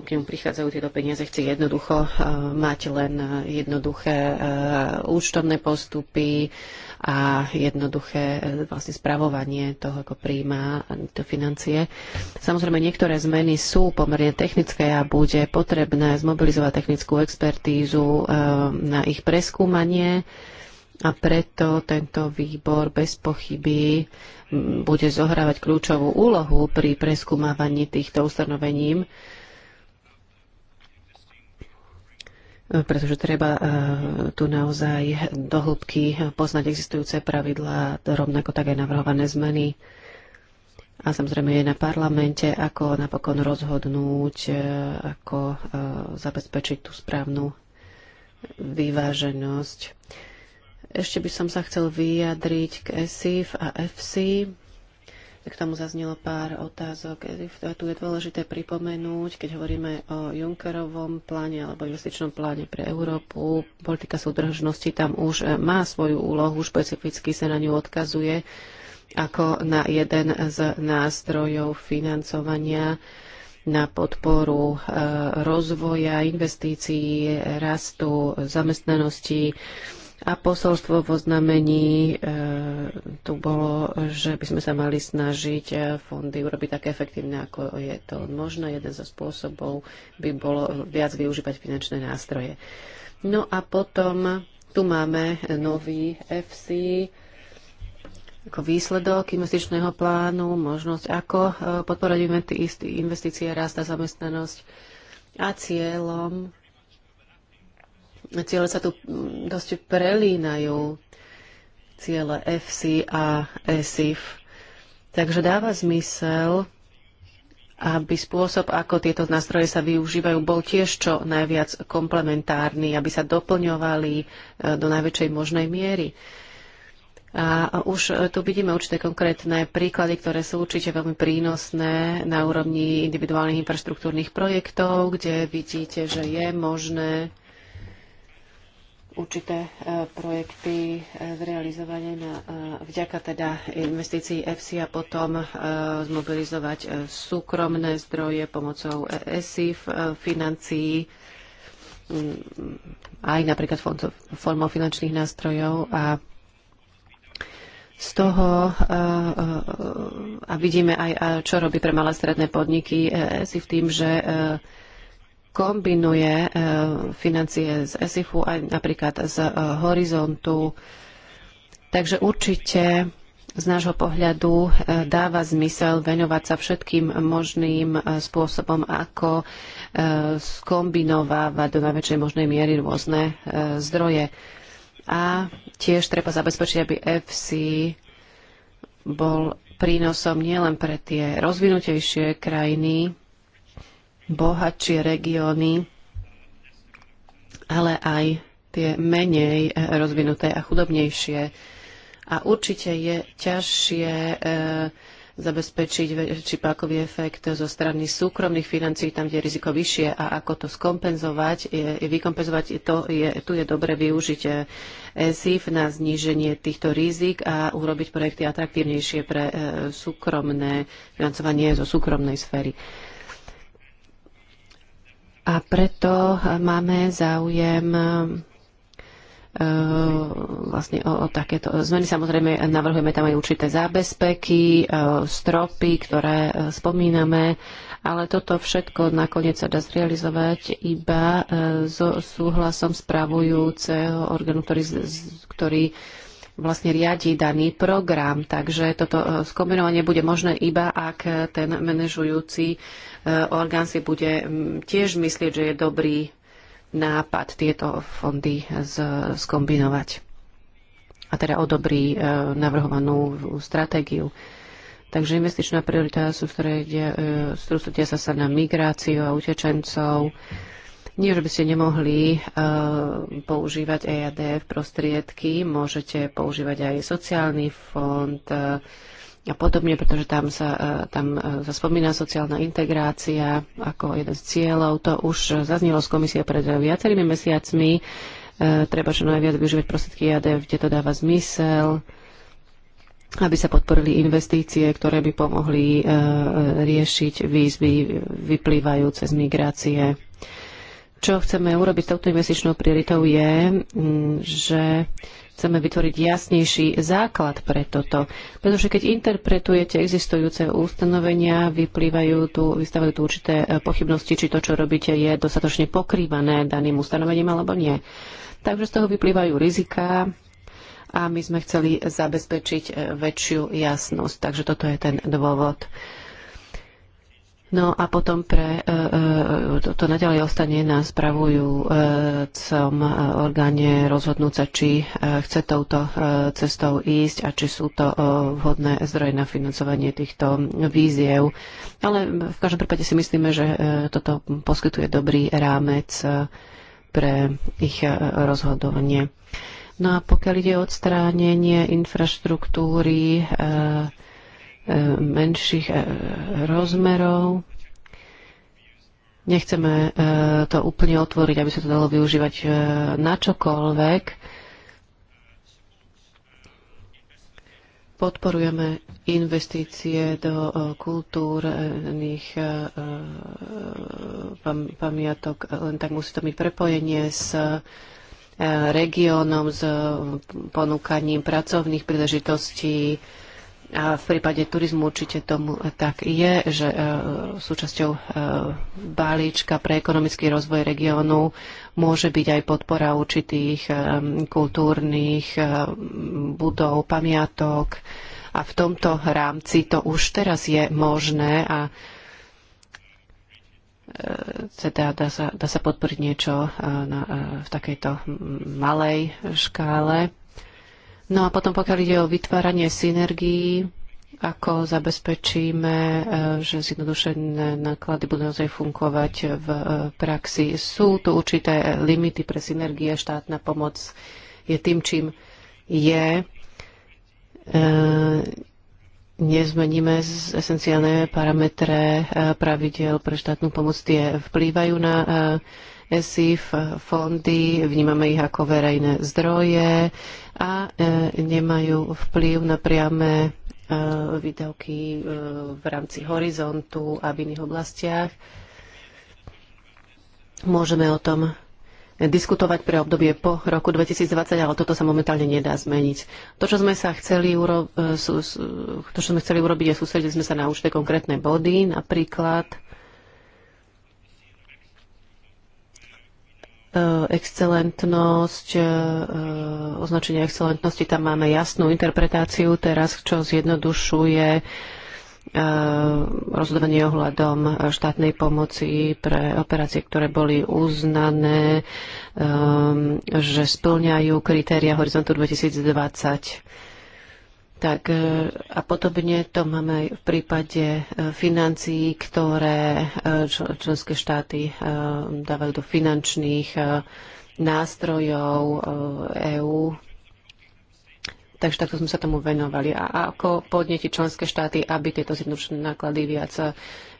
k nemu prichádzajú tieto peniaze, chce jednoducho mať len jednoduché účtovné postupy, a jednoduché e, vlastne spravovanie toho, ako príjma to financie. Samozrejme, niektoré zmeny sú pomerne technické a bude potrebné zmobilizovať technickú expertízu e, na ich preskúmanie a preto tento výbor bez pochyby bude zohrávať kľúčovú úlohu pri preskúmavaní týchto ustanovením pretože treba eh, tu naozaj do hĺbky poznať existujúce pravidlá, rovnako tak aj navrhované zmeny. A samozrejme je na parlamente, ako napokon rozhodnúť, eh, ako eh, zabezpečiť tú správnu vyváženosť. Ešte by som sa chcel vyjadriť k ESIF a EFSI. K tomu zaznelo pár otázok. E, tu je dôležité pripomenúť, keď hovoríme o Junckerovom pláne alebo investičnom pláne pre Európu, politika súdržnosti tam už e, má svoju úlohu, špecificky sa na ňu odkazuje ako na jeden z nástrojov financovania na podporu e, rozvoja, investícií, rastu, zamestnanosti a posolstvo vo znamení e, tu bolo, že by sme sa mali snažiť e, fondy urobiť také efektívne, ako je to možné. Jeden zo spôsobov by bolo viac využívať finančné nástroje. No a potom tu máme nový FC ako výsledok investičného plánu, možnosť, ako e, podporať investície, rasta, zamestnanosť. A cieľom Ciele sa tu mm, dosť prelínajú, ciele FC a ESIF. Takže dáva zmysel, aby spôsob, ako tieto nástroje sa využívajú, bol tiež čo najviac komplementárny, aby sa doplňovali e, do najväčšej možnej miery. A už tu vidíme určité konkrétne príklady, ktoré sú určite veľmi prínosné na úrovni individuálnych infraštruktúrnych projektov, kde vidíte, že je možné určité e, projekty e, zrealizované na, e, vďaka teda investícií EFSI a potom zmobilizovať súkromné zdroje pomocou ESIF financií mm, aj napríklad formou finančných nástrojov a z toho a vidíme aj, čo robí pre malé stredné podniky ESI, v tým, že kombinuje eh, financie z ESIFu aj napríklad z eh, Horizontu. Takže určite z nášho pohľadu eh, dáva zmysel venovať sa všetkým možným spôsobom, ako skombinovávať do najväčšej možnej miery rôzne zdroje. A tiež treba zabezpečiť, aby FC bol prínosom nielen pre tie rozvinutejšie krajiny, bohatšie regióny, ale aj tie menej rozvinuté a chudobnejšie. A určite je ťažšie e, zabezpečiť väčší pákový efekt zo strany súkromných financií, tam, kde je riziko vyššie a ako to skompenzovať, je, vykompenzovať, to je, tu je dobre využiť e, SIF na zníženie týchto rizik a urobiť projekty atraktívnejšie pre e, súkromné financovanie zo súkromnej sféry. A preto e, máme záujem e, e, vlastne o, o takéto zmeny. Samozrejme, navrhujeme tam aj určité zábezpeky, stropy, ktoré spomíname, ale toto všetko nakoniec sa dá zrealizovať iba so súhlasom spravujúceho orgánu, ktorý, ktorý vlastne riadi daný program. Takže toto e, skombinovanie bude možné iba, ak ten manažujúci e, orgán si bude tiež myslieť, že je dobrý nápad tieto fondy e, skombinovať. A teda odobrí navrhovanú stratégiu. Takže investičná priorita sústredia, sústredia sa, sa na migráciu a utečencov, nie, že by ste nemohli eh, používať EADF prostriedky, môžete používať aj sociálny fond eh, a podobne, pretože tam sa, eh, tam sa spomína sociálna integrácia ako jeden z cieľov. To už zaznelo z komisie pred viacerými mesiacmi. Treba čo najviac využívať prostriedky EADF, kde to dáva zmysel aby sa podporili investície, ktoré by pomohli riešiť výzvy vyplývajúce z migrácie. Čo chceme urobiť s touto investičnou prioritou je, mm, že chceme vytvoriť jasnejší základ pre toto. Pretože keď interpretujete existujúce ustanovenia, vyplývajú tu, vystávajú tu určité e, pochybnosti, či to, čo robíte, je dostatočne pokrývané daným ustanovením alebo nie. Takže z toho vyplývajú riziká a my sme chceli zabezpečiť e, väčšiu jasnosť. Takže toto je ten dôvod. No a potom pre, e, e, to naďalej ostane na spravujúcom e, orgáne rozhodnúť sa, či chce touto cestou ísť a či sú to vhodné zdroje na financovanie týchto víziev. Ale v každom prípade si myslíme, že toto poskytuje dobrý rámec pre ich rozhodovanie. No a pokiaľ ide o odstránenie infraštruktúry, menších eh, rozmerov. Nechceme eh, to úplne otvoriť, aby sa to dalo využívať eh, na čokoľvek. Podporujeme investície do kultúrnych pamiatok, len tak musí to byť prepojenie s regiónom, s ponúkaním pracovných príležitostí, a v prípade turizmu určite tomu tak je, že e, súčasťou e, balíčka pre ekonomický rozvoj regiónu môže byť aj podpora určitých e, kultúrnych budov, pamiatok. A v tomto rámci to už teraz je možné a teda dá sa, dá sa podporiť niečo na, v takejto malej škále. No a potom pokiaľ ide o vytváranie synergií, ako zabezpečíme, e, že zjednodušené náklady budú naozaj fungovať v e, praxi. Sú tu určité limity pre synergie, štátna pomoc je tým, čím je. E, nezmeníme esenciálne parametre pravidel pre štátnu pomoc, tie vplývajú na SIF eh, fondy, vnímame ich ako verejné zdroje a eh, nemajú vplyv na priame eh, výdavky v rámci horizontu a v iných oblastiach. Môžeme o tom diskutovať pre obdobie po roku 2020, ale toto sa momentálne nedá zmeniť. To, čo sme sa chceli, uro- to, čo sme chceli urobiť, je sústrediť sme sa na určité konkrétne body, napríklad E, excelentnosť, e, e, označenie excelentnosti, tam máme jasnú interpretáciu teraz, čo zjednodušuje rozhodovanie ohľadom štátnej pomoci pre operácie, ktoré boli uznané, že splňajú kritéria Horizontu 2020 tak e, a podobne to máme aj v prípade e, financií, ktoré e, členské štáty dávajú do finančných nástrojov EÚ. Takže takto sme sa tomu venovali. A ako podnetiť členské štáty, aby tieto zjednodušené náklady viac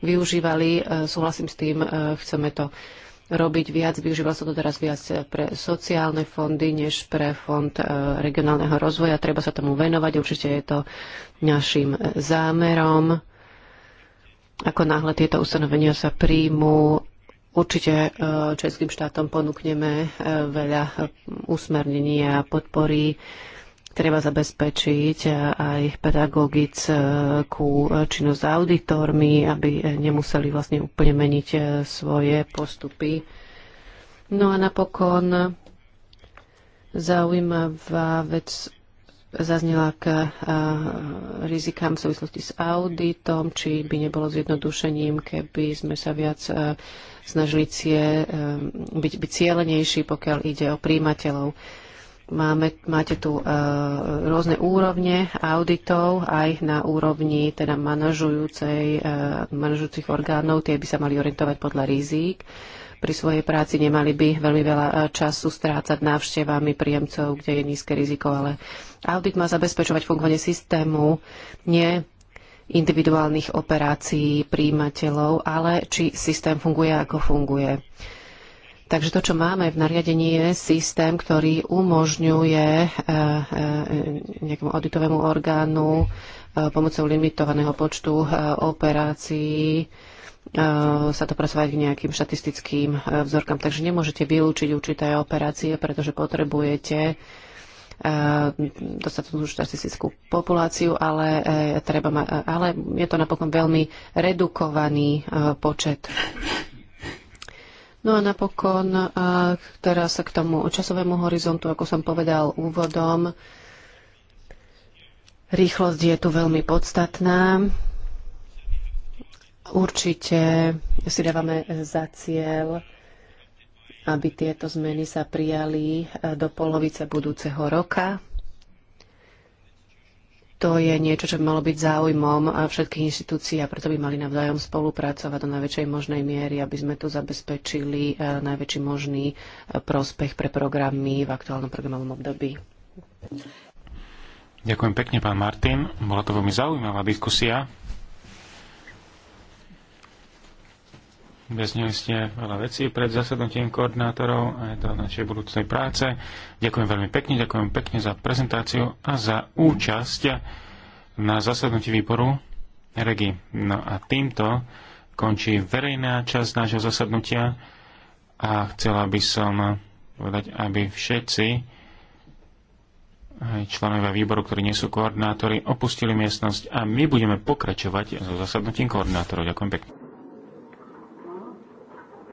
využívali, súhlasím s tým, chceme to robiť viac. Využíva sa to teraz viac pre sociálne fondy, než pre fond e, regionálneho rozvoja. Treba sa tomu venovať. Určite je to našim zámerom. Ako náhle tieto ustanovenia sa príjmú, určite e, českým štátom ponúkneme e, veľa usmernenia a podpory Treba zabezpečiť eh, aj pedagogickú eh, činnosť s auditormi, aby eh, nemuseli vlastne úplne meniť svoje postupy. No a napokon zaujímavá vec zaznela k rizikám v súvislosti s auditom, či by nebolo zjednodušením, keby sme sa viac snažili cie, byť, byť cieľenejší, pokiaľ ide o príjimateľov. Máme, máte tu e, rôzne úrovne auditov aj na úrovni teda manažujúcej, e, manažujúcich orgánov, tie by sa mali orientovať podľa rizík. Pri svojej práci nemali by veľmi veľa e, času strácať návštevami príjemcov, kde je nízke riziko, ale audit má zabezpečovať fungovanie systému, nie individuálnych operácií príjimateľov, ale či systém funguje, ako funguje. Takže to, čo máme v nariadení, je systém, ktorý umožňuje eh, eh, nejakému auditovému orgánu eh, pomocou limitovaného počtu operácií sa to dopracovať k nejakým štatistickým vzorkám. Takže nemôžete vylúčiť určité operácie, pretože potrebujete dostať tú štatistickú populáciu, ale, treba ma, ale je to napokon veľmi redukovaný počet. No a napokon, teraz k tomu časovému horizontu, ako som povedal úvodom, rýchlosť je tu veľmi podstatná. Určite si dávame e, za cieľ, aby tieto zmeny sa prijali e, do polovice budúceho roka to je niečo, čo by malo byť záujmom eh, všetkých inštitúcií a preto by mali navzájom spolupracovať do najväčšej možnej miery, aby sme tu zabezpečili eh, najväčší možný eh, prospech pre programy v aktuálnom programovom období. Ďakujem pekne, pán Martin. Bola to veľmi zaujímavá diskusia. Objasnili ste veľa vecí pred zasadnutím koordinátorov aj do našej budúcej práce. Ďakujem veľmi pekne, ďakujem pekne za prezentáciu a za účasť na zasadnutí výboru Regi. No a týmto končí verejná časť nášho zasadnutia a chcela by som povedať, aby všetci aj členovia výboru, ktorí nie sú koordinátori, opustili miestnosť a my budeme pokračovať so zasadnutím koordinátorov. Ďakujem pekne.